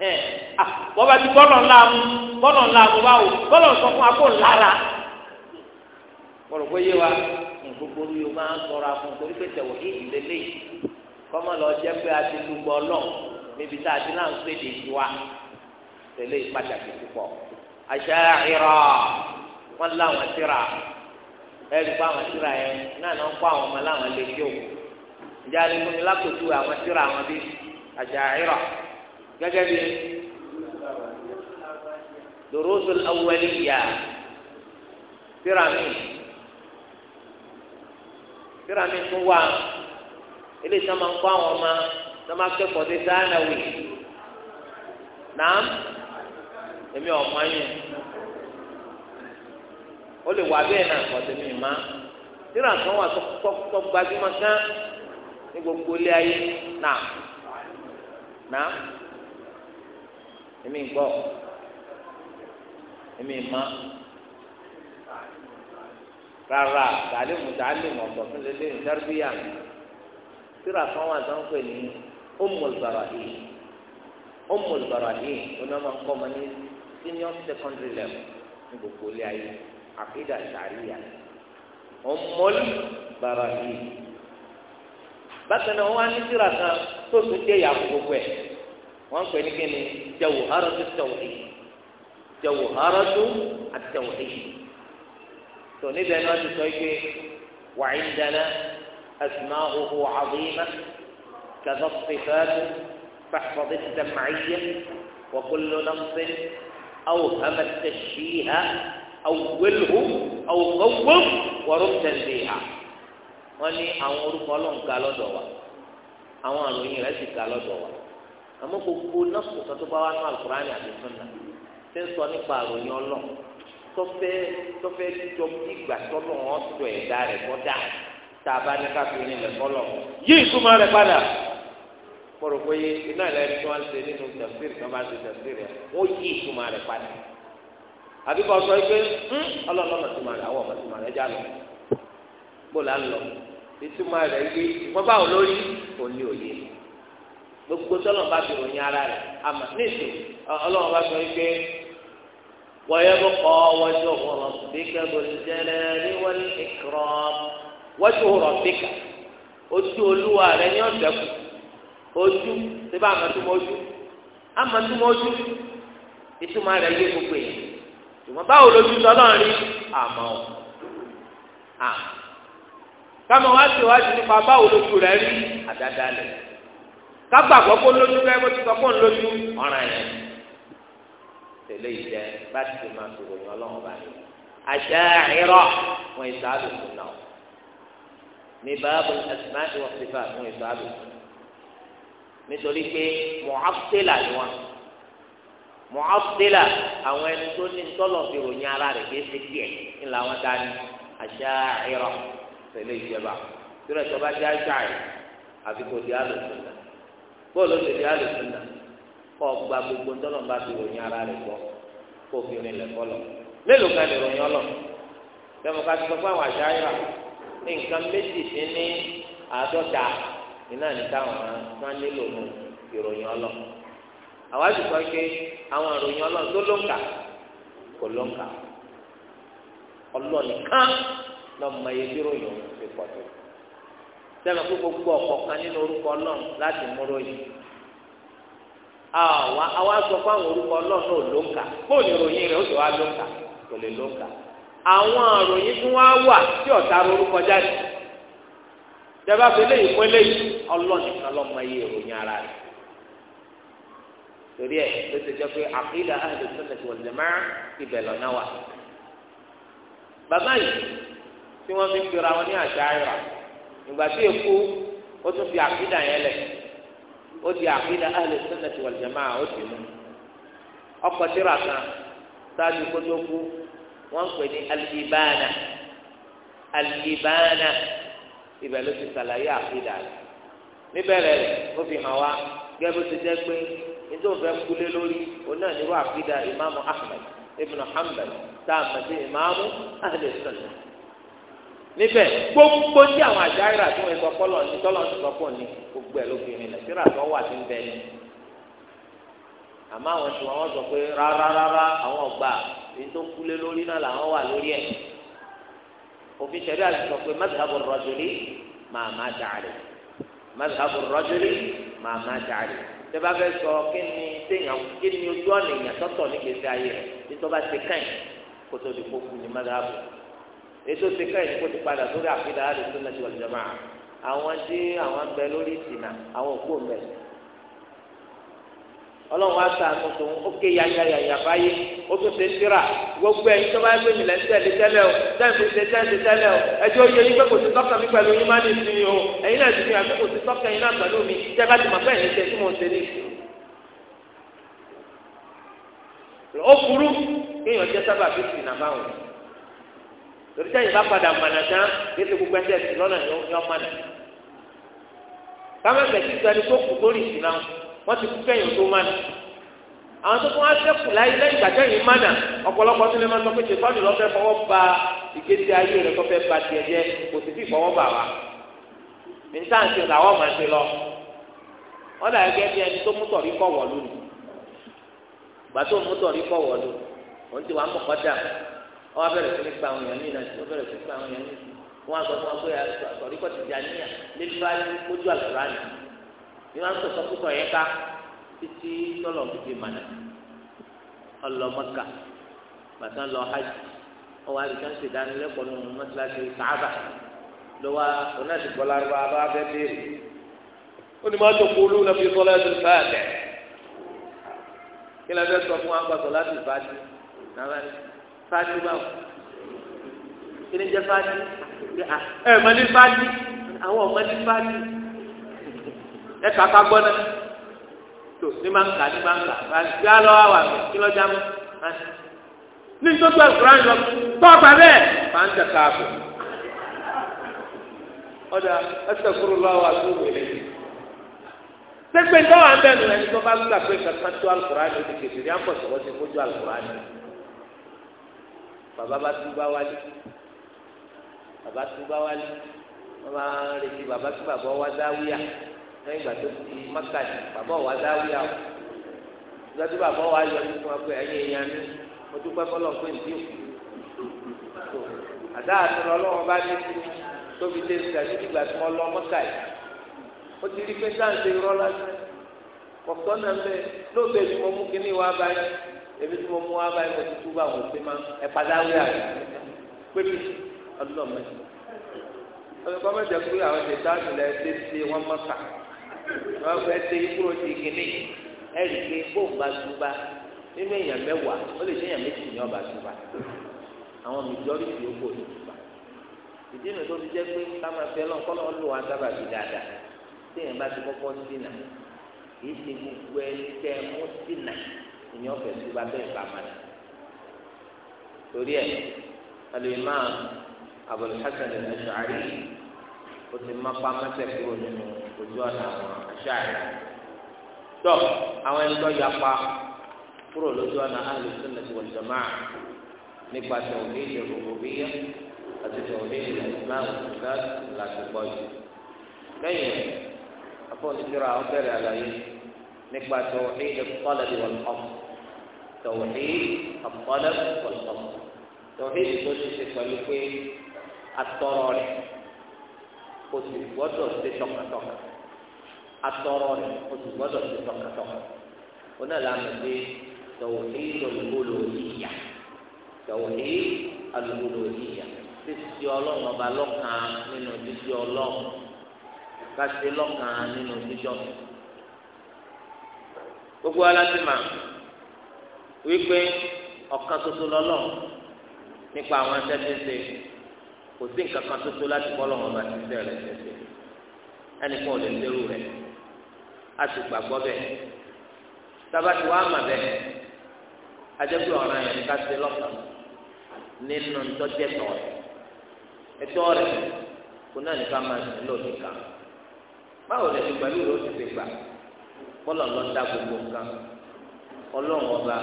ẹ wọ́n bá ti bọ́lọ̀ ńlá mu bọ́lọ̀ ńlá mu báwo bọ́lọ̀ sọ fún akó ńlára yé wa gbogbo yóò máa ń sọ̀rọ̀ torí pé tẹ̀wọ̀ kọ́mọ lọ jẹ́ pé a ti lùgbọ́ náà níbi tá a ti náà ń pèdè sí wa tẹ̀lé pàtàkì púpọ̀ àṣà ìrọ̀ wọ́n láwọn síra ẹ̀rí àwọn síra yẹn náà náà gẹ́gẹ́ bí durusul awwaliyya tíramì tíramì tún wà eléyìí sábà ń kó àwọn ọmọ sábà kẹ́kọ̀ọ́ sí sáánàwì nàám èmi ọmọ yẹn ó lè wà bẹ́ẹ̀ náà kọ́ tèmi má tíra kan wà tó gbajúmọ̀ ní gbogbo ilé ayé èmi gbọ́ èmi má rárá tàlímù tàlímù ọ̀pọ̀ fún lélẹ́yìn tẹ́rẹ́bíyà mi síra kan wà tó ń pè ní Ummul Bara'in Ummul Bara'in onímọ̀ kọ́ ọmọ ní senior secondary level ní gbogbo ilé ayé àkídà sàríyà Ummul Bara'in bákan náà wọ́n á ní síra kan tó tún jẹ́ ìyàwó gbogbo ẹ̀. wọ́n pè ní kíni jawharatu tawhid jawharatu at-tawhid tó níbẹ̀ náà ti sọ pé wa indana asma'uhu 'azima kadha as-sifat فاحفظ السمعية وكل نص أوهم التشبيه أوله أو قوم ورد تنبيها wọ́n ní àwọn orúkọ ọlọ́run lọ́dọ̀ wa àwọn àròyìn rẹ̀ sì ga lọ́dọ̀ wa àmọ́ gbogbo nọ́ọ̀sì kan tó bá wá nínú alukurani àti sunna ṣe ń sọ nípa àròyìn ọlọ́ tọ́fẹ́ tọ́fẹ́ jọ ìgbà tọ́lọ̀ wọn sọ ẹ̀dá rẹ̀ kọ́dà tá a bá ní káfíń nílẹ̀ kọ́lọ̀ yí ìtumọ̀ rẹ̀ padà kpọ̀rọ̀ pé iná rẹ̀ tó wá ń ṣe nínú tafsir kan bá ń ṣe tafsir rẹ̀ wọ́n yí ìtumọ̀ rẹ̀ padà àbí kò sọ pé ọlọ́ọ̀lọ́mọ̀ gbogbo tọ́lọ̀ bá fi ròyìn ara rẹ̀ àmà níìsín ọlọ́run bá sọ wípé kọ́ wọ́jú bíkẹ́ ìkọ́rọ̀ wọ́jú bíkà ojú olúwa rẹ̀ ní ọ̀sẹ̀ kù ojú bá ìtumọ̀ rẹ̀ yé gbogbo yẹn ṣùgbọ́n báwo lójú tọ́lọ̀ rí àmọ́ wá sí iwájú nípa báwo lójú rẹ̀ rí àdáda lẹ̀ kábàgbọ́ kó lójú ká ẹgbẹ́ tó sọ fún lójú ọ̀ràn yẹn tẹ̀lé ìjẹ bá ti fi máa sọ̀rọ̀ yẹn ọlọ́run bá yẹn àṣà ìrọ̀ wọn ìsọ àdùnkù náà mi báàbò àtìmáàtì wọn ti fà wọn ìsọ àdùnkù nítorí pé mọ̀ọ́sílà ni wọn mọ̀ọ́sílà àwọn ẹni tó ní tọ́lọ̀ fi ròyìn ara rẹ̀ kì í ṣe díẹ̀ ńlá wọn dání àṣà ìrọ̀ tẹ̀lé ìjẹba tí wọn ìjọba jẹ́ àṣà àfikò di àlùkò náà bọ́ọ̀lù lè di àlùsùn náà kọ́ gba gbogbo ńtọ́nà bá ti ròyìn ara rẹ̀ gbọ́ kó fi rìn lẹ̀ fọlọ̀ mélòó kan lè ròyìn ọlọ́ bẹ́ẹ̀ mo ká ti sọ fún àwọn àṣà yìí rà ní nǹkan méjì sí ní àádọ́ta iná ní táwọn máa nílò nù ìròyìn ọlọ́ àwọn àṣìṣọ́ pé àwọn ìròyìn ọlọ́ tó ló ń kà kò ló ń kà ọlọ́ọ̀nì kan lọ́mọ iye bí ròyìn òun ti pọ̀ tó. sẹ́mi kó gbogbo ọ̀kọ̀ọ̀kan nínú orúkọ náà láti múrò yìí àwa àwa sọ fún àwọn orúkọ náà náà ló ń kà rẹ̀ ó sì wá ló ń kà kò lè ló ń kà àwọn àròyìn tí wọ́n á wà tí ọ̀tá orúkọ jáde jẹba fi ara rẹ̀ torí ló ti pé ibẹ̀ wà bàbá yìí tí wọ́n ìgbà tí èkó ó tún fi àkídà yẹn lẹ̀ ó di àkídà ahlu sunnati wal jamaa ó ti mú ọkọ̀ síra kan sáájú kótó kú wọ́n ń pè ní alìbáàna alìbáàna ibẹ̀ ló ti sàlàyé àkídà rẹ̀ níbẹ̀rẹ̀ rẹ̀ ó fi hàn wá gẹ́gẹ́ bó ti jẹ́ pé nítorí òun fẹ́ kúlé lórí òun náà nírú àkídà ìmáàmù Ahmad ibn Hanbal tá a mọ̀ sí ìmáàmù níbẹ̀ gbogbo tí àwọn àjáyìrà tí wọ́n sọ kọ́lọ̀ ní tọ́lọ̀ ń sọ pọ̀ ní gbogbo ẹ̀ lóbìnrin náà síra tó wà sí bẹ́ẹ̀ ni àmọ́ àwọn tí wọ́n sọ pé rárá rárá àwọn ọgbà èyí tó kúlé lórí náà làwọn wà lórí ẹ̀ òfin ṣẹ̀rí àti sọ pé mẹ́tàbọ̀ rọ́jòlì máa má dàrí mẹ́tàbọ̀ rọ́jòlì máa má dàrí tẹ́ bá fẹ́ sọ kí ni téèyàn kí ni ojú ọ̀nà èèyàn tọ́tọ̀ ètò ti ká ìdíkò ti padà sórí àfihàn àlè tó náà ti wà lójúmọ́ àwọn tí àwọn ń bẹ lórí ìsìnà àwọn òkú ń bẹ ọlọ́run á sànù tó ń ókè yayayaya báyé ó tún ṣe síra gbogbo ẹni tó bá gbé mi lẹ́sẹ̀ lé tẹ́lẹ̀ o tẹ́ǹtì ṣe tẹ́ǹtì tẹ́lẹ̀ o ẹjọ́ yẹ yín pé kò sí sọ́kàn mi pẹ̀lú yín má ní ìsinmi o ẹ̀yin náà ti fi hàn pé kò sí sọ́kàn yín náà pẹ̀lú mi jẹ́ bá ti mọ̀ pé ẹ̀yin ṣe tí mo ń ṣe ní ìsìn. ó burú kéèyàn jẹ́ sábà fi sìn náà torí sẹ́yìn bá padà mànà tán kéde gbogbo ẹsẹ̀ sí lọ́nà ni wọ́n mànà. kámẹ́fẹ̀ tí sọ ẹni tó kù lórí ìsìnà wọ́n ti kú kẹ́yìn tó mànà. àwọn tó kún wá sẹ́kù láyé lẹ́yìn ìgbà kẹ́yìn mànà ọ̀pọ̀lọpọ̀ tó lè máa sọ pé tẹ̀sán ló fẹ́ fọwọ́ ba ìgbésí ayé rẹ̀ tó fẹ́ ba tiẹ̀ jẹ́ kò sì fi fọwọ́ bà wá. ntáǹtì làwọn máa ti lọ wọn bẹ̀rẹ̀ sí ní gba àwọn èèyàn ní ìlànà wọn bẹ̀rẹ̀ sí ní gba àwọn èèyàn ní ìlànà wọn sọ wọn pé àtọ̀ríkọ̀ ti dà níyà lẹ́nu bá lójú àlọ́rà ni ni wọn sọ fún kọ̀ yẹn ká títí lọ́lọ́ fìdí mànà ọlọ́mọ́kà bàtà lọ hajj ọwọ́ àdìsán ṣe dánilẹ́kọ̀ọ́ nínú mọ́tíláṣí sàábà lọ́wọ́ onáṣìbọ́lárúbá bá fẹ́ béèrè ó ní má tó kú olú lọ́fi sọ́lá ẹ̀sìn fáàtẹ̀ kí lẹ́fẹ̀ẹ́ sọ fún wọn láti fàájì náà Fadi báwò kí ni Fadi. fáájú ah, ẹ ẹ mọ̀lẹ́ fáájú àwọn ọ̀mọ̀lẹ́ fáájú ẹ kàkà gbọ́ náà tó ní máa ń kà ní máa ń kà báyìí alọ́ wà mí kí lọ́jà mọ́ ní nítorí àkùrán lọ tọ́ ọ̀gbà bẹ́ẹ̀ máa ń tẹ̀ka àbò ọ̀dà ẹsẹ̀ kúrò lọ́wọ́ àti òwe lẹ́yìn sẹ́gbẹ̀ntàn wà ń bẹ̀rù ẹni tó bá gbà pé kankan tó àkùrán ló ti kéde ní àpọ̀sowọ́sẹ̀ fojú àkùrán lọ bàbá bá tú bá wálé bàbá tú bá wálé wọn bá ń retí bàbá tú bàbá wá dáwíà lẹ́yìn ìgbà tó ti mákàtí bàbá wá dáwíà o ìgbà tó bàbá wá yọ ní fún wa pé ẹ̀yin èèyàn mi mo dúpẹ́ fọlọ́ pé ní ìdíwò tó àdá àtúnlọ ọlọ́wọ́n bá dé sí mi tóbi dé sí àti ìgbà tí lọ mọ́kàtí ó ti rí pé sáǹsì rọ́lá kọ̀ọ̀kan náà bẹ́ẹ̀ lóòótọ́ ìdí mú kinní wa báyìí ebi tí mo mú wá báyìí mo ti tú bá àwọn òfin máa ẹ pàdáwé àrẹ pépè ọdún ọmọ ẹsẹ ọdún kọ́ mẹ́jọ pé àwọn ẹ̀jẹ̀ táàbù lẹ ṣe ṣe wọ́n mọ́ta wọ́n fẹ́ ṣe ikúrò ti kìíní ẹ rí i pé bóun bá túbá nínú èèyàn mẹ́wàá ó lè ṣe èèyàn méjì ní ọba túbá àwọn mìjọ́rì tí ó kò ní túbá ìdí nu tó ti jẹ́ pé káma fẹ́ lọ kọ́ lọ́ọ́ lò wá sábà fi dáadáa tí èèyàn bá ti kọ́kọ́ sínà kì í ṣe gbogbo ẹni tẹ́ mú sínà ìyẹn ọ̀fẹ́ tó bá bẹ́ẹ̀ bá ma dà torí ẹ̀ Al-Imam Abul Hasan Al-Ash'ari ó ti má pa mẹ́sẹ̀ kúrò nínú ojú ọ̀nà àwọn Ash'ari tọ́ àwọn ẹni tó yà pa kúrò lójú ọ̀nà Ahlu Sunnah wal Jama'ah nípa tawhid ar-rububiyyah àti tawhid al-asma' wa sifat láti gbọ́ yìí lẹ́yìn afọ́nìtura ọ̀bẹ̀rẹ̀ àlàyé nípa tawhid at-talab wal-qasd. التوحيد الطلب والقصد توحيد كل شيء كله atọrọ rẹ o sì gbọ́dọ̀ ṣe tọkàtọkà atọrọ rẹ o sì gbọ́dọ̀ ṣe tọkàtọkà o náà la mọ̀ pé tawhid al-uluhiyyah tawhid al-uluhiyyah títí ọlọ́run ọba lọ́kàn nínú títí ọlọ́run kásì nínú títí ọ̀sán gbogbo aláṣẹ wípé ọ̀kan ṣoṣo lọ́lọ́ nípa àwọn ẹsẹ̀ṣẹ̀ṣẹ̀ kò sí nǹkan kan láti kọ́ lọ́wọ́ ti sẹ́ rẹ̀ ṣẹṣẹ̀ ẹnìkan ò lè dérú rẹ̀ a sì gbàgbọ́ bẹ́ẹ̀ sábàtì wàá mà bẹ́ẹ̀ ajẹ́pẹ́ ọ̀ràn yẹn ká ṣe lọ́kàn nínú ntọ́jẹ́tọ̀ rẹ̀ rẹ̀ gbogbo nǹkan ọlọ́run ọba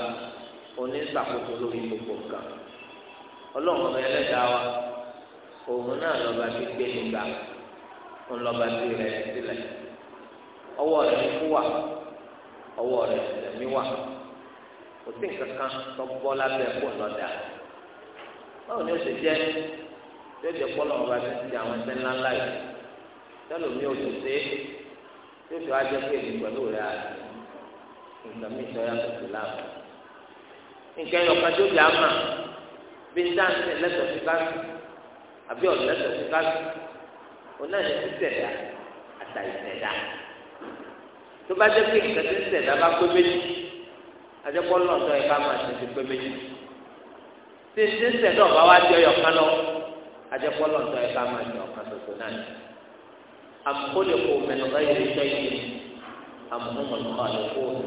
oníṣàkóso lórí gbogbo nǹkan ọlọ́run ọba ẹlẹ́dàá wa òun náà lọ́ba ti gbé nígbà ń lọ́ba ti rẹ̀ sílẹ̀ ọwọ́ rẹ̀ ní kú wà ọwọ́ rẹ̀ lẹ́mí wà kò sí nǹkan kan tó bọ́ lábẹ́ kó lọ́dà báwo ni ó ṣe jẹ́ tí ó jẹ́ pọ́lọ́ ọba ti ti àwọn ẹsẹ̀ ńlá ńlá yìí tẹ́lẹ̀ mi ò tún ṣe é tí ó ti wá jẹ́ pé èmi pẹ̀lú rẹ̀ àti nǹkan mi ìtọ́yà tó ti láàbù nǹkan ẹyọkan tó yà á mà bí dáńtì lẹ́tọ̀ọ́ sí káàsì àbí ọ̀lẹ́tọ̀ọ́ sí káàsì ọ̀nà ní sísẹ̀dá àtàìsẹ̀dá tó bá jẹ́ pé nǹkan tí sísẹ̀dá bá pé méjì adẹ́kọ́ lọ́tọ̀ ẹ̀ bá máa tètè pé méjì tí sísẹ̀dá ọ̀bá wá jẹ́ ọ̀kan lọ adẹ́kọ́ lọ́tọ̀ ẹ̀ bá máa jẹ́ ọ̀kan ṣoṣo náà àkólẹ̀kọ̀ mẹ́lọ́gá yẹn ṣe é أم هم الخالقون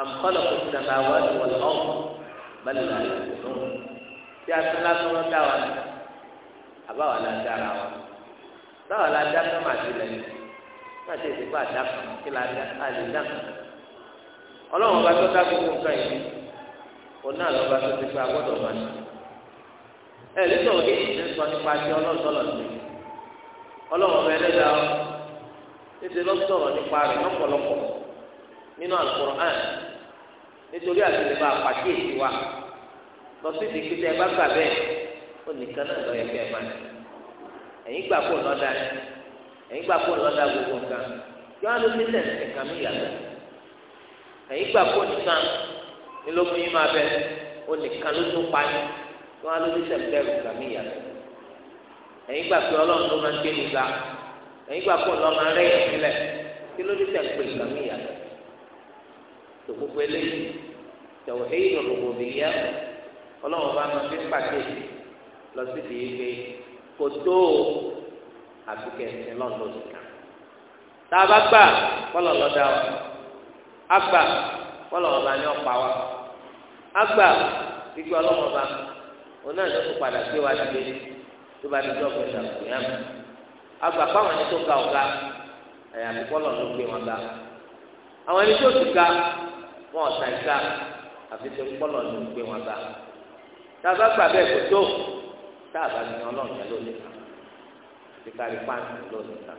أم خلقوا السماوات والأرض balẹ̀ la yẹ kó lóhùn tí a tún lásán ló dá wa ní àbáwá la dá ara wa báwa la dá sọ́mà sí lẹ̀ náà ti ìsìnkú àdá kan kí la dá àlè dá ọlọ́run bá tó dá gbogbo nǹkan yìí òun náà lọ́ba tó ti fi agbọ́dọ̀ máa ní ẹ lẹ́tọ̀ òde ìṣẹ́ sọ nípa ti ọlọ́sọ̀lọ̀ sí ọlọ́run ọba ẹlẹ́dàá ó ti lọ́sọ̀rọ̀ nípa rẹ̀ lọ́pọ̀lọpọ̀ nínú Al-Qur'an nítorí àtúntò bá pàṣẹ èsì wa lọ sí ìdí pété ẹ bá gbà bẹ́ẹ̀ ó nìkan náà lọ yẹ kẹ́ ẹ máa ní ẹ̀yin gbà kó lọ́dà ní ẹ̀yin gbà kó lọ́dà gbogbo nǹkan kí wọ́n á ló ní tẹ̀sí kan mí yàtọ̀ ẹ̀yin gbà kó nìkan ní ló mú yín máa bẹ ó nìkan ló tún pa ní kí wọ́n á ló ní tẹ̀sí kan mí yàtọ̀ ẹ̀yin gbà pé ọlọ́run ló máa ń gbé mi ga ẹ̀yin gbà kó lọ́ọ́ máa rẹ̀ yẹn sílẹ̀ kí ló ní tẹ̀sí kan mí yàtọ̀ tó gbogbo eléyìí tawhid rububiyyah ọlọ́run bá máa fi pàdé lọ sí ibi ìgbé kò tó àbíkẹ́ ẹ̀sìn lọ́dún nìkan tá a bá gbà kọ́lọ̀ lọ́dà wa a gbà kọ́lọ̀ ọba ní ọ̀pá wa a gbà gbígbé ọlọ́run ọba ga ló gbé wọn ga àwọn tó ti ga wọn àfi tó kpọlọ ní gbé wọn bá tàbá gbà bẹ́ẹ̀ kó tó tàbá ní ọlọ́run yẹn lónìí kan sikari pàǹtí lónìí kan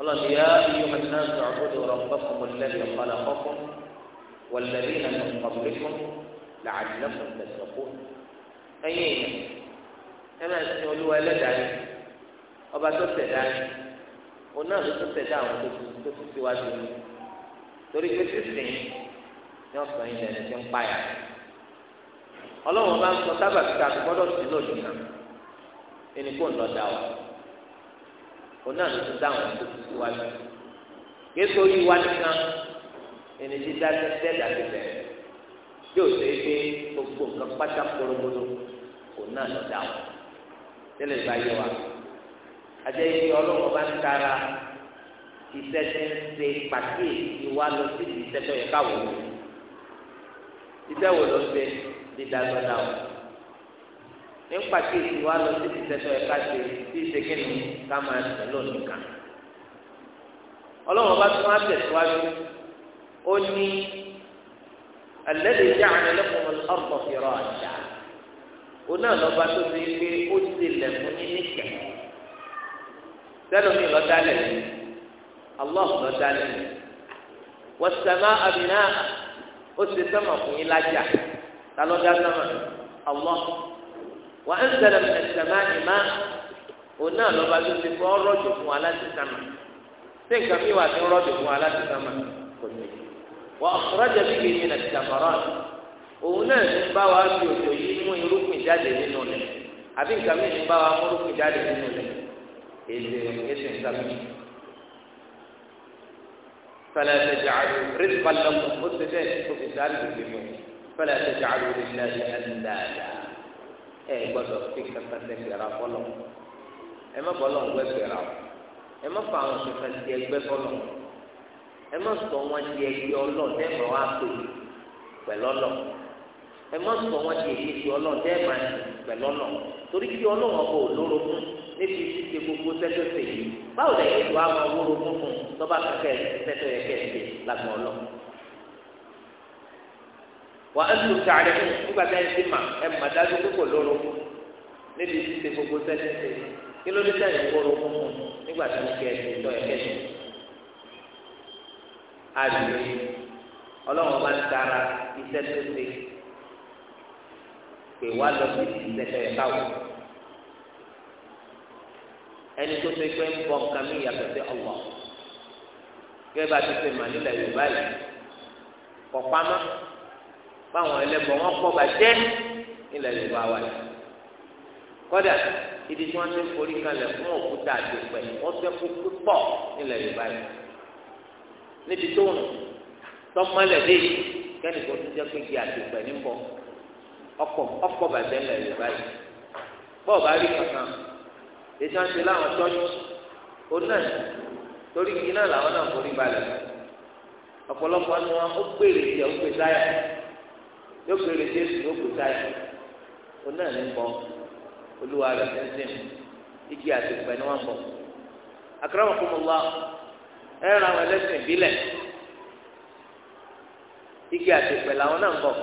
ọlọ́run yẹ iye wọn náà sọ àkóso ọ̀rọ̀ nǹkan mọ lẹ́yìn ọ̀pọ̀lọ̀ kọ́kọ́ wọ̀lẹ́rì náà ní ọ̀pọ̀lọ̀ fún làálẹ́ fún tẹ̀sọ̀kọ́ ẹ̀yìn èèyàn ẹ máa sin olúwa ẹlẹ́dàá yìí ọba tó tẹ̀dá yìí òun náà ló tó tẹ̀dá àwọn tó yóò sọ yín lẹ́nu tí ń payà ọlọ́run bá ń sọ sábàbí ká gbọ́dọ̀ sí lòdì náà ẹni kò ń lọ dá wa òun náà ló ti dáhùn tó ti ti wájú késo yìí wá nìkan ẹni tí dájú tẹ́lẹ̀ àti bẹ̀rẹ̀ yóò ṣe é pé gbogbo nǹkan pátá polongodo òun náà lọ dá wa tẹ́lẹ̀ bá yẹ wa àti ẹni ọlọ́run bá ń tara iṣẹ́ ń ṣe pàkíyèsí wa lọ sí ìṣẹ́ tó yẹ káwọ́ wò iṣẹ́ wo ló ń bẹ dídágbọ́dá o ní pàkíyèsí wa lọ sí ìṣẹ́tọ̀ ẹ̀ka ṣe tí ìṣèkínní ká máa tẹ̀ lónìí kan ọlọ́run bá tún wá tẹ̀síwájú ó ní alladhi ja'ala lakum al-arda ó náà lọ́ba tó ti pé ó ti lẹ̀kún ní nìkẹ́ sẹ́lómi lọ́dálẹ̀ Allah lọ́dálẹ̀ was-samaa binaa ó ṣe sẹ́mà fún yín lájà ta ló dá sẹ́mà Allah wà á ń sẹ́lẹ̀ ẹ̀sẹ̀mà ìmá òun náà lọ́ba tó ti fọ́ rọ́jò fún wa láti sẹ́mà ṣé nǹkan mi wà tó rọ́jò fún wa láti sẹ́mà kò sí wà ọ̀rọ̀jẹ̀ bí kìí yìnbọn ìjàmọ̀rọ̀ òun náà ti bá wa fi òjò yìí mú irúgbìn jáde nínú rẹ̀ àbí nǹkan mi ti bá wa mú irúgbìn jáde nínú rẹ̀ èdè èdè nǹkan fẹlẹ tẹjẹ àlù rẹsì balẹmù ó ti bẹ tó fi dá lùdì mú fẹlẹ tẹjẹ àlù rẹsìlẹ ẹnìdàdà ẹ gbọ́dọ̀ fi kankan tẹsẹrà fọlọ ẹ má bọlọ ń gbẹ fẹrà o ẹ má fa àwọn kankan ti ẹgbẹ fọlọ ẹ má sọ wọn ti ẹgbẹ ọlọ tẹmọ wa pè pẹlọlọ ẹ má sọ wọn ti ẹgbẹ ti ọlọ tẹmọ pẹlọlọ torí kí ọlọ wọn bọ olóró fún níbi ìdíje gbogbo sẹ́tọ̀ sèyí báwo lè yẹ kó a máa wúro fúnfun tọ́ba kẹ̀kẹ́ sẹ́tọ̀ yẹ kẹ̀kẹ́ làgbọ̀n lọ. wà á tún sàrẹ̀ fún nígbà tá ẹ ti mà ẹ mà dájú púpọ̀ lóró fún níbi ìdíje gbogbo sẹ́tọ̀ sèyí kí ló dé sẹ́yìn wúro fúnfun nígbà tá a kẹ̀kẹ́ tọ́ yẹ kẹ̀kẹ́. àlùyé ọlọ́run bá ń tara iṣẹ́ tó ṣe pè wá lọ sí ìṣẹ̀tọ̀ yẹ ẹni tó ṣe pé ń bọ nǹkan mí yàtọ̀ sí ọ̀wọ́ gẹ́gẹ́ bá ti ṣe mà nílẹ̀ yorùbá yìí kọ̀ pamọ́ báwọn ẹlẹ́bọ̀ wọn pọ̀ bàjẹ́ nílẹ̀ yorùbá wa yìí kọ́dà ìdí tí wọ́n ti ń forí kalẹ̀ fún òkúta àti ìpẹ́ wọ́n fẹ́ kó púpọ̀ nílẹ̀ yorùbá yìí níbi tó ń tọ́mọ́lẹ̀ dé kẹ́ni kò tún jẹ́ pé kí àti ìpẹ́ ní bọ̀ ọkọ̀ ọkọ̀ bàjẹ́ nílẹ̀ yorùbá yìí bọ́ọ̀ bá rí kankan ètò àṣẹ láwọn tọ́jú òun náà torí kí náà làwọn náà forí balẹ̀ ọ̀pọ̀lọpọ̀ ni wọn ó pèrè jẹ ó pè táyà yóò pèrè jésù yóò pè táyà òun náà ní bọ olúwa rẹ sẹ́sìn igi àti ìpẹ́ ni wọ́n bọ̀ akramakumullah ẹran àwọn ẹlẹ́sìn ìbílẹ̀ igi àti ìpẹ́ làwọn náà ń bọ̀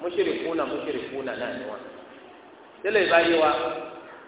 mushrikuna mushrikuna náà ni wọ́n tẹ́lẹ̀ ìbáyé wa.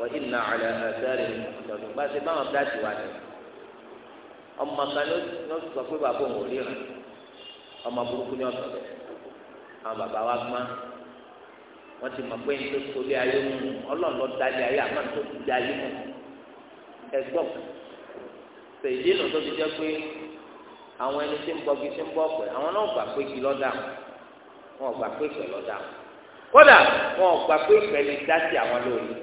wà ìnà àlẹ àtẹrẹ ìtọ́jú bá ṣe báwọn dáàtì wà ní. ọmọ kan ló sọ pé bàbá òun ò ríran ọmọ burúkú ní ọ̀sán bẹ̀. àwọn bàbá wa gbọ́n wọ́n ti mọ̀ pé ní tó ayé mú ọlọ́run dalẹ̀ ayé àmọ́ tó ti di ayé mú ẹgbọ́n. sèyí ló ti jẹ́ pé àwọn ẹni tí ń bọ́gi tí ń bọ́ pẹ̀ àwọn náà gbà pé kí lọ́dà wọn gbà pé kẹ̀ lọ́dà kódà wọn gbà pé ìpẹ́lẹ̀ dá sí àwọn lórí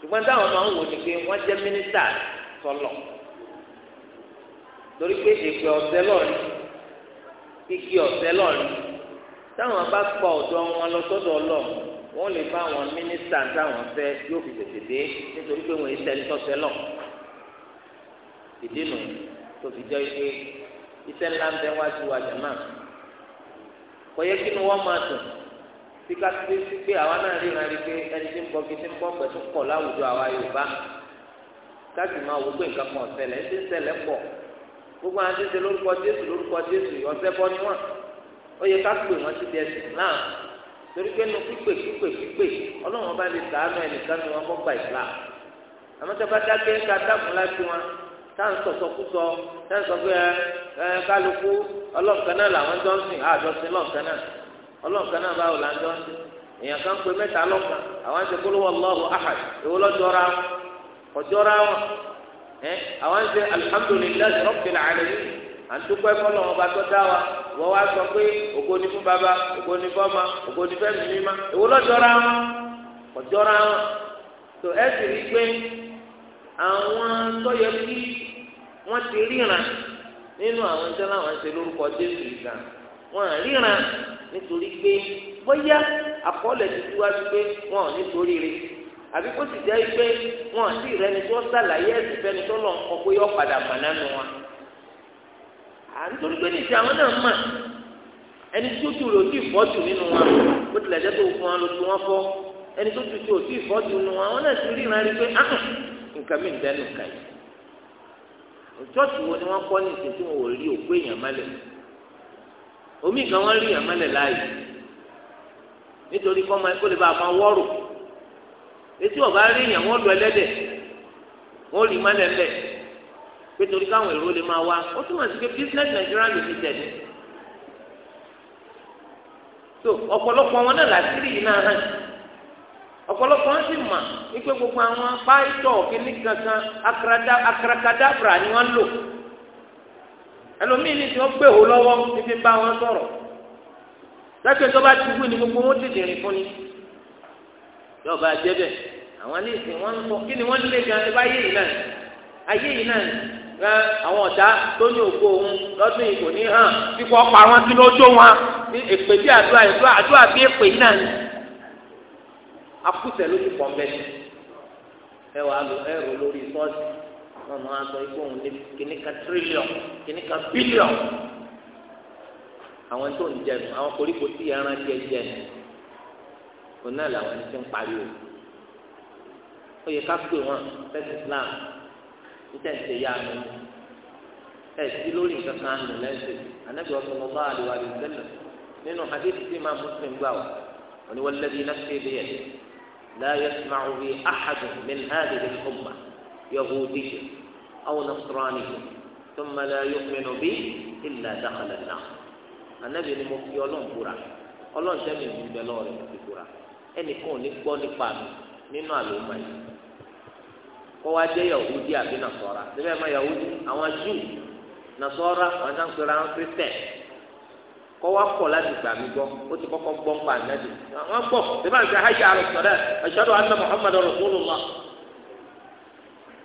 ṣùgbọ́n táwọn máa ń wò ni pé wọ́n jẹ́ mínísítà sọlọ torí pé èpè ọ̀sẹ̀ lọ́ọ̀rì igi ọ̀sẹ̀ lọ́ọ̀rì táwọn bá pa ọ̀dọ́ wọn lọ sọ́dọ̀ ọlọ́ wọ́n lè bá àwọn mínísítà táwọn fẹ́ yóò fi tètè dé nítorí pé wọ́n ìṣẹ́ni tọ́sẹ̀ lọ ìdí nù tó fi jẹ́ pé iṣẹ́ ńlá ń bẹ wá wa jẹ̀ náà kò kí ni wọ́n máa dùn tí ká ti dé pé àwa náà rí ìran rí pé ẹni tí ń bọ gidi ń bọ pẹ̀tù pọ̀ láwùjọ àwa Yorùbá ká sì máa wò pé nǹkan kan ọ̀sẹ̀lẹ̀ ń ti ń ṣẹlẹ̀ pọ̀ gbogbo àwọn àtẹ̀sẹ̀ lórúkọ Jésù lórúkọ Jésù ọ̀sẹ̀ bọ́ ni wọ́n ó yẹ ká pè wọ́n ti di ẹ̀sìn náà torí pé nu pípè pípè pípè Ọlọ́run bá lè sàánú ẹnìkan ni wọ́n kọ́ gbà ìlà àmọ́ tó bá dákẹ́ ká dákun láti wọn táà ń sọ̀sọ̀kúsọ táà ń sọ pé ẹ kálukú ọlọ́ọ̀kan náà làwọn jọ ń sìn àjọsìn lọ́ọ̀kan náà ọlọ́ọ̀kan náà báwo la ń èèyàn kan pé mẹ́ta lọ́kàn àwọn àti kólówó ahad èwo lọ́jọ́ra wọn wọn ẹ àwọn àti alhamdulillahi rabbil alamin àtúkọ́ ẹ̀kọ́ lọ́wọ́ bá tó dá wa wá sọ pé baba ògo ni fún ọmọ ògo ni èwo lọ́jọ́ra wọn wọn tó ẹ sì rí pé àwọn tó yẹ kí wọ́n ti ríran nínú nítorí pé bóyá àkọọ́lẹ̀ ti tú wá sí pé wọn ò nítorí rẹ̀ àbí kó sì jẹ́ pé wọn ò sí ìrẹ́ni tó sàlàyé ẹ̀sìn fẹ́ni tó lọ kọ́ pé yọ padà mà nánú wa. à ń torí pé níṣẹ́ àwọn náà mà ẹni tó tù rò sí ìfọ́tù nínú wa bó tilẹ̀ jẹ́ tó fún wa ló tún wọn fọ́ ẹni tó tù tù sí ìfọ́tù nínú wa wọn náà ti rí ìran rí pé ah, ah, nǹkan mi ń dẹnu kàyí. ìjọ́sìn wo ni wọ́n kọ́ ní ìsìn tí wọn ò rí òkú èèyàn mọ́lẹ̀ omi kan wọ́n rí ẹ̀mọ́lẹ̀ láàyè nítorí kọ́ máa kó lè bá a máa wọ́rò etí ọ̀bá rí yẹn wọ́n lọ ẹlẹ́dẹ̀ wọ́n rí mọ́lẹ̀ lẹ̀ pé torí káwọn èrò lè máa wá ó túmọ̀ sí pé business Nigeria lè fi tẹ̀lé so ọ̀pọ̀lọpọ̀ wọn náà làásìrì yìí náà hàn ọ̀pọ̀lọpọ̀ wọn sì mà wípé gbogbo àwọn pàìtọ̀ kìnnìkankan akarakadabra ni wọ́n lò ẹlòmíì ní tí wọ́n gbé òun lọ́wọ́ fífi bá wọn sọ̀rọ̀ lẹ́kẹ̀ tó bá ti wú ni gbogbo wọn tètè rìn fún ni yọba jẹ́bẹ̀ àwọn ní ìsìn wọn ń kọ́ kí ni wọ́n lé gan ẹ bá yé yìí náà ayé yìí náà rẹ àwọn ọ̀tá tó ní òkú òun lọ́dún yìí kò ní hàn kíkọ́ pa wọn sí lójó wọn ní èpè bí àdúrà ìdúrà àdúrà bí èpè yìí náà ni akúṣẹ̀ ló ti pọ̀ mbẹ́ ẹ wàá lo ẹ̀rọ lórí sọ́ọ̀sì wọn máa sọ ikú òun ní kìnnìkan tírílíọ̀n kìnnìkan bílíọ̀n àwọn tó ń jẹnu àwọn koríko tí ẹran jẹ jẹnu òun náà làwọn ẹni tí ń pariwo ó yẹ ká pè wọn fẹsẹ̀ Islam nítẹ̀sẹ̀ yá mi ẹ̀sí lórí nǹkan kan nù lẹ́sẹ̀ anábì ọ̀sán ọba àdìwà àdìwà sẹ́lẹ̀ nínú hadith tí máa Muslim gbà wá wọn ni wọ́n lẹ́bi náà ṣe é bẹ́yẹ̀ láyé sùmáwó bíi áhàdùn min hàdìrì ọ̀gbà. يهودية أو نصرانية ثم لا يؤمن بي إلا دخل النار النبي المفتي ولون كورا ولون جميع من بلور المفتي كورا أن يكون نقبل نقبل nínú àlùmọ yìí kó wá jẹ yahudi àbí nasọra síbẹ̀ ma yahudi àwọn júù nasọra àwọn náà sọra àwọn kristẹ kó wá kọ̀ láti gbà mí gbọ́ ó ti kọ́kọ́ gbọ́ ń pa ànádi àwọn gbọ́ síbẹ̀ àti ayé àrùn sọ̀rọ̀ ẹ̀ṣọ́dọ̀ anna muhammadu rasulullah.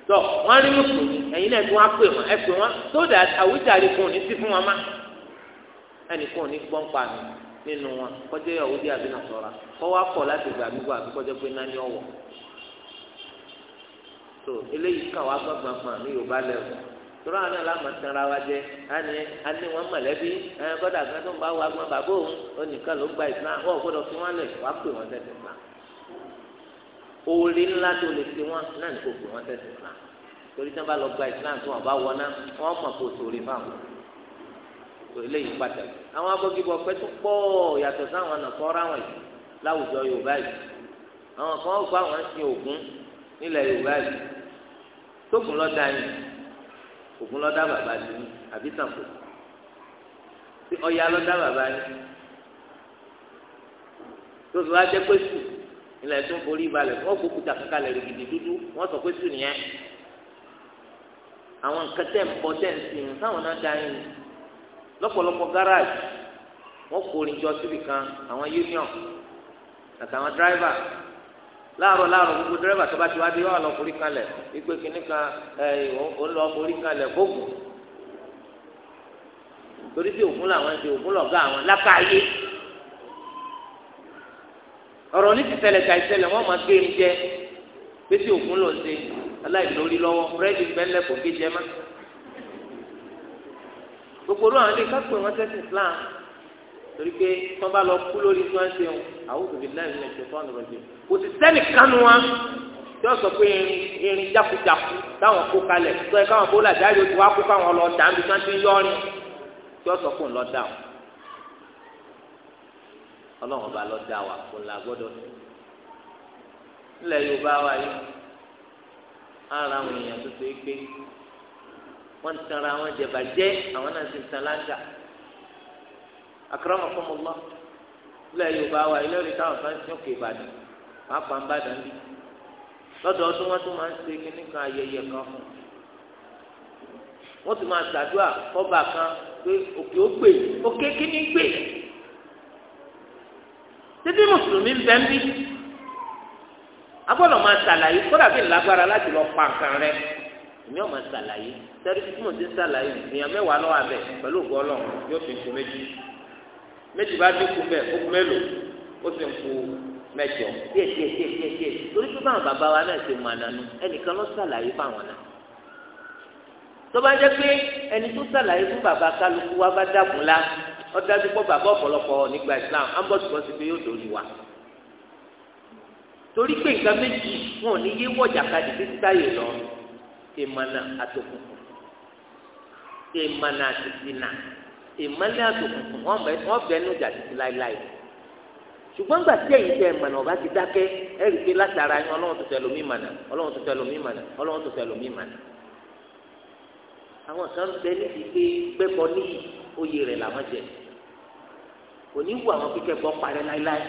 tọ wọn rí mùsùlùmí ẹ̀yin náà tí wọn pè wọn ẹ pè wọn so that àwùjáde kan ò sí fún wọn má ẹnì kan ò gbọ́n pa mi nínú wọn kọjá ìyàwó sọra kọ wá láti gbà kọjá pé náà ní ọwọ́ tó eléyìí kà wá tọ́lá wa wọn mọ̀lẹ́bí gbọ́dọ̀ ń bá wa gbọ́n bàbá oore ńlá tó lè fi wọn náà ní kò fi wọn tẹsí islam torí tí wọn bá lọ gba islam tí wọn bá wọ náà wọn mọ kó sóore fáwọn eléyìí pàtàkì àwọn abọ́gibọ̀ pẹ́ tó pọ̀ yàtọ̀ sáwọn nàkọ́ ráwọn yìí láwùjọ yorùbá yìí àwọn kan ó kó àwọn ń sin ògún nílẹ̀ yorùbá yìí tókun lọ́dà yìí ògún lọ́dà bàbá yìí àbí sàǹkó tí lọ́dà bàbá yìí tó ilẹ̀ tó forí balẹ̀ wọ́n kó kuta kaka lẹ̀ rìgìdì dúdú wọ́n sọ pé sùn nìyẹn àwọn nǹkan tẹ̀ ń bọ́ tẹ̀ ń sìn táwọn náà da yín lọ́pọ̀lọpọ̀ gáràjì wọ́n kórin jọ síbi kan àwọn union àtàwọn dráìvà láàárọ̀ láàárọ̀ gbogbo dírẹ́fà tó bá ti wá dé wà lọ forí kalẹ̀ ìgbé kínní kan ẹ ò ń lọ forí kalẹ̀ gbogbo torí bí òfun làwọn ṣe òfun lọ̀gá àwọn lákàáyé ọ̀rọ̀ ní ti ṣẹlẹ̀ ká ìṣẹlẹ̀ wọ́n máa gbé mi jẹ pété òkun ló ń ṣe aláìlórí lọ́wọ́ búrẹ́dì bẹ́lẹ̀ kò gé jẹ má. gbogbo olú àwọn ilé kápẹ́ wọn tẹ́sí Islam torí pé tí wọ́n bá lọ kú lórí tí wọ́n ṣe wọn àwọn òbí náà ní ẹ̀jẹ̀ fún ọ̀nà rẹ̀ kò sì sẹ́nì kánú wa tí wọ́n sọ pé irin irin jákujáku táwọn kó kalẹ̀ tó ẹ káwọn bó làjáde ó ti wá kó káwọn lọ dàbí tí wọ́n ti ń yọrin tí wọ́n sọ pé òun lọ dà wọn ọlọ́run ọba lọ dá wa kó la gbọ́dọ̀ sí ilẹ̀ yorùbá wa yìí ara àwọn èèyàn tó ṣe é gbé wọ́n ti tanra àwọn jẹ̀bàjẹ́ àwọn náà ti tan láńgà akramakumullah ilẹ̀ yorùbá wa ilé orí táwọn fẹ́ ṣe òkè ìbàdàn pàápàá ń bàdàn bí lọ́dọọdún wọ́n tún máa ń ṣe kíní kan ayẹyẹ kan fún wọ́n tún máa ṣàdúrà kọ́ba kan pé òkè ó gbè òkè kíní gbè títí mùsùlùmí ń bẹ́ ń bí agbọ́dọ̀ máa ṣàlàyé kódà bí lágbára láti lọ pa nǹkan rẹ èmi ọ̀ máa ṣàlàyé sẹ́rí tí mo ti ń ṣàlàyé èèyàn mẹ́wàá lọ́wọ́ abẹ pẹ̀lú ògbọ́ ọlọ́run yóò fi kú méjì méjì bá dínkù bẹ́ẹ̀ ó kú mélòó ó sì ń kú mẹ́jọ díẹ̀ díẹ̀ díẹ̀ díẹ̀ díẹ̀ torí pé báwọn bàbá wa náà ṣe mọ ànánú ẹnìkan ló ṣàlàyé fáwọn náà tó bá jẹ́ pé ẹni tó ṣàlàyé fún bàbá kálukú wa bá dàbùn lá ọdájú pọ bàbá ọ̀pọ̀lọpọ̀ nígbà islam Ambos ti pé yóò dòrí wa torí pé nǹkan méjì wọn ò ní yé wọjà kadì títí táyé lọ ìmọ̀nà àtòkùnkùn ìmọ̀nà àtìsínà ìmọ̀lẹ́ àtòkùnkùn wọn bẹnu jà títí láéláé ṣùgbọ́n gbà tí ẹ̀yin tẹ mọ̀nà ọba ti dákẹ́ ẹ rí i pé látara yín ọlọ́run tó tẹ̀lé omi mọ̀nà ọlọ́run tó tẹ̀lé omi mọ̀nà ọlọ́run tó tẹ̀lé mọ̀nà. àwọn kan bẹ níbi pé gbẹ́kọ̀ níyì oyè rẹ̀ làwọn jẹ kò ní wù àwọn kíkẹ́ gbọ́ parẹ́ láíláí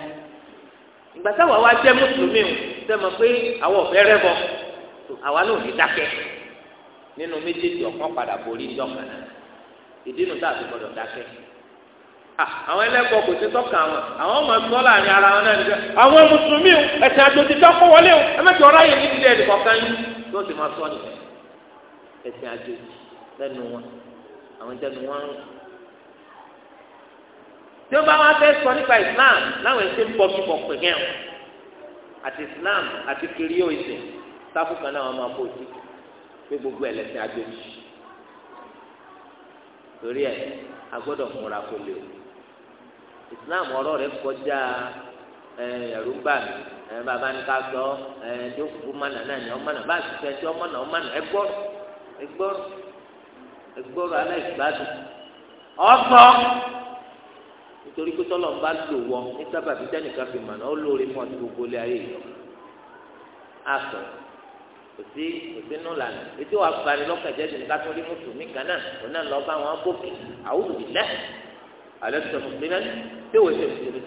ìgbà táwa wá jẹ́ mùsùlùmí o sẹ́mọ̀ pé àwọn ọ̀fẹ́ rẹ̀ bọ̀ àwa náà ní dákẹ́ nínú méjèèjì ọ̀kan padà borí ní ọ̀kan náà ìdí nu táà fi gbọdọ̀ dákẹ́ àwọn ẹlẹ́gbọ́ kò sí tọ́ka àwọn àwọn ọmọ ẹgbọ́ láàrin ara wọn náà nígbà àwọn mùsùlùmí o ẹ̀sìn àjò ti dákọ́ wọlé o ẹ mẹ́tọ́ ọ̀rá yẹn nídìí ẹ̀dì kọ̀ọ̀kan yín tó ti máa sọ ẹ̀sìn àjò lẹ́nu wọn àwọn ìtẹ́nu wọn tí wọn bá wá fẹ́ sọ nípa islam láwọn ẹsẹ ń bọ kíkọ pè yẹn àti islam àti kiriyo ìsìn sáfù kan náà wọn máa bò sí pé gbogbo ẹlẹ́sìn àjòjì torí ẹ a gbọ́dọ̀ múra kó lè o islam ọ̀rọ̀ rẹ̀ kọjá ẹ ẹrú gbà mí ẹ bàbá ní ká sọ ẹ tí ó kúkú mánà náà ni ọmọ náà bá ti fẹ́ tí ọmọ náà ọmọ náà ẹ gbọ́rọ̀ ẹ gbọ́rọ̀ ẹ gbọ́rọ̀ alẹ ìgbádùn ọgbọ nítorí pé tọ́lọ̀ ń bá lò wọ ní sábàbí tẹ́nìkan fi mọ̀nà ó lóore mọ́ ti gbogbo ilé ayé yìí àtọ̀ kò sí kò sí nù lànà etí wàá bani lọ́kàn jẹ́ jẹ́ ká tó rí mùsùlùmí kan náà kò náà lọ́ọ́ bá wọn gòkè àwùjọ ìlẹ́ alẹ́ tó mùsùlùmí náà tí wòó ṣe mùsùlùmí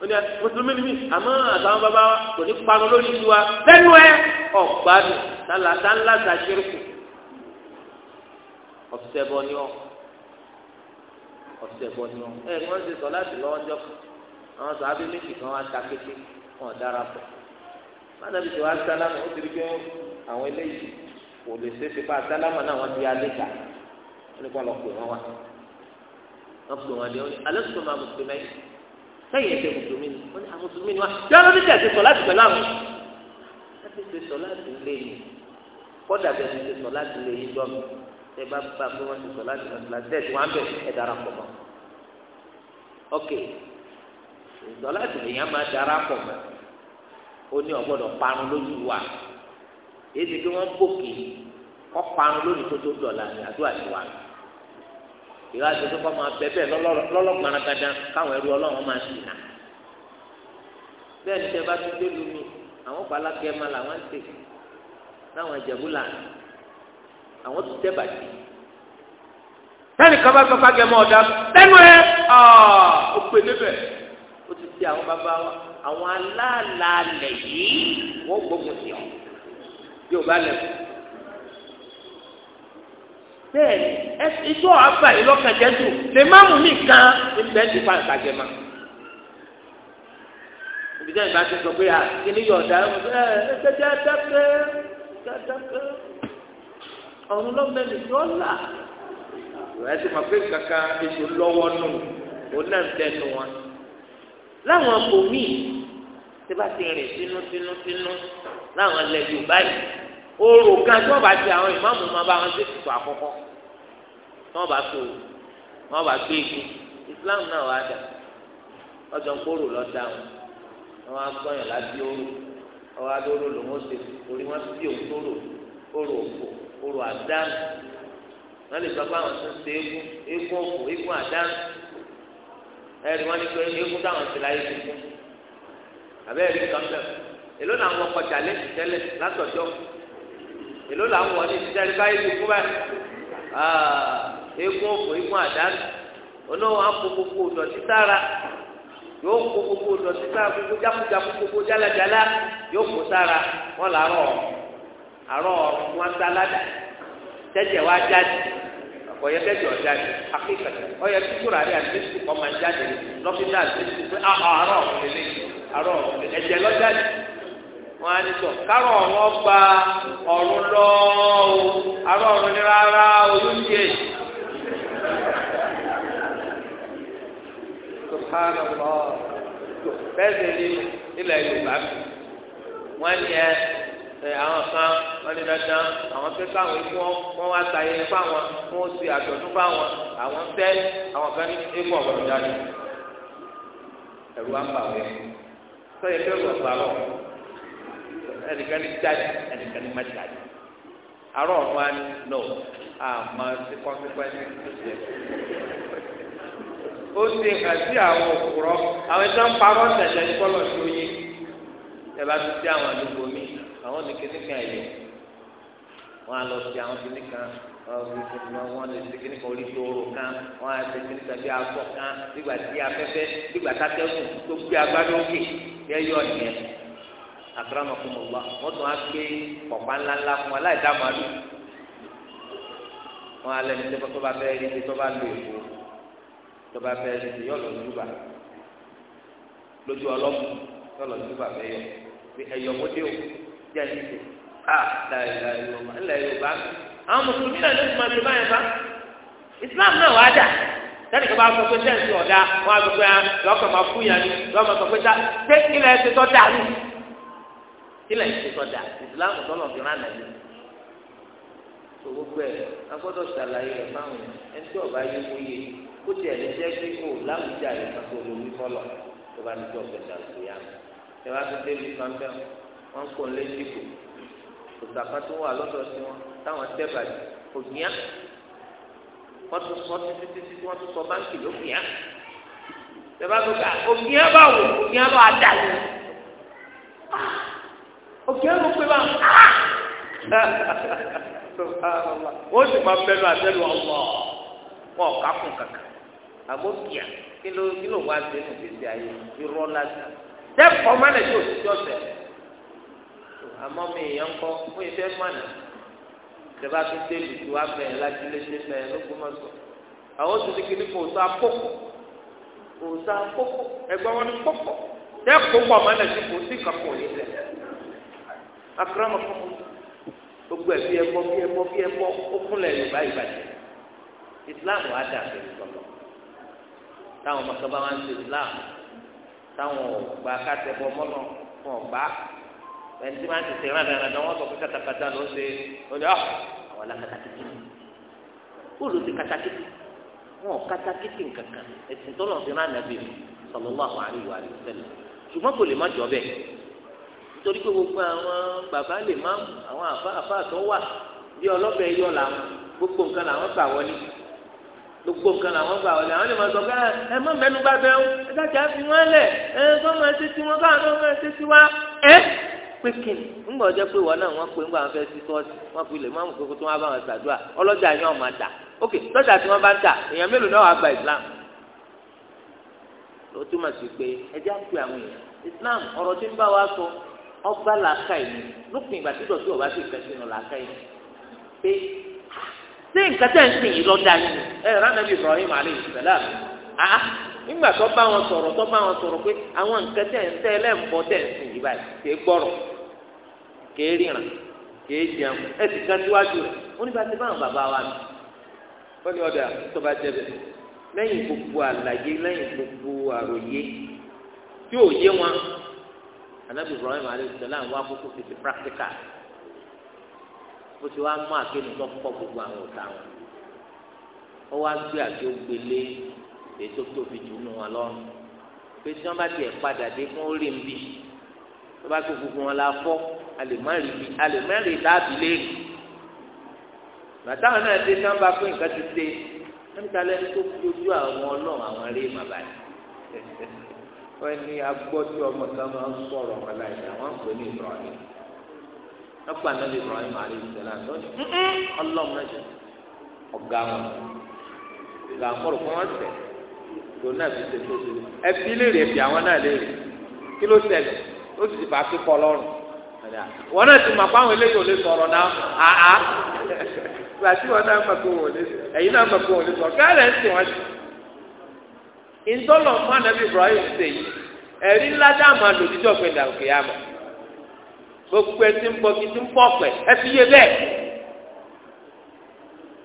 ó ní mùsùlùmí ni mí àmọ́ àtàwọn bàbá wa kò ní parun lórí ìlú wa lẹ́nu ẹ ọ̀gbádùn tálá tálá tàṣírùkù ọ̀sẹ̀ bọ́ ni ọ̀ ọ̀sẹ̀ bọ́ ni wọn. ẹ wọ́n ti sọ láti lọ́wọ́ ọjọ́ kan àwọn sọ abẹ́ méjì kan wá ta kété wọn dára pọ̀. mánàbí tí wàá sálámù ó ti rí pé àwọn eléyìí kò lè ṣe é ṣe fún asálámù náà wọ́n ti alẹ́ ta wọ́n ní kó lọ pè wọ́n wá. wọ́n pè wọ́n lé wọn ní alẹ́ sọ̀rọ̀ máa mùsùlùmí sẹ́yìn ẹ̀sẹ̀ mùsùlùmí ni wọ́n ní àmùsùlùmí ni wá. yọ́n ló ní tẹ̀sí sọ láti pẹ̀lú àwọn. láti ṣe sọ láti lé yìí kọ́dà bẹ́ẹ̀ ti ṣe sọ láti lé yìí tẹ bá bá pé wọn ti sọ láti sọ láti tẹ tí wọn bẹ ẹ dara pọ̀ mọ́ ok ìsọ láti lè yàn máa dara pọ̀ mọ́ ó ní ọgbọ́dọ̀ parun lójú wa èyí tí wọn bòkè kọ parun lónìí tó tó dọlà ní àdúrà ti wa ìwà àtúntò kọ máa bẹ bẹ́ẹ̀ lọlọgbọn gada káwọn ẹrú Ọlọ́run máa sì nà bẹ́ẹ̀ ní tẹ bá tún dé lumi àwọn balakẹ ma làwọn ń náwọn ìjẹbù làánù àwọn tún tẹ́ bàjẹ́ sẹ́ni kan bá sọ fagẹ́mọ́ ọ̀dà lẹ́nu ẹ̀ ó pè níbẹ̀ ó ti ti àwọn bàbá wa àwọn aláàlálẹ̀ yìí wọ́n gbógun sí ọ yóò bá lẹ́kọ̀ọ́ bẹ́ẹ̀ ni ìjọ àgbà ìlọ́kànjẹ́ jù lè má mú mi kan níbẹ̀ ti fa ìtàgẹ̀ ma. ìbíjẹ́ ìbá ti sọ pé à kí ni yọ̀ọ̀dà ẹ̀ ẹ̀ ẹ̀ ẹ̀ dákẹ́ dákẹ́ ọ̀run ló mẹ́lì tó là ẹ ti mọ̀ pé kankan èso lọ́wọ́ nù òun náà ń tẹnu wọn láwọn bòmíì tí bá ti rìn sínú sínú sínú láwọn ilẹ̀ Yorùbá yìí oòrò kan tí wọ́n bá ti àwọn ìmáàmù máa bá wọn ṣe tìtò àkọ́kọ́ tí wọ́n bá tó wọ́n bá gbé igi Islam náà wà dà ọjọ́ ń kóró lọ́dà wọn wọ́n á gbọ́yàn lábí oòrò ọwọ́ adóró lòún ó ṣe orí wọn ti di òun tó rò oòrò òfò orò àdánù wọn lè sọ pé àwọn tó ń ṣe eégún eégún òkú eégún àdánù ẹni wọn ní pé eégún táwọn ti láyé tuntun àbẹ́rẹ́ rí kan bẹ́ẹ̀ èló làwọn ọkọ̀ jàlẹ́ ti tẹ́lẹ̀ látọ̀jọ́ èló làwọn ọ̀nì ti tẹ́lẹ̀ báyìí ti kú báyìí eégún òkú eégún àdánù onáwó akó gbogbo dọ̀tí sára yóò kó gbogbo dọ̀tí sára gbogbo jákujáku gbogbo jálajàlá yóò kó sára wọn làárọ̀ ọ̀ àárọ̀ wọn sáládà tẹ́jẹ̀ wá jáde ọ̀pọ̀ yẹ tẹ́jẹ̀ ọ̀ jáde akékèké ọ̀yẹ kíkúrò àrí àtẹ́sí kọ́ máa jáde lọ́fíńdà àtẹ́sí pé ah, ah, àárọ̀ òkèlè àárọ̀ òkèlè ẹ̀jẹ̀ lọ jáde wọn á ní sọ kárọ̀ ọ̀rọ̀ gba ọ̀run lọ o àárọ̀ ọ̀run ní rárá olóyè. bẹ́ẹ̀ ni ilẹ̀ Yorùbá wọn ni ẹ àwọn kan wọn lè dandan àwọn pé káwọn ikú wọn wá ta ẹyẹ fáwọn wọn ó ṣe àjọ̀dún fáwọn àwọn tẹ àwọn kan ní ikú ọ̀gbọ̀n dání ẹ̀rù wá ń bà wẹ́ sọ́yẹ́ pé ọ̀gbọ̀n gbà lọ ẹnìkan ní jáde ẹnìkan ní má jáde àárọ̀ ọ̀run wa ni no àmọ́ sí consequence tó ṣe ó ṣe hàn àwọn òkúrọ̀ àwọn ẹ̀sán parọ́ tẹ̀lé kọ́lọ̀ tó yé ẹ̀ bá ti sí àwọn àdúgbò mi àwọn ní kíníkan ẹ̀yọ wọn á lọ sí àwọn kíníkan wọn lè ṣe kíníkan orí tóoro kan wọn á ṣe kíníkan bí agbọ kan nígbà tí afẹ́fẹ́ nígbà tátẹ́kùn tó gbé agbádọ́ òkè yẹ yọ nìyẹn akramakumullah wọn tún á gbé pọ̀pá ńláńlá fún wa láì dá màálù wọn alẹ ní tẹpẹ tó bá fẹ́ rí tó bá lò èkó tó bá fẹ́ rí yọ lọ júbà lójú ọlọmọ yọ lọ júbà fẹ́ yọ ẹyọ mọdé o jẹ́ ìṣe a islam náà wàá dà sọ pé sẹ́ǹsì ọ̀dà pé ah, lọ́kàn máa fún yàrá lọ́kàn máa sọ pé ti tọ́ islam tọ́lọ̀ fi rán tó gbogbo ẹ̀ agbọ́dọ̀ ṣàlàyé rẹ̀ fáwọn tí ọba yẹ kó yé kó tiẹ̀ lè jẹ́ pé láwùjá kó lórí kọ́lọ̀ tó bá ní wọn kò lé dìbò òtàkà tó wà lọ́dọ̀ sí wọn táwọn tẹ́bàjì kò gbìyà wọ́n tún sọ títí títí wọ́n tún sọ báńkì ló gbìyà tẹ́bà tó ká ògbìyà bá wò ògbìyà bá dà lù ah! ògbìyà ló pé bá ah! wọ́n sì máa bẹnu àtẹ́lu ọ̀wọ́ wọn kà kún kankan àgbo gbìyà kí ló kí ló wá sí ẹnu gbèsè ayé irọ́ lásán tẹ́kọ̀ọ́ mọ́lẹ̀ tó ti ọ̀sẹ̀ àmọ́ mi èèyàn kọ́ fún ìfẹ́ mọ̀nà ìjọba tó dé lùtù abẹ láti léṣe fẹ lókun mọ sọ àwọn tó ti kiri kò sọ akókò kò sọ akókò ẹgbẹ wọn ni kókò tẹ kó pọ mọ ẹnẹsì kò sí kankan òní lẹ akérèmọ fún gbogbo ẹ bí ẹbọ bí ẹbọ bí ẹbọ ó kúnlẹ̀ Yorùbá ìbàjẹ́ Islam wà dà bẹ́ẹ̀ sọlọ táwọn ọmọ kan bá wà ń ṣe Islam táwọn ọgbà kátẹbọ mọlọ fún ọgbà ẹni tí máa ń tètè rán dáadáa wọn sọ pé katakata ló ń ṣe ó ní ah, àwọn ọlá katakiti bóòlù ti katakiti wọn ò katakiti nkankan ẹsìn tó lọ sí rán nàbì sallallahu alaihi wa sallam ṣùgbọ́n kò lè má jọ bẹ́ẹ̀ nítorí pé gbogbo àwọn bàbá lè má àwọn àfa àfa tó wà bí ọlọ́bẹ̀ yọ làwọn gbogbo nǹkan làwọn gbà wọlé gbogbo nǹkan làwọn gbà wọlé àwọn lè máa sọ pé ah, ẹ má mẹ́nu bá o ẹ dájà fi wọ́n lẹ̀ ẹ kọ́ máa ṣe tiwọn káwọn náà máa ṣe tiwa ẹ́. pikin kíni ńgbà ọjọ́ pé wọn náà wọ́n pé ńgbà wọn fẹ́ sí sọ́ọ̀sì wọ́n fi lè má mú kókó tó wọn bá wọn ṣàdúrà yẹn máa tà ok tí bá ń tà èèyàn mélòó Islam ló túmọ̀ sí pé ẹjẹ́ á pè Islam ọ̀rọ̀ tí ń bá wa sọ ọgbà làákà yìí lópin ìgbà tí dọ̀tí ọ̀bá sì fẹ́ sínú làákà yìí pé ṣé nǹkan ń sìn yìí lọ́jà yìí ẹ nígbà tó bá wọn sọ̀rọ̀ tó bá wọn sọ̀rọ̀ pé àwọn nǹkan tẹ̀ ń tẹ́ tẹ̀ ń sìn yìí kèé ríran kèé jẹun ẹ sì kan síwájú rẹ wọn nígbà tí báwọn bàbá wa nù wọn ní ọdọ àtọba jẹbẹ lẹ́yìn gbogbo àlàyé lẹ́yìn gbogbo àròyé tí ò yé wọn anabi ibrahim alayhisalaam wa kúkú ti ti practical ó ti wá mú àkéwì tó pọ̀ gbogbo àwọn ọ̀tá wọn ó wá gbé àkéwì gbélé ètò tóbi jù nù wọn lọ́rùn pé tí wọn bá tiẹ̀ padà dé fún ó nbí tó bá tó gbogbo wọn la fọ́ alèmọ́rì dábì léèrè bàtàwọn náà dé sábà pé nǹkan ti dé níta lẹni tó fi ojú àwọn ọlọ́run àwọn eré màbà yìí wọ́n ní agbọ́tí ọmọ kan máa ń sọ̀rọ̀ wọn láì dá wọ́n ń pè ní Ibrahim wọ́n pa ànábì Ibrahim alayhi salam tó ní ọlọ́run náà jẹ ọ̀gá wọn ìgbà àkọ́rọ̀ fún wọn sẹ̀ tó náà fi ṣe tó ṣe ẹbí léèrè ẹbí àwọn náà léèrè kí ló ṣẹlẹ̀ ó sì ti fà á wọn náà ti pé àwọn eléyìí ò lè sọ̀rọ̀ náà wọn náà mọ̀ pé wọn ò lè sọ̀rọ̀ ẹ̀yin náà mọ̀ pé wọn ò lè sọ̀rọ̀ ń sìn wọn sí. ìtọ́lọ̀ fún anabi Ibrahim ṣe yìí ẹ̀rí ńlá pé mọ̀ gbogbo ẹ ti ń kí ti ń pẹ̀ ẹ fi yé bẹ́ẹ̀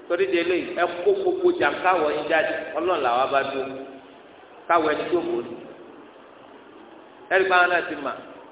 torí de lè ẹ kó gbogbo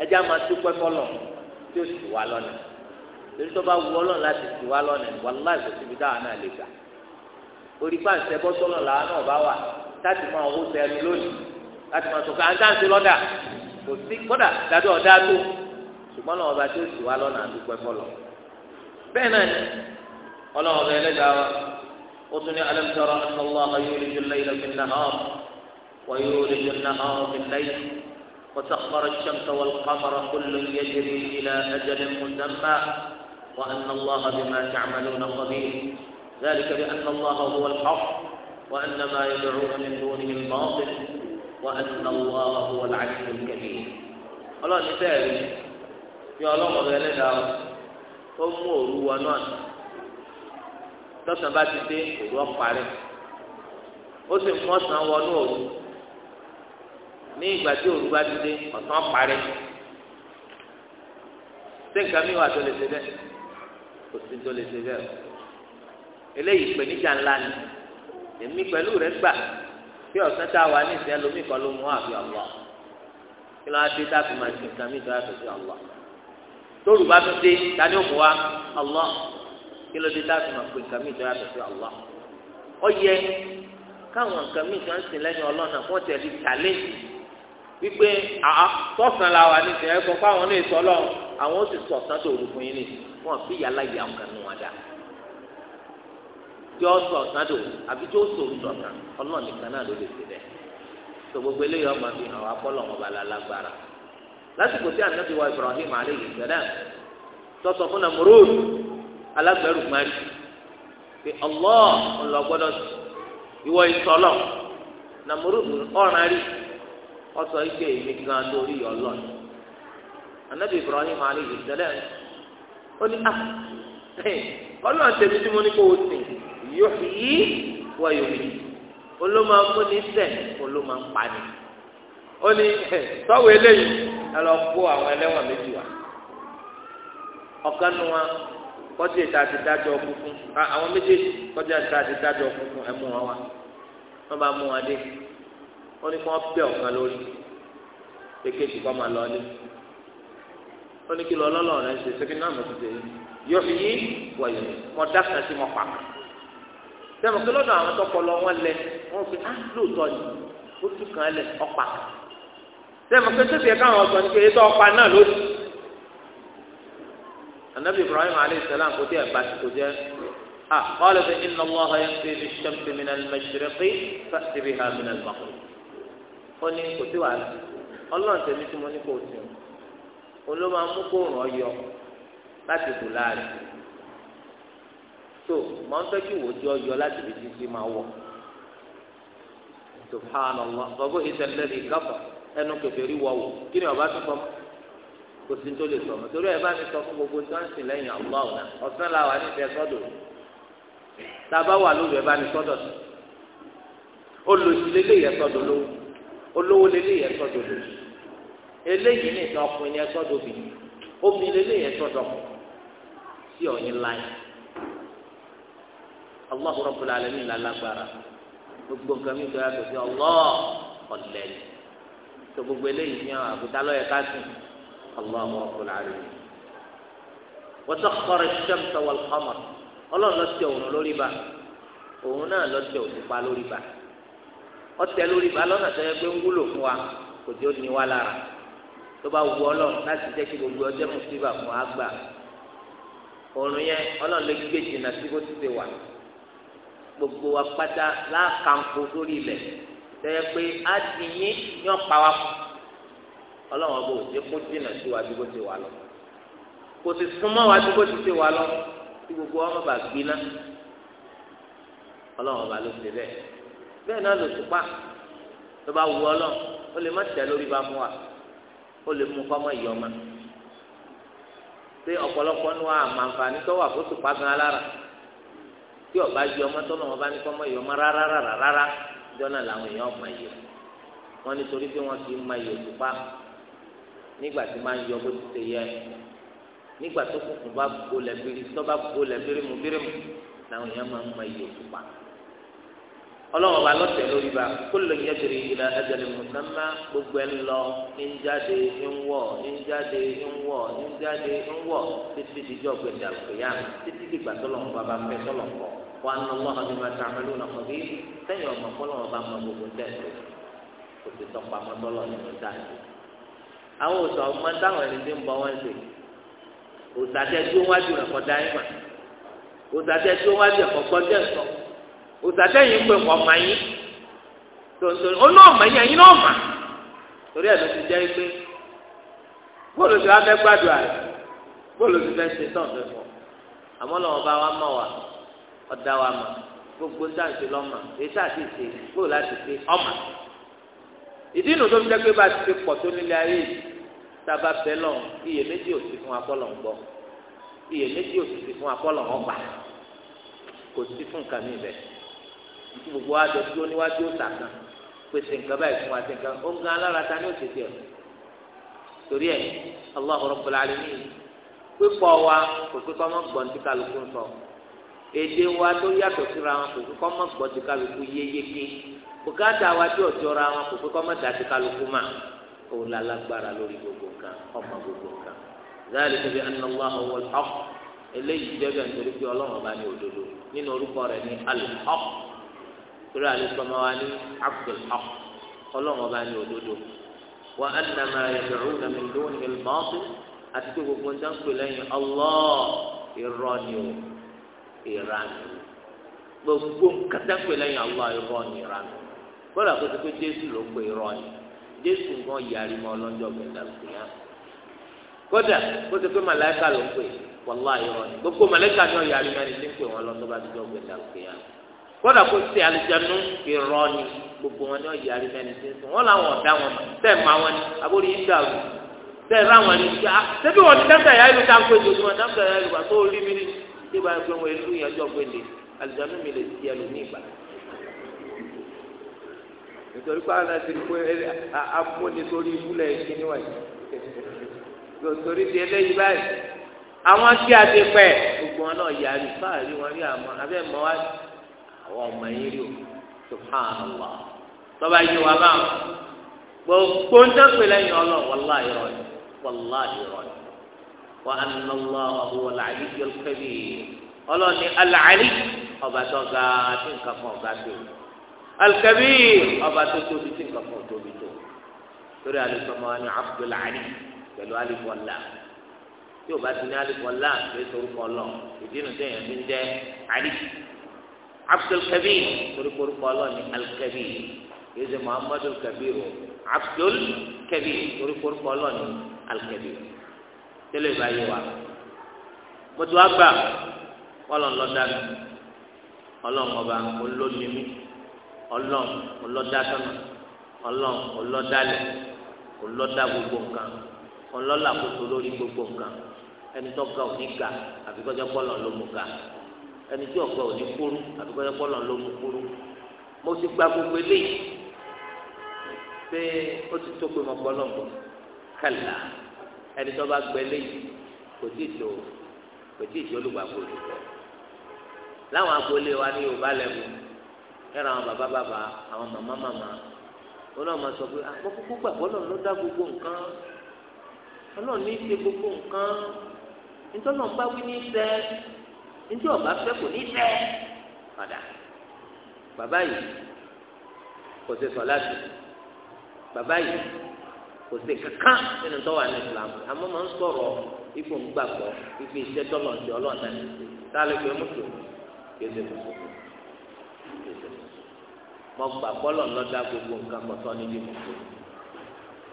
ẹjẹ àmà dúpẹ́ kọlọ tí ó sì wá lọ́nà lórí tó bá wù Ọlọ́run láti sì wá lọ́nà wàláì kò síbi táwa náà lè gbà orí pàṣẹ bọ sọlọ náà bá wà láti máa owó lónìí láti máa sọ káńtà ń ṣe lọ́dà kò sí kódà tó ṣùgbọ́n náà ọba tí sì wá bẹ́ẹ̀ náà وسخر الشمس والقمر كل يجري إلى أجل مسمى وأن الله بما تعملون خبير ذلك بأن الله هو الحق وأن ما يدعون من دونه الباطل وأن الله هو العزيز الكبير الله ni يا الله rí bí ọlọ́run rẹ lẹ́dàá ó mú òru wọn náà lọ́sàn-án bá ti dé ó wọnú ní ìgbà tí òru bá ti dé ọ̀sán parí ṣé nǹkan mi wà tó lè ṣe bẹ́ẹ̀ kò sí tó lè ṣe bẹ́ẹ̀ o eléyìí ìpèníjà ńlá ni èmi pẹ̀lú rẹ gbà bí ọ̀sán tá a wà ní ìsẹ́ lómi kan ló mú àbí ọ̀wọ́ kí ló á dé dáàbò máa ṣe nǹkan mi tó yàtọ̀ sí ọ̀wọ́ tóru bá tún dé tani ó mú wa ọ̀wọ́ kí ló dé dáàbò máa pè nǹkan mi tó yàtọ̀ sí ọ̀wọ́ ọ yẹ káwọn nǹkan mi tó ń lẹ́yìn ọlọ́nà fún ọ̀tẹ̀lì tàlẹ́ǹtì wípé àá sọ̀sán la wà ní ìsìn ẹ̀kọ́ fáwọn ní ìsọ̀ lọ́wọ́ àwọn ó sì sọ̀sán tó rú fún yín ni wọn fi yàrá ìyá wọn kanú wọn dà tí ó sọ̀sán tó àbí tí ó sòrò sọ̀sán ọlọ́run nìkan náà ló lè ṣe bẹ́ẹ̀ tó gbogbo eléyìí ọmọ fi hàn wá kọ́lọ̀ wọn bala lágbára lásìkò tí ànábì wa Ibrahim aleyhi sẹ́dán sọ̀sọ̀ fún namurud alágbẹ̀rù mari pé ọlọ́ọ̀ ńlọgbọ́dọ̀ ìwọ ìsọ̀lọ̀ namurud ọ̀ràn rí ọsọ ike èmi gan lórí ọlọ́run anabi ibrahim alayhi salam ó ní ah ọlọ́run tẹ̀lé tí mo ní kó o sìn yuhyi wa yumiit olóma múni sẹ̀ olóma pani ó ní sọ́wọ́ eléyìí ẹ lọ kó àwọn ẹlẹ́wọ̀n méjì wá ọ̀kan nu wa kọjú ìta àti dájọ́ funfun àwọn méjèèjì kọjú ìta àti dájọ́ funfun ẹ mú wọn wá wọn bá mú wọn dé ó ní kí wọ́n bẹ̀ ọ̀kan lórí kékeré kọ́ máa lọ ní ó ní kí lọ lọ́lọ́ rẹ̀ ṣe sẹ́kí náà mo ti yọ fi yí wọ̀nyí mo dákà sí mo pa sẹ́mu kí lọ́dọ̀ àwọn tó kọlọ wọn lẹ wọn fi á lóòótọ́ ni ó tún kàn lẹ ọ̀pá sẹ́mu kí tó tiẹ̀ káwọn ọ̀sán ni pé ètò ọ̀pá náà lórí anabi ibrahim alayhi salam kò tí ẹ̀ bá ti kò jẹ́ ah qala fa inna allaha yaqdi bi shamsi min al-mashriqi fa'ti biha min al-maghrib ó ní kò sí wàhálà ọlọ́run tẹ̀mí tí mo ní kò sí o ló máa mú kóòrùn ọyọ láti bù láàrin tó mọ ń tọ́jú ìwòjú ọyọ láti fi títí máa wọ̀ subhanallah gbogbo ìṣẹ̀lẹ̀ lè gbàgbọ́ ẹnu kẹfẹ́rí wọ̀ wò kí ni ọba tó kò sí tó lè sọ mọ́ torí ẹ bá mi sọ fún gbogbo tí wọ́n ń sìn lẹ́yìn ọ̀nà ọ̀sán làwọn ànífẹ́ sọ́dọ̀ tá a bá wà lóru ẹ bá mi sọ́dọ̀ olùsílẹ̀ lè yẹ sọ́dọ̀ lówó olówó lélẹ̀ yẹn sọ́dọ̀ lò eléyìí ní ìtàn ọkùnrin yẹn sọ́dọ̀ bì obìnrin lélẹ̀ yẹn sọ́dọ̀ sí ọ̀yin láyé Allahu Rabbul Alamin lálágbára gbogbo nǹkan mi gbéra tó fi Allah ọ̀lẹ́ ni tó gbogbo eléyìí ní àbúta lọ́yẹ̀ ká sùn Allahu Rabbul Alamin wa sakhkhara ash-shamsa wal-qamar ọlọ́run lọ́ọ́ òun lórí ba òun náà lọ́ọ́ tẹ lórí ba ọtẹ lórí ba lọ́nà tó yẹ pé ń wúlò fún wa kò tí ó ní wa lára tó bá wù ọlọ́run láti jẹ́ kí gbogbo ọjọ́ mùsùlùmí àfún wa gbà òrùn yẹn ọlọ́run lè gbé jìnnà sí bó ti ṣe wà gbogbo wa pátá láàkàǹkó sórí ilẹ̀ tó yẹ pé á ti yín yàn pa wa fún ọlọ́run ọba òjé kó jìnnà sí wa bí bó ti wà lọ kò sì súnmọ́ wa bí bó ti ṣe wà lọ tí gbogbo ọmọ bá gbiná ọlọ́run ọba ló ṣe bẹ́ẹ̀ bẹ́ẹ̀ náà lòṣùpá tó bá wù ọ lọ ó lè má tẹ̀ lórí bá mú wa ó lè mú kọ́ mọ́ ìyọ́mọ́ pé ọ̀pọ̀lọpọ̀ nu àmàǹfààní tó wà fóṣù pàgán alára tí ọba yọ ọmọ tó lọ́wọ́ bá ní kọ́ mọ́ ìyọ́mọ́ rárá rárá rárá jọ́nà làwọn èèyàn ọ̀mọ̀ yìí wọ́n nítorí pé wọ́n ti mọ iye òṣùpá nígbà tí máa ń yọ bó ti ṣe yẹ nígbà tó kùnkùn bá gbó lẹ́bírí tó bá gbó lẹ́bírí mu bírí mu làwọn èèyàn máa ń mọ iye òṣùpá ọlọ́run ọba lọ́tẹ̀ lórí ba kullu yajri ila ajalin musamma gbogbo ẹ̀ ń lọ ní ń jáde ń wọ̀ ní ń jáde ń wọ̀ ní ń jáde ń wọ̀ títí dìjọ́ gbẹ̀dẹ̀ àgbẹ̀yà títí dìgbà tọ́lọ́run ọba bá fẹ́ tọ́lọ́run kọ́ wa ń lọ lọ́hàn ní bàtà àmàlú náà kọ́bí sẹ́yìn ọmọ kọ́lọ́run ọba mọ gbogbo tẹ̀sí kò sì tọ́ òsàtẹ́yìn ń pè pọ̀ ọmọ yín tòǹtòǹ ó náà mọ̀ yín ẹ̀yin náà mọ̀ torí ẹ̀ ló ti jẹ́ pé bóòlù ti wá fẹ́ gbàdúrà rẹ̀ bóòlù ti fẹ́ ṣe tán fẹ́ fọ́ àmọ́ lọ́wọ́ bá wa mọ̀ wá ọ̀dà wa mọ̀ gbogbo sáǹsì lọ́mọ èyí sáǹsì ṣe bóòlù láti ṣe ọmọ ìdí inú tó ń jẹ́ pé bá ti ṣe pọ̀ tó nílé ayé yìí tába bẹ́ lọ́n iyèméjì ò sí fún akọ́lọ̀ ń gbọ́ iyèméjì ò sí fún akọ́lọ̀ ń gbà kò sí fún kàmí bẹ́ẹ̀ tí gbogbo wa jọ dúró níwájú òòtà kan pèsè nǹkan báyìí fún wa ṣe nǹkan ó ń gan alára ta ní òṣèṣe ẹ̀ torí ẹ̀ Allahu Rabbul Alamin pípọ̀ wa kò sí kọ́ mọ́ gbọ́n tí kálukú ń sọ èdè wa tó yàtọ̀ síra wọn kò sí kọ́ mọ́ gbọ́n tí kálukú yéyéké bùkátà wa tí ọ̀jọ́ra wọn kò sí kọ́ mọ́ dàtí kálukú mà òun la lágbára lórí gbogbo nǹkan ọmọ gbogbo nǹkan zalika bi anna Allaha huwal eléyìí jẹ́ bẹ́ẹ̀ nítorí pé ọlọ́run ọba ní òdodo nínú orúkọ rẹ̀ ní al-haqq torí àlùfọ́mọ́ wa ní abdul haq ọlọ́run ọba ní òdodo wa anamá yẹ̀dọ̀rún nàmi lóhùn ní mọ́tò àti pé gbogbo ń dánkù lẹ́yìn ọlọ́ irọ́ ni o ìranù gbogbo nǹkan dánkù lẹ́yìn ọlọ́ irọ́ ni ìranù bọ́lá kó ti ló pe irọ́ ni jésù nǹkan yàrá mọ́ ọlọ́jọ́ gbẹ̀dà gbìyàn kódà kó ti pé ló ń pè wàlá ni gbogbo màláìka ni ọ̀yàrá mẹ́rin ti ń pè wọ́n lọ́tọ́ bá ti jọ gbẹ̀dà gbìyàn kódà kó ṣe alìjánu irọ́ ni gbogbo wọn ni wọ́n yàrá mẹ́rin tí ń sùn wọ́n làwọn ọ̀dà wọn tẹ̀ ma wọn ni àbórí yìí dàrú tẹ̀ ra wọn ni ṣá ṣébi wọn ni dáńtà yà ìlú táwọn péjọ wọn dáńtà yà ìlú wa tó rí mi ni ṣé wàá gbé wọn ìlú yẹn jọ gbélé alìjánu mi lè ti ẹlò ní ìgbà. nítorí pàrọ̀ náà ti pé amúnisórí ìbúlẹ̀ ìkíní torí di eléyìí báyìí àwọn kí adé pẹ́ gbogbo wọn náà yàrá ìfáàrí wọn rí àmọ́ abẹ́ mọ́ wáyé àwọn ọmọ yín rí o subhanallah tọ́ba yìí wà bá wọn gbogbo ń dẹ́pẹ́ lẹ́yìn ọlọ́run wàlá irọ́ ni wàlá irọ́ ni wà á nà wà wọ làálí yọ kẹ́bí ọlọ́run ni alàálí ọba tó ga tí nǹkan kan ọ̀gá tó alùkẹ́bí ọba tó tóbi tí nǹkan kan tóbi tó lórí alùsọ̀mọ́ ni abdulali pẹ̀lú alùbọ̀lá tí bá ti ní alùbọ̀lá lórí orúkọ ọlọ́run ìdí nu tẹ̀yẹ̀ fi ń jẹ́ alì abdulkabir torí korúkọ ọlọ́ọ̀ni alkabir yóò ṣe muhammadu kabir o abdulkabir torí korúkọ ọlọ́ọ̀ni alkabir tẹ́lẹ̀ báyìí wa mọ̀tò àgbà ọlọ́ọ̀n lọ́dàmì ọlọ́ọ̀n ọba olólùmí ọlọ́ọ̀n ọlọ́dàtọ́nà ọlọ́ọ̀n ọlọ́dàlẹ̀ ọlọ́dà gbogbo nǹkan ọlọ́lá kótó lórí gbogbo nǹkan ẹni tó ga òní ga àbíkọ́jọ́ pọ́lọ́ ló mú ga ẹni tí ọ̀pẹ ò ní kúrú àbí kọ́yọ́ kọ́ lọ́n ló mú kúrú mo ti gba gbogbo eléyìí pé ó ti tó pé mo gbọ́ lọ́gbọ́ kàlà ẹni tó bá gbẹ eléyìí kò tí ì tó kò tí ì tó olùgbàgbọ́ olùkọ́ láwọn agboolé wa ní Yorùbá lẹ́mu ẹ̀rọ àwọn bàbá bàbá àwọn màmá màmá ọlọ́run máa sọ pé àpò ah, kúkú gbàgbọ́ náà ló dá gbogbo nǹkan ọlọ́run ní í ṣe gbogbo nǹkan nítorí náà bá wí ní sẹ́ẹ́ ntí ọba fẹ́ kò ní tẹ́ padà bàbá yìí kò ṣe sọ láti bàbá yìí kò ṣe kankan nínú tọ́wà ní Islam àmọ́ máa ń sọ̀rọ̀ ipò ń gbàgbọ́ ipò iṣẹ́ tọ́lọ̀ ti ọlọ́ọ̀dà ní ṣe sáré pé mùsùlùmí kì í ṣe mùsùlùmí mo gbà bọ́lọ̀ lọ́dà gbogbo nǹkan kọ̀tọ́ níbi mùsùlùmí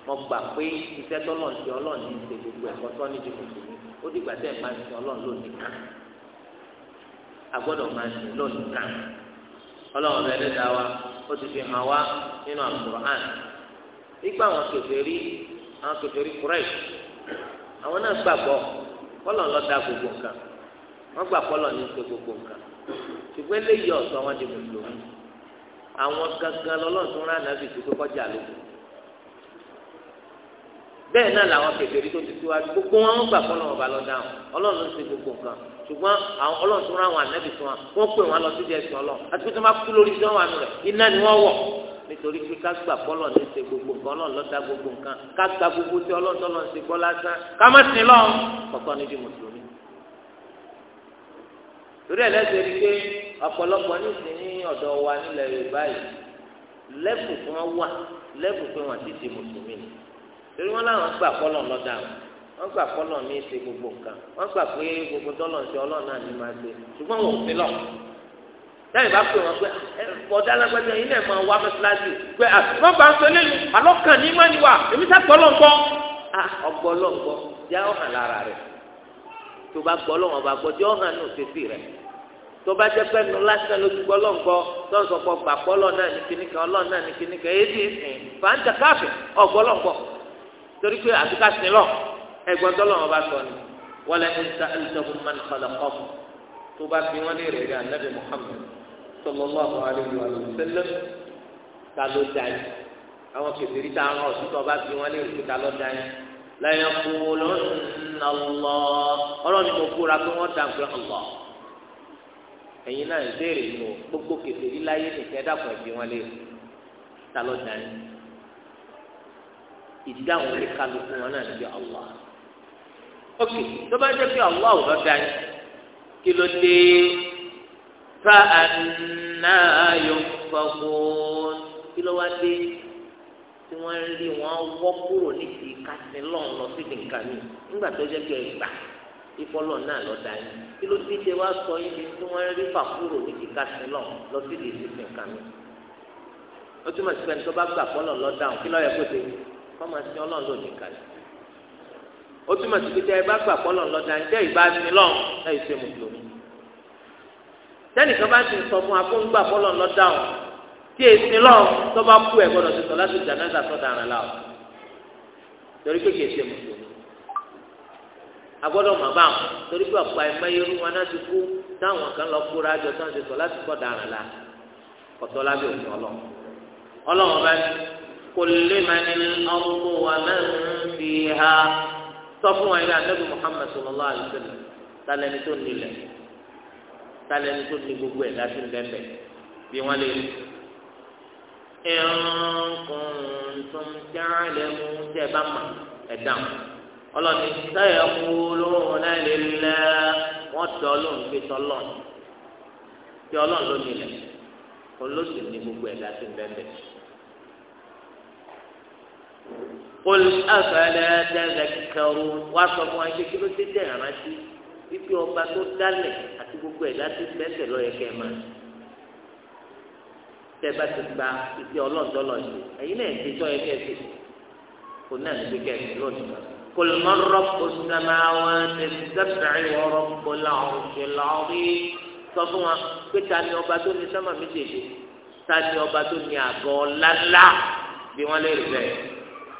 mo gbà pé iṣẹ́ tọ́lọ̀ ti ọlọ́ọ̀dà ní ṣe gbogbo ẹ̀kọ́tọ́ níbi mùsùlùmí ó dìgbà tẹ̀ máa ń sin ọlọ́ọ̀dà lónìí kan agbọ́dọ̀ máa ń lò nìkan ọlọ́run bẹ́ẹ̀ lẹ́dá wa ó ti fi hàn wá nínú àkùrán nígbà àwọn kèfèrí àwọn kèfèrí kúrẹ́ẹ̀sì àwọn náà gbàgbọ́ kọ́lọ̀ ló dá gbogbo nǹkan wọ́n gbà kọ́lọ̀ ní ṣe gbogbo nǹkan ṣùgbọ́n eléyìí ọ̀sọ́ wọn di mùsùlùmí àwọn gangan lọ́lọ́sùn rán nàbì tó kọ́kọ́ jà lóko bẹ́ẹ̀ náà làwọn kèfèrí tó ti tiwájú gbogbo wọn gbà kọ́lọ̀ ọba ló dá wọn ọlọ́run ló ṣe gbogbo nǹkan ṣùgbọ́n àwọn ọlọ́run tó ráwọn ànábì fún wa wọ́n pè wọ́n lọ síbi ẹ̀sìn ọlọ́run àti pé tó máa kú lórí iṣẹ́ wà nù rẹ̀ iná ni wọ́n wọ̀ nítorí pé ká gbà pọ́ lọ́ọ̀ ní ṣe gbogbo nǹkan ọlọ́run ló dá gbogbo nǹkan ká gba gbogbo tí ọlọ́run tọ́lọ́ ṣe gbọ́ lásán ká má sin lọ́run kọ̀ọ̀kan níbi mùsùlùmí. torí ẹ̀ lẹ́sẹ̀ rí pé ọ̀pọ̀lọpọ̀ nísìn ní ọ̀dọ̀ wa nílẹ̀ Yorùbá yìí lẹ́bù tí wọ́n wà lẹ́bù pé wọ́n ti di mùsùlùmí ni torí wọ́n láwọn gbà pọ́ lọ́ọ̀ lọ́dà wọn wọ́n gbà kọ́lọ̀ ní ṣe gbogbo nǹkan wọ́n gbà pé gbogbo tọ́lọ̀ ṣe ọlọ́ọ̀ náà ní máa ṣe ṣùgbọ́n wọn ò fi lọ. lẹ́yìn bá pè wọ́n pé ọ̀dà alágbẹ́jọ yìí náà máa wá mẹ́sàlájú pé wọ́n bá ń sọ lẹ́nu alọ́kàn ní má níwà èmi sá gbọ́lọ̀ ńkọ́. ọgbọ́lọ̀ ńkọ́ já ọ̀hàn lára rẹ̀ tó bá gbọ́lọ̀ wọn bá gbọ́ jẹ́ ọ̀hàn náà ṣe sí rẹ̀ tó bá jẹ́ pẹ́ nu lásán ló ti gbọ́lọ̀ ńkọ́ tó ń sọ pé gbà kọ́lọ̀ náà ní kíníkan ọlọ́ọ̀ náà ní kíníkan èyí sì ń fà ń jà káàfin torí pé àbíká sin lọ́ọ̀ ẹgbọn tọlọ wọn bá sọ ni wọlé ẹnta ẹnìtọkùn máa ń kọlọ kọfù tó bá fi wọn léèrè rẹ anabi muhammed sallallahu alaihi wa sallam ta ló dá yìí àwọn kẹfìrí tá a rán ọtún tó bá fi wọn léèrè pé ta ló dá yìí lẹ́yìn kúló ń ọlọ́run ni mo kúra pé wọn dà ń pẹ ẹ̀yin náà ń béèrè nù gbogbo kẹfìrí láyé nìkẹ́ dàpọ̀ ẹ̀bí ok tó bá jẹ́ pé àwọn àwòrán ga yín kí ló dé fa àná yunfakun kí ló wá dé tí wọ́n rí wọn wọ́ kúrò nídìí kásìn lọ́n lọ sí nìkan mi nígbà tó jẹ́ pé ẹgbà ìfọlọ́ náà lọ da yín kí ló dé tẹ wá sọ yín ni tí wọ́n rí fà kúrò nídìí kásìn lọ́n lọ sí nìkan nìkan ó túmọ̀ sí pé ẹni tó bá gbà fọlọ́ lọ́dà kí lọ́ọ́ yẹ kó ṣe kọ́ máa ṣe ọlọ́run lónìí ó túmọ̀ sí pé tẹ́ ẹ bá gbà pọ́lọ̀ lọ́dà ń tẹ́ ìbá ní lọ́n ẹ̀ ṣe mùsùlùmí. tẹ́nìkan bá ti sọ fún akó ń gbà pọ́lọ̀ lọ́dà ọ̀ tí èsì lọ́n tó bá kú ẹ̀ gbọ́dọ̀ ti sọ láti jánásà sọ dàrán la ọ̀ torí pé kì í ṣe mùsùlùmí. agbọ́dọ̀ mọ̀ bá wọn torí pé ọ̀pá ẹ̀ mẹ́yẹrú wọn náà ti kú táwọn kan lọ kóra jọ tó ń ti sọ láti sọ dàrán la ọ̀tọ́ lábẹ́ òfin ọlọ́run ọlọ́run bá kò lè máa ní ọmọ wa mẹ́rin fi sọ fún wa ilé anabi muhammed sallallahu alayhi wa sallam talẹni tó nílẹ̀ talẹni tó ní gbogbo ẹ láti bẹbẹ bí wọn lè rí. ìrànkùn tó ń jáde mú tẹ bá mà ẹ dáhùn ọlọ́ni sẹ́yẹ̀ kú lóhùn náà lè wọ́n tọ́ lóhùn fi tọ́lọ́ọ̀nù tí ọlọ́ọ̀nù ló nílẹ̀ olóṣèlú ní gbogbo ẹ̀ láti bẹ́ẹ̀ bẹ́ẹ̀ qul afala tadhakkarun wá sọ fún wa ṣe kí ló ti dẹ̀ rántí wípé ọba tó dálẹ̀ àti gbogbo ẹ̀ láti bẹ́sẹ̀ lọ́yẹ̀ kẹ́ máa tẹ́ bá ti gba ìdí ọlọ́ọ̀dọ́lọ́ yìí ẹ̀yin náà ti tọ́ ẹgbẹ́ sí kò náà ní kíkẹ́ ẹ̀ lónìí قل من رب السماوات السبع ورب العرش العظيم sọ fún wa pé ta ni ọba tó ní sánmà méjèèjì ta ni ọba tó ní àgọ́ ńláńlá bí wọ́n lè rí bẹ́ẹ̀.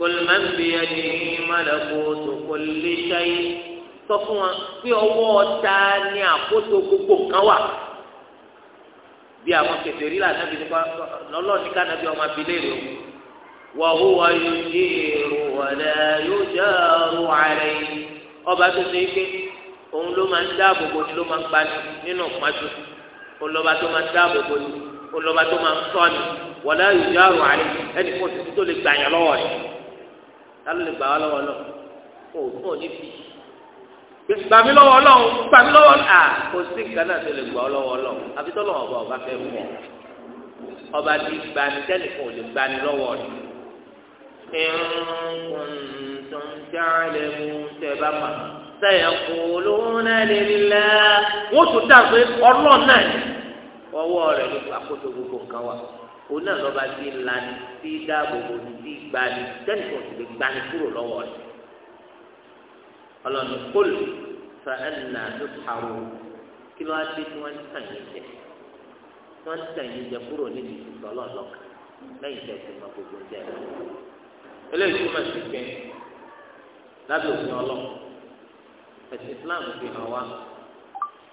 قل من بيده ملكوت كل شيء sọ fún wa pé ọwọ́ ta ni àkóso gbogbo nǹkan wà bí àwọn kẹfẹ́rí là nàbí nípa lọ́lọ́ọ̀ni ká nàbí ọmọ abilé rẹ̀ o wa huwa yujiru wa la yujaru alayhi ọba tó ṣe é pé òun ló máa ń dáàbò bo ni ló máa ń pani nínú pàtó olọba tó máa ń dáàbò bo ni olọba tó máa ń sọ ni wa la yujaru alayhi ẹnì kan tuntun tó lè gbàyàn lọ́wọ́ rẹ̀ lálẹ́ lè gbà wá lọ́wọ́ lọ kó o fún òní fi gbà mí lọ́wọ́ lọ́wọ́ gbà mí lọ́wọ́ à kò sí nǹkan náà tó lè gbà ọ́ lọ́wọ́ lọ́wọ́ lọ́wọ́ ọba ọba fẹ́ fún ọba ti gbani tẹ́lifù ò lè gbani lọ́wọ́ rẹ̀ irun tó ń jáde mú tẹ́ bá ma sẹ́yìn kúló náà lè lílẹ̀ òun náà lọ́ba tí ń lani tí ń dáàbò bò ní tí ń gbani tẹ́nìkan sì lè gbani kúrò lọ́wọ́ rẹ̀ ọlọ́ni kólù fa ẹ̀nà ló parọ́ kí ló wá dé tí wọ́n ń tàn yín jẹ wọ́n ń tàn yín jẹ kúrò níbi ìsọ̀ lọ́ọ̀lọ́kà lẹ́yìn tẹ̀ sí ma gbogbo jẹ rẹ̀ eléyìí túmọ̀ sí pé lábẹ́ òfin ọlọ́ ẹ̀sìn Islam fi hàn wá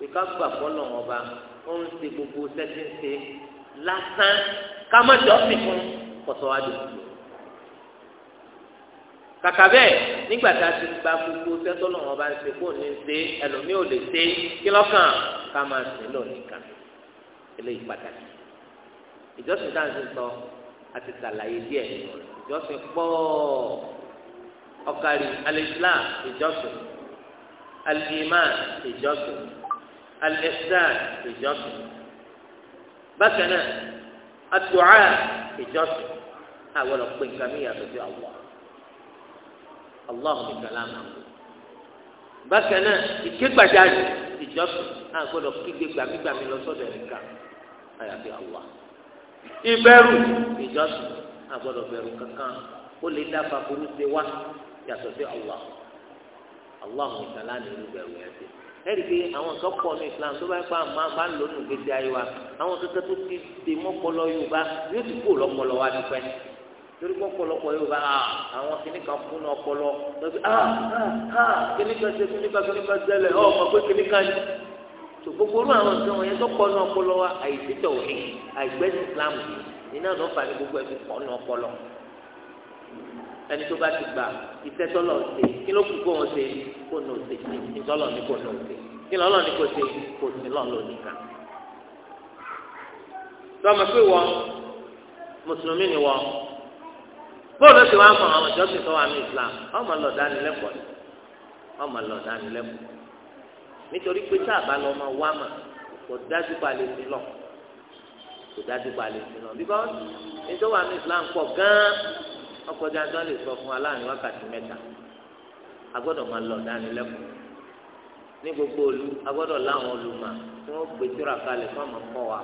ìka fọlọ́ ọba ó ń ṣe gbogbo sẹ́tíǹsì lásán kámọ́ jọ́sìn fún kọ̀sọ́ wa dùn jù kàkà bẹ́ẹ̀ nígbà tá a ti gba gbogbo sẹ́tọ́ náà wọn bá ń ṣe kó ní ṣe ẹlòmíì ò lè ṣe kí lọ́kàn ká máa sìn lọ nìkan eléyìí pàtàkì ìjọsìn tá à ń sìn sọ àti sàlàyé díẹ̀ ìjọsìn pọ̀ ọ̀kàrí alẹ́sílám ìjọsìn alìmán ìjọsìn alẹ́sílám ìjọsìn bákan náà àdúà ìjọsìn àwọn ọ̀pẹ nǹkan mi yàtọ̀ sí Allah Allah nìkan láàmú bákan náà ìkégbàjáde ìjọsìn àgbọ́dọ̀ kígbe gbàmígbàmí lọ sọ́dọ̀ ẹnìkan àyàfi Allah ìbẹ̀rù ìjọsìn àgbọ́dọ̀ bẹ̀rù kankan ó lè dábàá burú ṣe wá yàtọ̀ sí Allah Allah nìkan láàmú ìlú bẹ̀rù yẹn ti ẹ̀rí pé àwọn nǹkan pọ̀ ní Islam tó bá ń pa àmọ́ bá ń lò nù gbèsè ayé wa àwọn kankan tó ti dè mọ́pọlọ Yorùbá yóò ti kó lọ́pọlọ wa nípẹ́ torí pé ọ̀pọ̀lọpọ̀ Yorùbá àwọn kìnnì kan fún ní ọpọlọ lọ́sí kìnnì kan ṣe kìnnì kan kìnnì kan ṣẹlẹ̀ ọ̀ mọ̀ pé kìnnì kan ni tó gbogbo orú àwọn nǹkan wọ̀nyẹn tó pọ̀ ní ọpọlọ wa àìsítọ̀ òní àìgbẹ́sì Islam yìí iná ló fà ní gbogbo ẹ̀sìn ẹni tó bá ti gbà iṣẹ́ tọ́lọ̀ ṣe kí ló kù kó wọn ṣe kó nà ṣe ìtọ́lọ̀ ní kò nà ṣe kí lọ́lọ́ ní kò ṣe kò sí lọ́lọ́ nìkan. lọ́mọ pé wọ́n mùsùlùmí ni wọ́n bóòlù ti wá ń fọ àwọn ìjọsìn tó wà ní Islam ọmọ lọ dánilẹ́kọ̀ọ́ ọmọ lọ dánilẹ́kọ̀ọ́ nítorí pé tá a bá lọ ọmọ wa mà kò dájú pa lè sí lọ kò dájú pa lè sí lọ bíkọ́ nítorí wà ní Islam pọ̀ gan-an ọkọjá tó lè sọ fún wa láàrin wákàtí mẹ́ta a gbọ́dọ̀ máa lọ dánilẹ́kọ̀ọ́ ní gbogbo olú a gbọ́dọ̀ láwọn olùmọ̀ tí wọ́n gbé tóra kalẹ̀ fún ọmọ kọ́ wa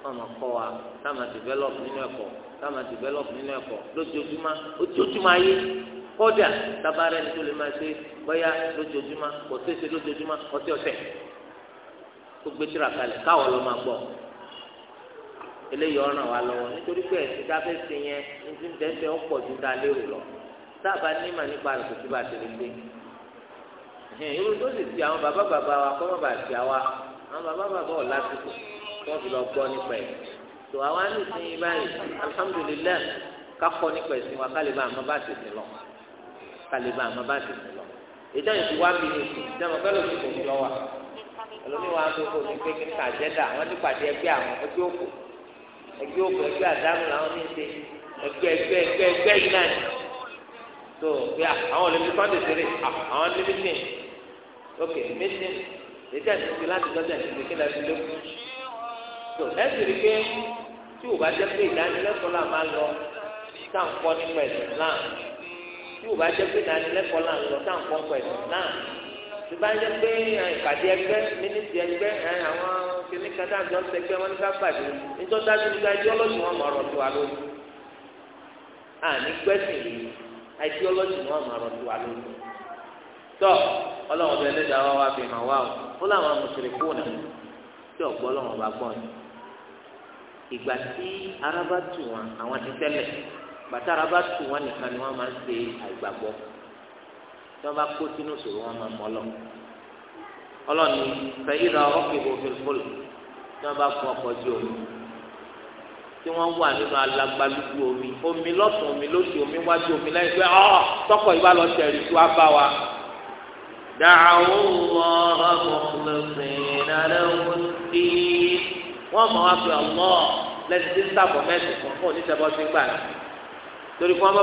fún ọmọ kọ́ wa táwọn develop nínú ẹ̀kọ́ táwọn develop nínú ẹ̀kọ́ lójoojúmọ́ ojoojúmọ́ ayé kódà tabarẹ ní tó lè máa ṣe bóyá lójoojúmọ́ kò ṣeéṣe lójoojúmọ́ ọ̀sẹ̀ ọ̀sẹ̀ tó gbé tóra kalẹ̀ káwọn lọ máa gbọ́ eléyìí ọ̀ràn wa lọ́wọ́ nítorí pé ẹ̀sìn dáfẹ́ sí yẹn ní ti ń tẹ́tẹ́ ọ̀pọ̀ ju ta lérò lọ sábà nímọ̀ nípa rẹ̀ kò sí bá tẹ̀lé gbé irun tó sì ti àwọn bàbá bàbá wa kọ́ bàbá àti àwa àwọn bàbá bàbá ọ̀ lásìkò tó fi lọ gbọ́ nípa ẹ̀ tó àwa ní ìsinyìí báyìí alhamdulilayi kakọ́ nípa ẹ̀sìn wa kálíbà àmọ́ bá ti sìn lọ kálíbà àmọ́ bá ti sìn lọ ìjọ yìí ti wá bí ní ìsìn ìjọba kálọ̀ ní kò ń lọ wa ẹlòmíwàá tó kò ní pé kí ní kàjẹ́dà wọ́n ní pàdé ẹgbẹ́ àwọn ẹgbẹ́ òkú ẹgbẹ́ òkú ẹgbẹ́ àdánù làwọn ní ṣe ẹgbẹ́ ẹgbẹ́ ẹgbẹ́ ẹgbẹ́ yìí náà ni tó pé àwọn olùdókòwò sunday tẹ̀lé àwọn ní mítìn ok mítìn ètò ẹ̀sìn ti láti gbọ́dọ̀ ẹ̀sìn ti kílẹ̀ ẹ̀sìn lókun tó ẹ̀sìn rí pé tí ò bá jẹ́ pé ìdánilẹ́kọ̀ọ́ là máa lọ sáǹkọ́ nípa ẹ̀sìn náà tí ò bá jẹ́ pé ìdánilẹ́kọ̀ọ́ là ń lọ sáǹkọ́ nípa ẹ̀sìn náà tí bá jẹ́ pé ìpàdé ẹgbẹ́ mínísítì ẹgbẹ́ àwọn kìnnì kan dájọ́ sẹ́gbẹ́ wọn ní ká pàdé nítorí dájú nípa ideology wọn máa rọ̀tù wa lónìí àní gbẹ́sìn yìí ideology wọn máa rọ̀tù wa lónìí tọ́ ọlọ́run bẹ lẹ́dàá wá wá fi hàn wá o fún làwọn mùsùlùmí kùnà tí ọ̀gbọ́ ọlọ́run bá gbọ́ ni ìgbà tí ara bá tù wọn àwọn ti tẹ́lẹ̀ bàtà ara bá tù wọn nìkan ni wọ́n máa ń ṣe àìgbàgbọ́ tí wọ́n bá kó sínú ìṣòro wọn máa mọ́ ọlọ́run ọlọ́ni fẹ̀yìrà ọ̀kìbò fìlfòlù tí wọ́n bá fún ọkọ̀ ojú omi tí wọ́n wà nínú alagbalúgbú omi omi lọ́sùn omi lóṣù omi wájú omi lẹ́yìn pé ọ́ tọkọ̀ ìbá lọ tẹ̀rí tí wọ́n bá wa. dàwọn wọ́n mọ̀ wá pé ọlọ́ọ̀ lẹ́ni tí ń sàbọ̀ mẹ́sìn fún fún oníṣẹ́bọ́ sí gbà torí fún ọ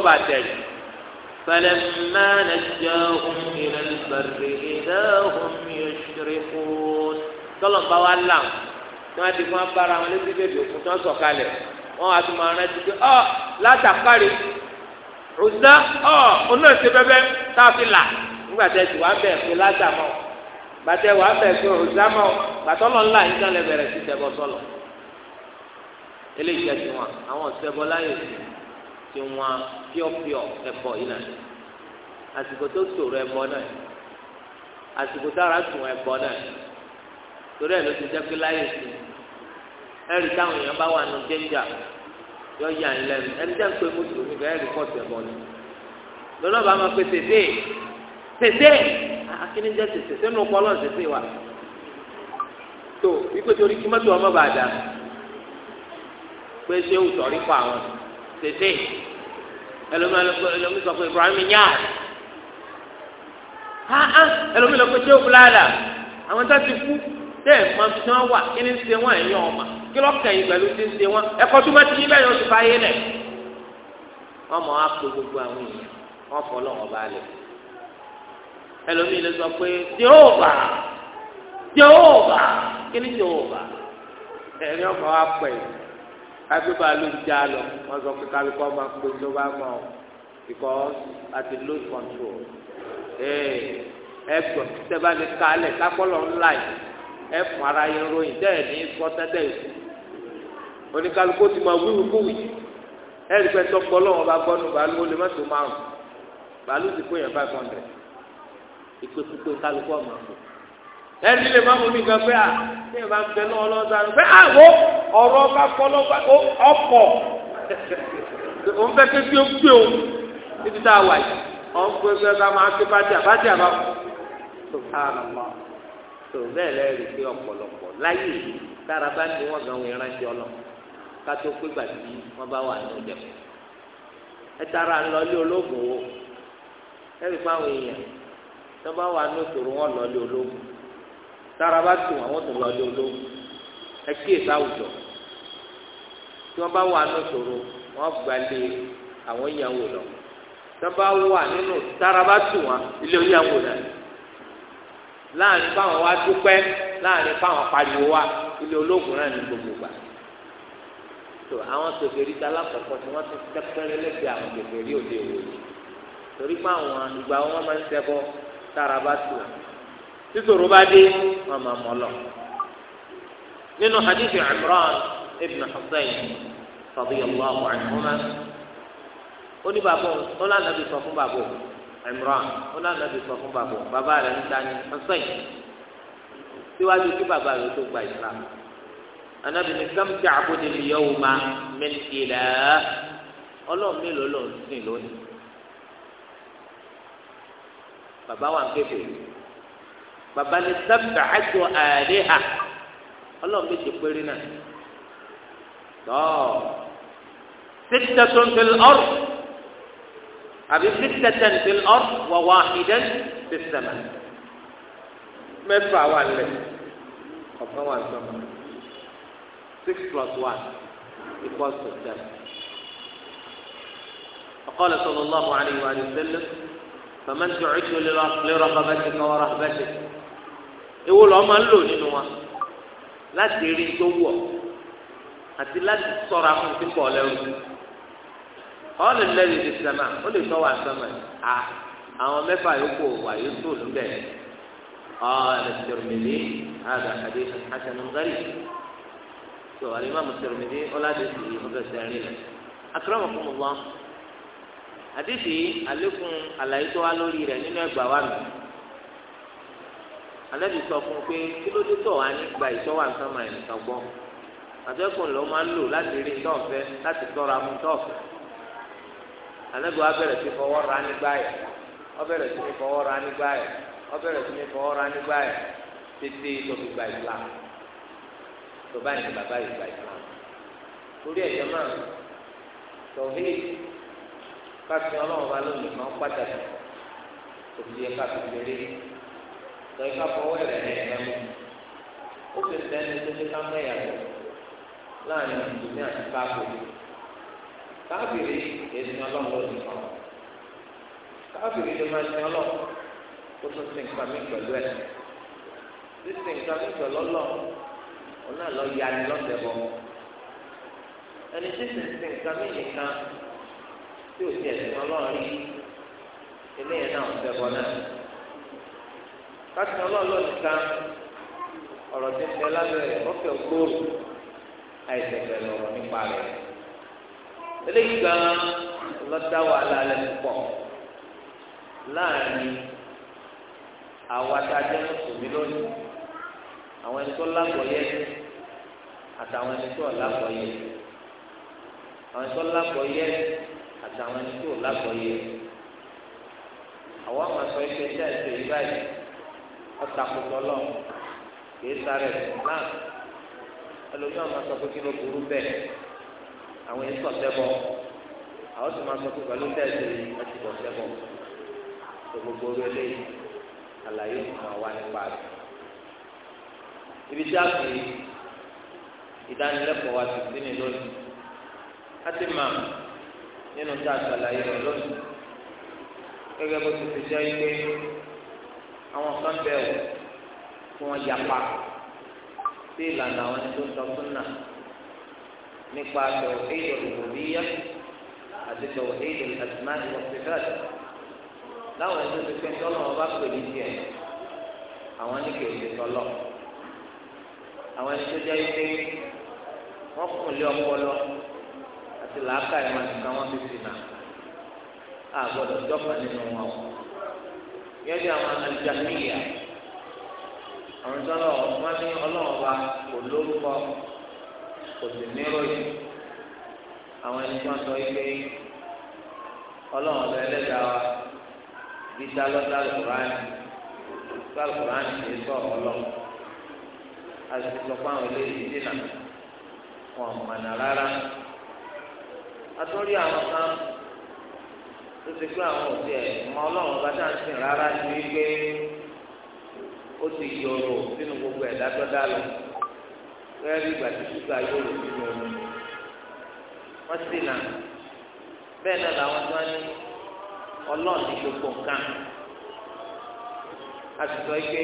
فلما نجاهم إلى البر إذا هم يشركون tọlọ ń bá wa là ń tí wọn ti fún abára wọn létí bèbè òkun tí wọn sọ kalẹ̀ wọn wá tún máa rántí pé ọ látàkárí ọ̀sá ọ onáṣẹ bẹbẹ tá a fi là nígbà tẹ ti wá bẹ pé látàmọ gbàtẹ wá bẹ pé ọ̀sá mọ gbàtọlọ ńlá yìí kan lè bẹ̀rẹ̀ sí tẹbọ sọlọ eléyìí jẹ tiwọn àwọn ọsẹbọ láyé sí i àti wọn píọpíọ ẹbọ yìí náà àsìkò tó ṣòro ẹbọ náà àsìkò tára sùn ẹbọ náà torí ẹ ló ti jẹ pé láyé sí ẹ̀rí táwọn èèyàn bá wà nù jẹjà yọ yà ń lẹ́nu ẹni tẹ́ ń pè mùsùlùmí bẹ́ẹ̀ rí pọ̀tù ẹbọ ni lọ́nà bá máa pe tètè tètè akíní ah, jẹ tètè sínú ọpọlọ tètè wa tó wípé torí kí mọ́tò ọmọ bàdà pé ṣé òtọ̀ rí pa àwọn tètè ẹlòmí sọ pé Ibrahim Niass ha ha ẹlòmí lọ pé tí o fúlá dà àwọn tá ti kú tẹ ẹ mọ tí wọn wà kí ni ń ṣe wọn ẹyìn ọmọ kí lọ kẹyìn pẹ̀lú tí ń ṣe wọn ẹ̀kọ́ tó bá ti yí bẹ́ẹ̀ yóò ti bá yé lẹ wọn mọ àpò gbogbo àwọn èèyàn wọn fọ lọ́wọ́ bá lẹ ẹlòmí lọ sọ pé Jehova Jehova kí ni Jehova ẹni ọkọ wa pẹ agbébá ló ń já lọ wọn sọ pé kálukọ máa ń pè tó bá mọ ọ because àti lose control ẹgbọ tẹbá ní kálẹ kápọlọ ńlá yìí ẹ fún ara yẹn ròyìn dẹ ní kọtẹdẹ ìkú oníkálukó ti máa wíwú kúwì ẹ rí pẹ tọpọ lọ́wọ́ bá gbọnu bàálù ó lè má tó márùn bàálù ti kó yẹn five hundred ìpèkúpè kálukọ máa ń ẹni lè má mú mi gbà pé à ṣé ìbá ń bẹ lọ́wọ́ lọ́wọ́ sáré pé àwọ̀ ah, ọ̀rọ̀ ọba kọ́lọ́ ọkọ̀ òun fẹ́ ké gbé gbé o níbi tá a wà yìí ọ̀n gbé gbé ká máa ké bá díà bá díà bá kù tó sára mọ́ tó bẹ́ẹ̀ lẹ́rìí pé ọ̀pọ̀lọpọ̀ láyé tára bá ní wọ́n gan wọn rántí ọlọ́ ká tó pé gbà tí wọ́n bá wà ní ẹ tara ń lọ ilé ológun wo ẹ rí fáwọn èèyàn tó bá wà ní òṣòro wọn lọ ilé ológun tára bá tù àwọn tó lọ lé olówó ẹ kíyèsí àwùjọ tí wọn bá wà ní ìṣòro wọn gbalé àwọn ìyàwó lọ tí wọn bá wà nínú tára bá tù wọn ilé ìyàwó náà láàrin fáwọn wá dúpẹ́ láàrin fáwọn pariwo wá ilé ológun náà ní gbogbo gbà tó àwọn sòfèrí ta lákọ̀ọ́kọ́ tí wọ́n ti tẹ́pẹ́rẹ́ lẹ́sẹ̀ àwọn sòfèrí òde òwò torí pé ìgbà wọn máa ń ṣẹbọ tára bá tù wọn sísòro bá dé wọn máa mọ lọ nínú hadithi Imran ibn Husayn radiyallahu anhuma ó ní bàbá ó lànà bí sọ fún bàbá Imran ó lànà bí sọ fún bàbá bàbá rẹ̀ ń dání Husayn síwájú kí bàbá rẹ̀ tó gba Islam anabi ní kam ta'budu al-yawma min ilah ọlọ́run mélòó ló ń sìn lónìí bàbá wa ń pépè bàbá ní sábà àjọ àlẹ́ hà ọlọ́run bí méje péré náà tọ́ sítẹ̀ tó ń tẹ̀lé ọ̀rọ̀ àbí sítẹ̀ tẹ̀ ń tẹ̀lé ọ̀rọ̀ wà wà ìdẹ́ ti sẹ̀mà mẹ́fà wà lẹ̀ ọ̀kan wà sọ̀mà six plus one equals to seven. فقال صلى الله عليه وآله وسلم فمن تعد لرغبتك ورهبتك èwo lọ máa ń lò nínú wa láti rí tó wọ àti láti ṣọ́ra fún ti pọ lẹrú ọlẹ lẹbi ti sẹmà ó lè tọwọ àsẹmà à àwọn mẹ́fà yòókù wà yóò tó ló bẹ ọlẹ tẹrìmìlì àgbà àdé àtẹnugẹlì tó alimami tẹrìmìlì ọlọdẹ sì ọgẹsẹ rìn lẹ akérèmọkùnmọ àdéhìí alẹkùn àlàyé tó wá lórí rẹ nínú ẹgbàá wa mi alẹ́bi sọ fún un pé kí ló dé tọ̀ wá nígbà ìṣọ́wà nǹkan máa nìkan gbọ́ àtẹ́kùn ló máa ń lò láti rí tọ́ọ̀fẹ́ láti tọ́ra mú tọ́ọ̀fẹ́ alẹ́bi wa bẹ̀rẹ̀ sí fọwọ́ ra nígbà yẹn ọ bẹ̀rẹ̀ sí fọwọ́ ra nígbà yẹn ọ bẹ̀rẹ̀ sí fọwọ́ ra nígbà yẹn tètè tóbi gba ìlà tó báyìí ni bàbá yìí gba ìlà torí ẹ̀jẹ̀ máa tọ̀hí káfíń ọlọ́run lọ ìka fọwọ́ ẹ̀rẹ̀ ẹ̀ lẹ́nu ó fi sẹ́ni tó fi kámẹ́ yàtọ̀ láàrin ìdùnnú àti káàbìrì káàbìrì èsì ọlọ́run ló ti kàn káàbìrì ló máa ti ọlọ́run tó tún sí nǹkan mi pẹ̀lú ẹ̀ sísè nǹkan mi pẹ̀lú ọlọ́run òun náà lọ ya ni lọ́sẹ̀ bọ̀ ẹni tí sísè nǹkan mi nìkan tí ò ti ẹ̀sìn ọlọ́run rí eléyìí náà ń fẹ́ bọ́ náà káṣí ọlọ́ọ̀lọ́ nìkan ọ̀rọ̀ tí ń tẹ lábẹ́ rẹ̀ ọ̀fẹ́ gbòòrò àìsẹ̀fẹ̀ lọ̀rọ̀ nípa rẹ̀ eléyìí gan lọ́dá wàhálà rẹ̀ púpọ̀ láàrin àwa tá a jẹ́ mùsùlùmí lónìí àwọn ẹni tó lágbọ̀ọ́yẹ àtàwọn ẹni tó lágbọ̀ọ́yẹ àwọn ẹni tó lágbọ̀ọ́yẹ àtàwọn ẹni tó lágbọ̀ọ́yẹ àwọn àmọ̀ sọ ẹgbẹ́ tí a ọ̀tàkùtọ̀ lọ kìí sáré náà ẹlòmíì ọmọ sọ pé kí ló burú bẹ́ẹ̀ àwọn yìí sọ sẹ́bọ̀ àwọn sì máa sọ pé pẹ̀lú tẹ̀sí ẹtì bọ̀ sẹ́bọ̀ tó gbogbo orí eléyìí àlàyé ìmọ̀ wa nípa rẹ̀ ibi tí a fi ìdánilẹ́kọ̀ọ́ wa ti sí ni lónìí a ti mà nínú tí a sàlàyé rẹ̀ lónìí gẹ́gẹ́ bó ti fi jẹ́ ike àwọn kan bẹ̀ wò tí wọ́n yapa sí ìlànà àwọn ẹni tó ń sọ súnà nípa tọ̀wọ̀ éèdè òwòbíyá àti tọ̀wọ̀ éèdè àtìmáàtì wọ́pẹ́tàdì láwọn ẹni tó ti pẹ́ tọ́lọ́ wọn bá pè ní tiẹ̀ àwọn ní kò ṣe tọ́lọ́ àwọn ẹni tó jẹ́ ike wọ́n kùn lé ọpọlọ àti làákàyè wọn àti káwọn fi sìn náà àgbọ̀dọ̀ jọ́pọ̀ nínú wọn yẹn ní àwọn alìjàmíyà àwọn sọlọ wọn ní ọlọ́run wa kò lórúkọ kò sì níròyìn àwọn ẹni tí wọn sọ yìí pé ọlọ́run ọbẹ ẹlẹ́dàá wa bí sálọdà lùkùránì lùkùránì kì í sọ ọlọ́run àti àwọn eléyìí dínà wọn mọ̀nà rárá atọ́rí àwọn kan. tó ti pé àwọn òsì ẹ̀ mọ ọlọ́run bá dáhùn sí rárá ju wípé ó ti yọrọ sínú gbogbo ẹ̀dá tó dá lọ bẹ́ẹ̀ ìgbà tí ṣúgà yóò lò sínú omi wọ́n sì nà bẹ́ẹ̀ náà làwọn tó ní ọlọ́run ní gbogbo nǹkan a sì sọ pé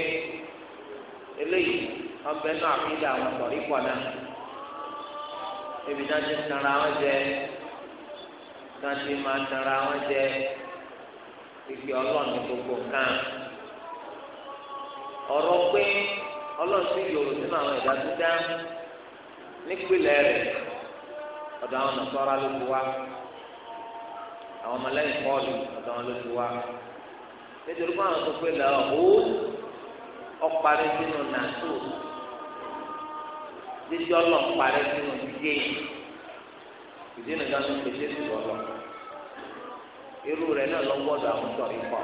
eléyìí ọbẹ̀ náà láti máa tara wọn jẹ ìgbé ọlọ́ọ̀ni gbogbo kan ọ̀rọ̀ pé ọlọ́ọ̀sì yòrò sínú àwọn ìdá dídá nípìnlẹ̀ rẹ̀ ọ̀dọ̀ àwọn nàṣọ́ra ló ti wá àwọn ọmọlẹ́yìn pọ́ọ̀lù ọ̀dọ̀ àwọn ló ti wá nítorí pé àwọn tó pé lọ ó ọ̀parí sínú nàṣó títí ọlọ́ọ̀parí sínú dídé yìí ìdí nìyá tó fi jésù lọ́lọ́ irú rẹ̀ náà lọ gbọ́dọ̀ àwọn sọ ikọ̀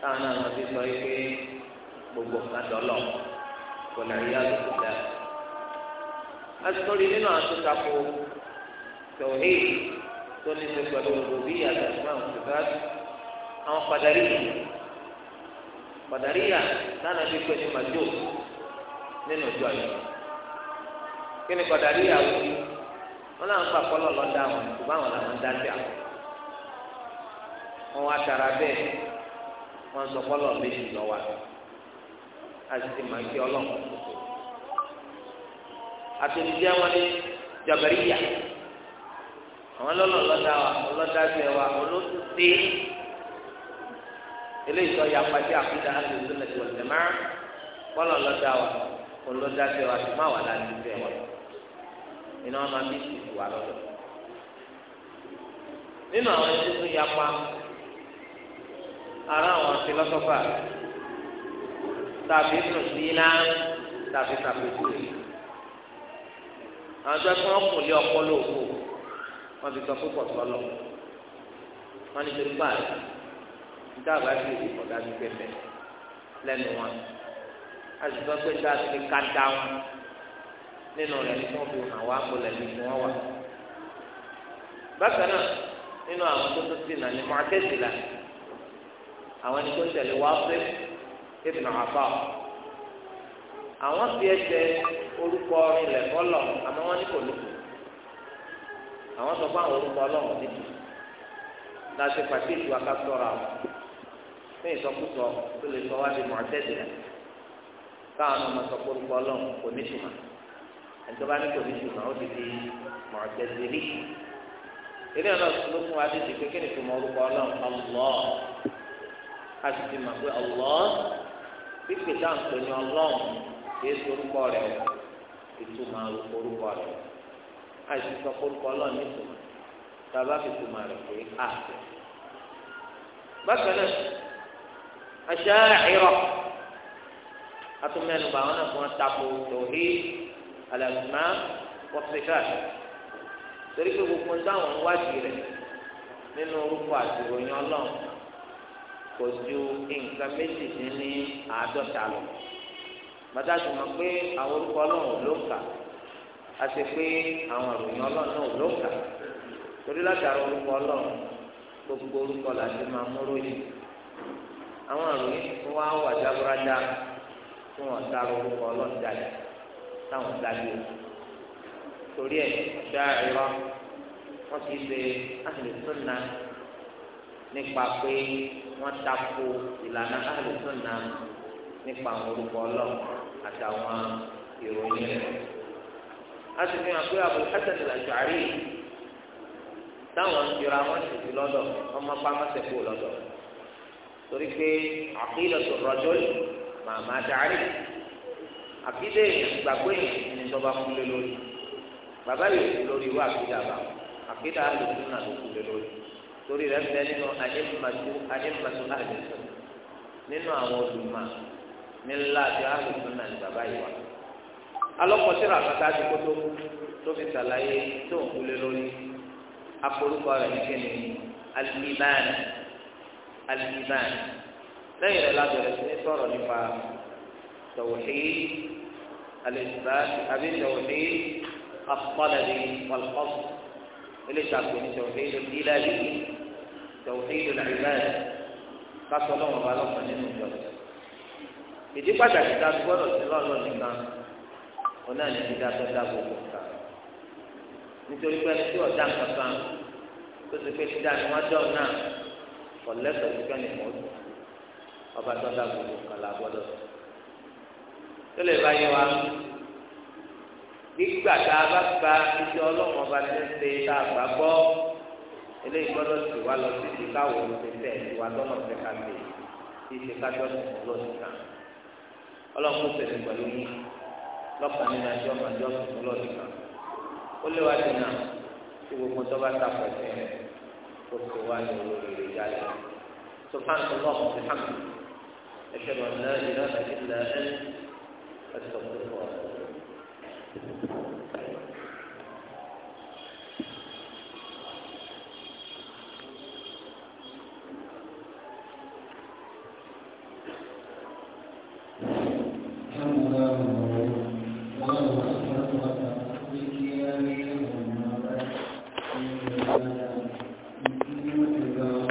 táwọn náà lọ sí sọ pé gbogbo nǹkan dọ́lọ̀ kò náà yá lóko dá asọ́rí nínú àtúntàkù tòhí tó ní ṣe pẹ̀lú òbí àtàkùnmá òṣìṣẹ́ àwọn padàrí padàrí yà lánàá bí pé ní màjò nínú ìjọ yìí kí ni padàrí yà wọ́n yìí. wọn làwọn gbà kọ́ lọ́lọ́ dá wọn kò bá wọn làwọn dá sí wọn wá tara bẹ́ẹ̀ wọn sọ kọ́ lọ́ọ̀ méjì lọ́wọ́ àti àti màá kí ọlọ́ọ̀ àtòlùjẹ́ wọn ní jabariya àwọn lọ́lọ́ lọ́dá wa wa olóòtú eléyìí sọ tí àkúdà àti lọ́dá wa olóòtú wa tó wà láti iná wọn máa bí ìsìnkú wa lọ́dọ̀ nínú àwọn ẹni tó yapa ara àwọn filosofa tàbí nùsílá tàbí tàbíkù àwọn tó ẹsẹ wọn kò lé ọpọlọ òkú wọn fi sọ púpọ̀ sọlọ wọn ní torí báyìí níta àgbà tí èdè kọ̀ọ̀dá ti pẹ́pẹ́ lẹ́nu wọn a sì sọ pé dáa ti ká dá wọn. nínú rẹ̀ ní wọn fi hàn wá kó lẹbi wọn wà bákan náà nínú àwọn tó tó la àwọn ẹni tó tẹ̀lé wá pé ibùdó àbá àwọn fi ẹsẹ̀ orúkọ ilẹ̀ fọlọ àmọ́ wọn ní kò lóko àwọn sọ fún àwọn orúkọ Ọlọ́run láti fún ìsọkúsọ tó lè sọ wá di la káwọn ẹnitọba ní tòbí ṣù náà ó ti di mọ̀ọ́tẹ́sílì ilé ọlọ́run ló fún wa dídì pé kí ni tó mọ orúkọ ọlọ́run ọlọ́ a sì ti mọ̀ pé ọlọ́ pípé dáǹtò ní ọlọ́run kì í sorúkọ rẹ̀ ìtumọ̀ orúkọ rẹ̀ a sì sọ orúkọ ọlọ́run nítumọ̀ tàbá fi tumọ̀ rẹ̀ pé a. bákan náà aṣááyìrọ̀ atúmẹ̀nùbà wọn náà fún wọn tako tòhí alàlùmá wọ́pẹ́ká torí pé gbogbo táwọn ń wádìí rẹ̀ nínú orúkọ àtìròyìn ọlọ́run kò ju nǹkan méjì dín ní àádọ́ta lọ bàtà tó mọ̀ pé àwọn orúkọ ọlọ́run ló kà á ti pé àwọn ìròyìn ọlọ́run náà ló kà torí látara orúkọ ọlọ́run gbogbo orúkọ làti máa mú ròyìn àwọn ìròyìn tó wá wà jábúrájá tó wọn sára orúkọ ọlọ́run jáde táwọn gbàgbé torí ẹ ṣá ẹ̀rọ wọn kì í ṣe ahlẹ̀ sunna nípa pé wọn tako ìlànà ahlẹ̀ sunna nípa àwọn orúkọ Ọlọ́run àtàwọn ìròyìn rẹ a sì fi hàn pé Abu Hasan al-Ash'ari táwọn ìjọra wọn sì fi lọ́dọ̀ ọmọ pàmòsẹ kú lọ́dọ̀ torí pé àkìlọ̀ tó rọjò màmá dàrí àkídé èèyàn gbàgbọ́ èèyàn ní tọ́ba kúlé lórí bàbá yóò kú lórí ìwé àkídé àbá àkídé àlùkù náà ló kúlé lórí torí rẹ̀ fẹ́ nínú ayémàtú ayémàtú àdìsọ nínú àwọn olùmọ̀ nílá àti àlùkù náà ní bàbá yìí wà. alọ́kọ̀síra àkàtà ti kótó tó fi sàlàyé tó ń kúlé lórí akórúkọ rẹ̀ nìkéni alìmíbáàni alìmíbáàni lẹ́yìn rẹ̀ lábẹ̀rẹ̀ sí ní sọ̀rọ̀ nípa. توحيد الإثبات أبي توحيد الطلب والقصد اللي تعطيني توحيد الإلهي توحيد العباد kásọ lọ́wọ́ bá lọ́kàn nínú ìjọ rẹ̀. ìdí pàtàkì tá a gbọ́dọ̀ sí lọ́lọ́ nìkan wọn náà ní ìdá tó dá gbogbo nǹkan. nítorí pé ẹni tí ọ̀dà nǹkan kan tó ti pé dídá ni wọ́n dọ̀ náà kọ̀ lẹ́sọ̀ọ́ sí kẹ́ni ọba tó dá gbogbo nǹkan la gbọ́dọ̀ sí tó lè bá yẹ wa gbígbà tá a bá gba ibi ọlọ́run ọba ti ń ṣe tá a gbà gbọ́ eléyìí gbọ́dọ̀ sì wá lọ sí ti káwọ́ òṣèṣẹ́ ìwà tọ́nà ọ̀sẹ̀ ká lè ti ṣe kájọ́ sọ̀rọ̀ lọ́sùn náà ọlọ́run ṣẹlẹ̀ pẹ̀lú yín lọ́kàn nínú ẹjọ́ ọmọdé ọ̀sùn lọ́sùn náà ó lé wá dènà tí gbogbo tó bá ta pẹ̀sẹ̀ rẹ̀ kó tó wá ní olóríire jálẹ̀ sọfáàtì ọlọ́run ti hàn ẹ̀ṣẹ̀ lọ́nà ìlànà ìlànà أستغفر الله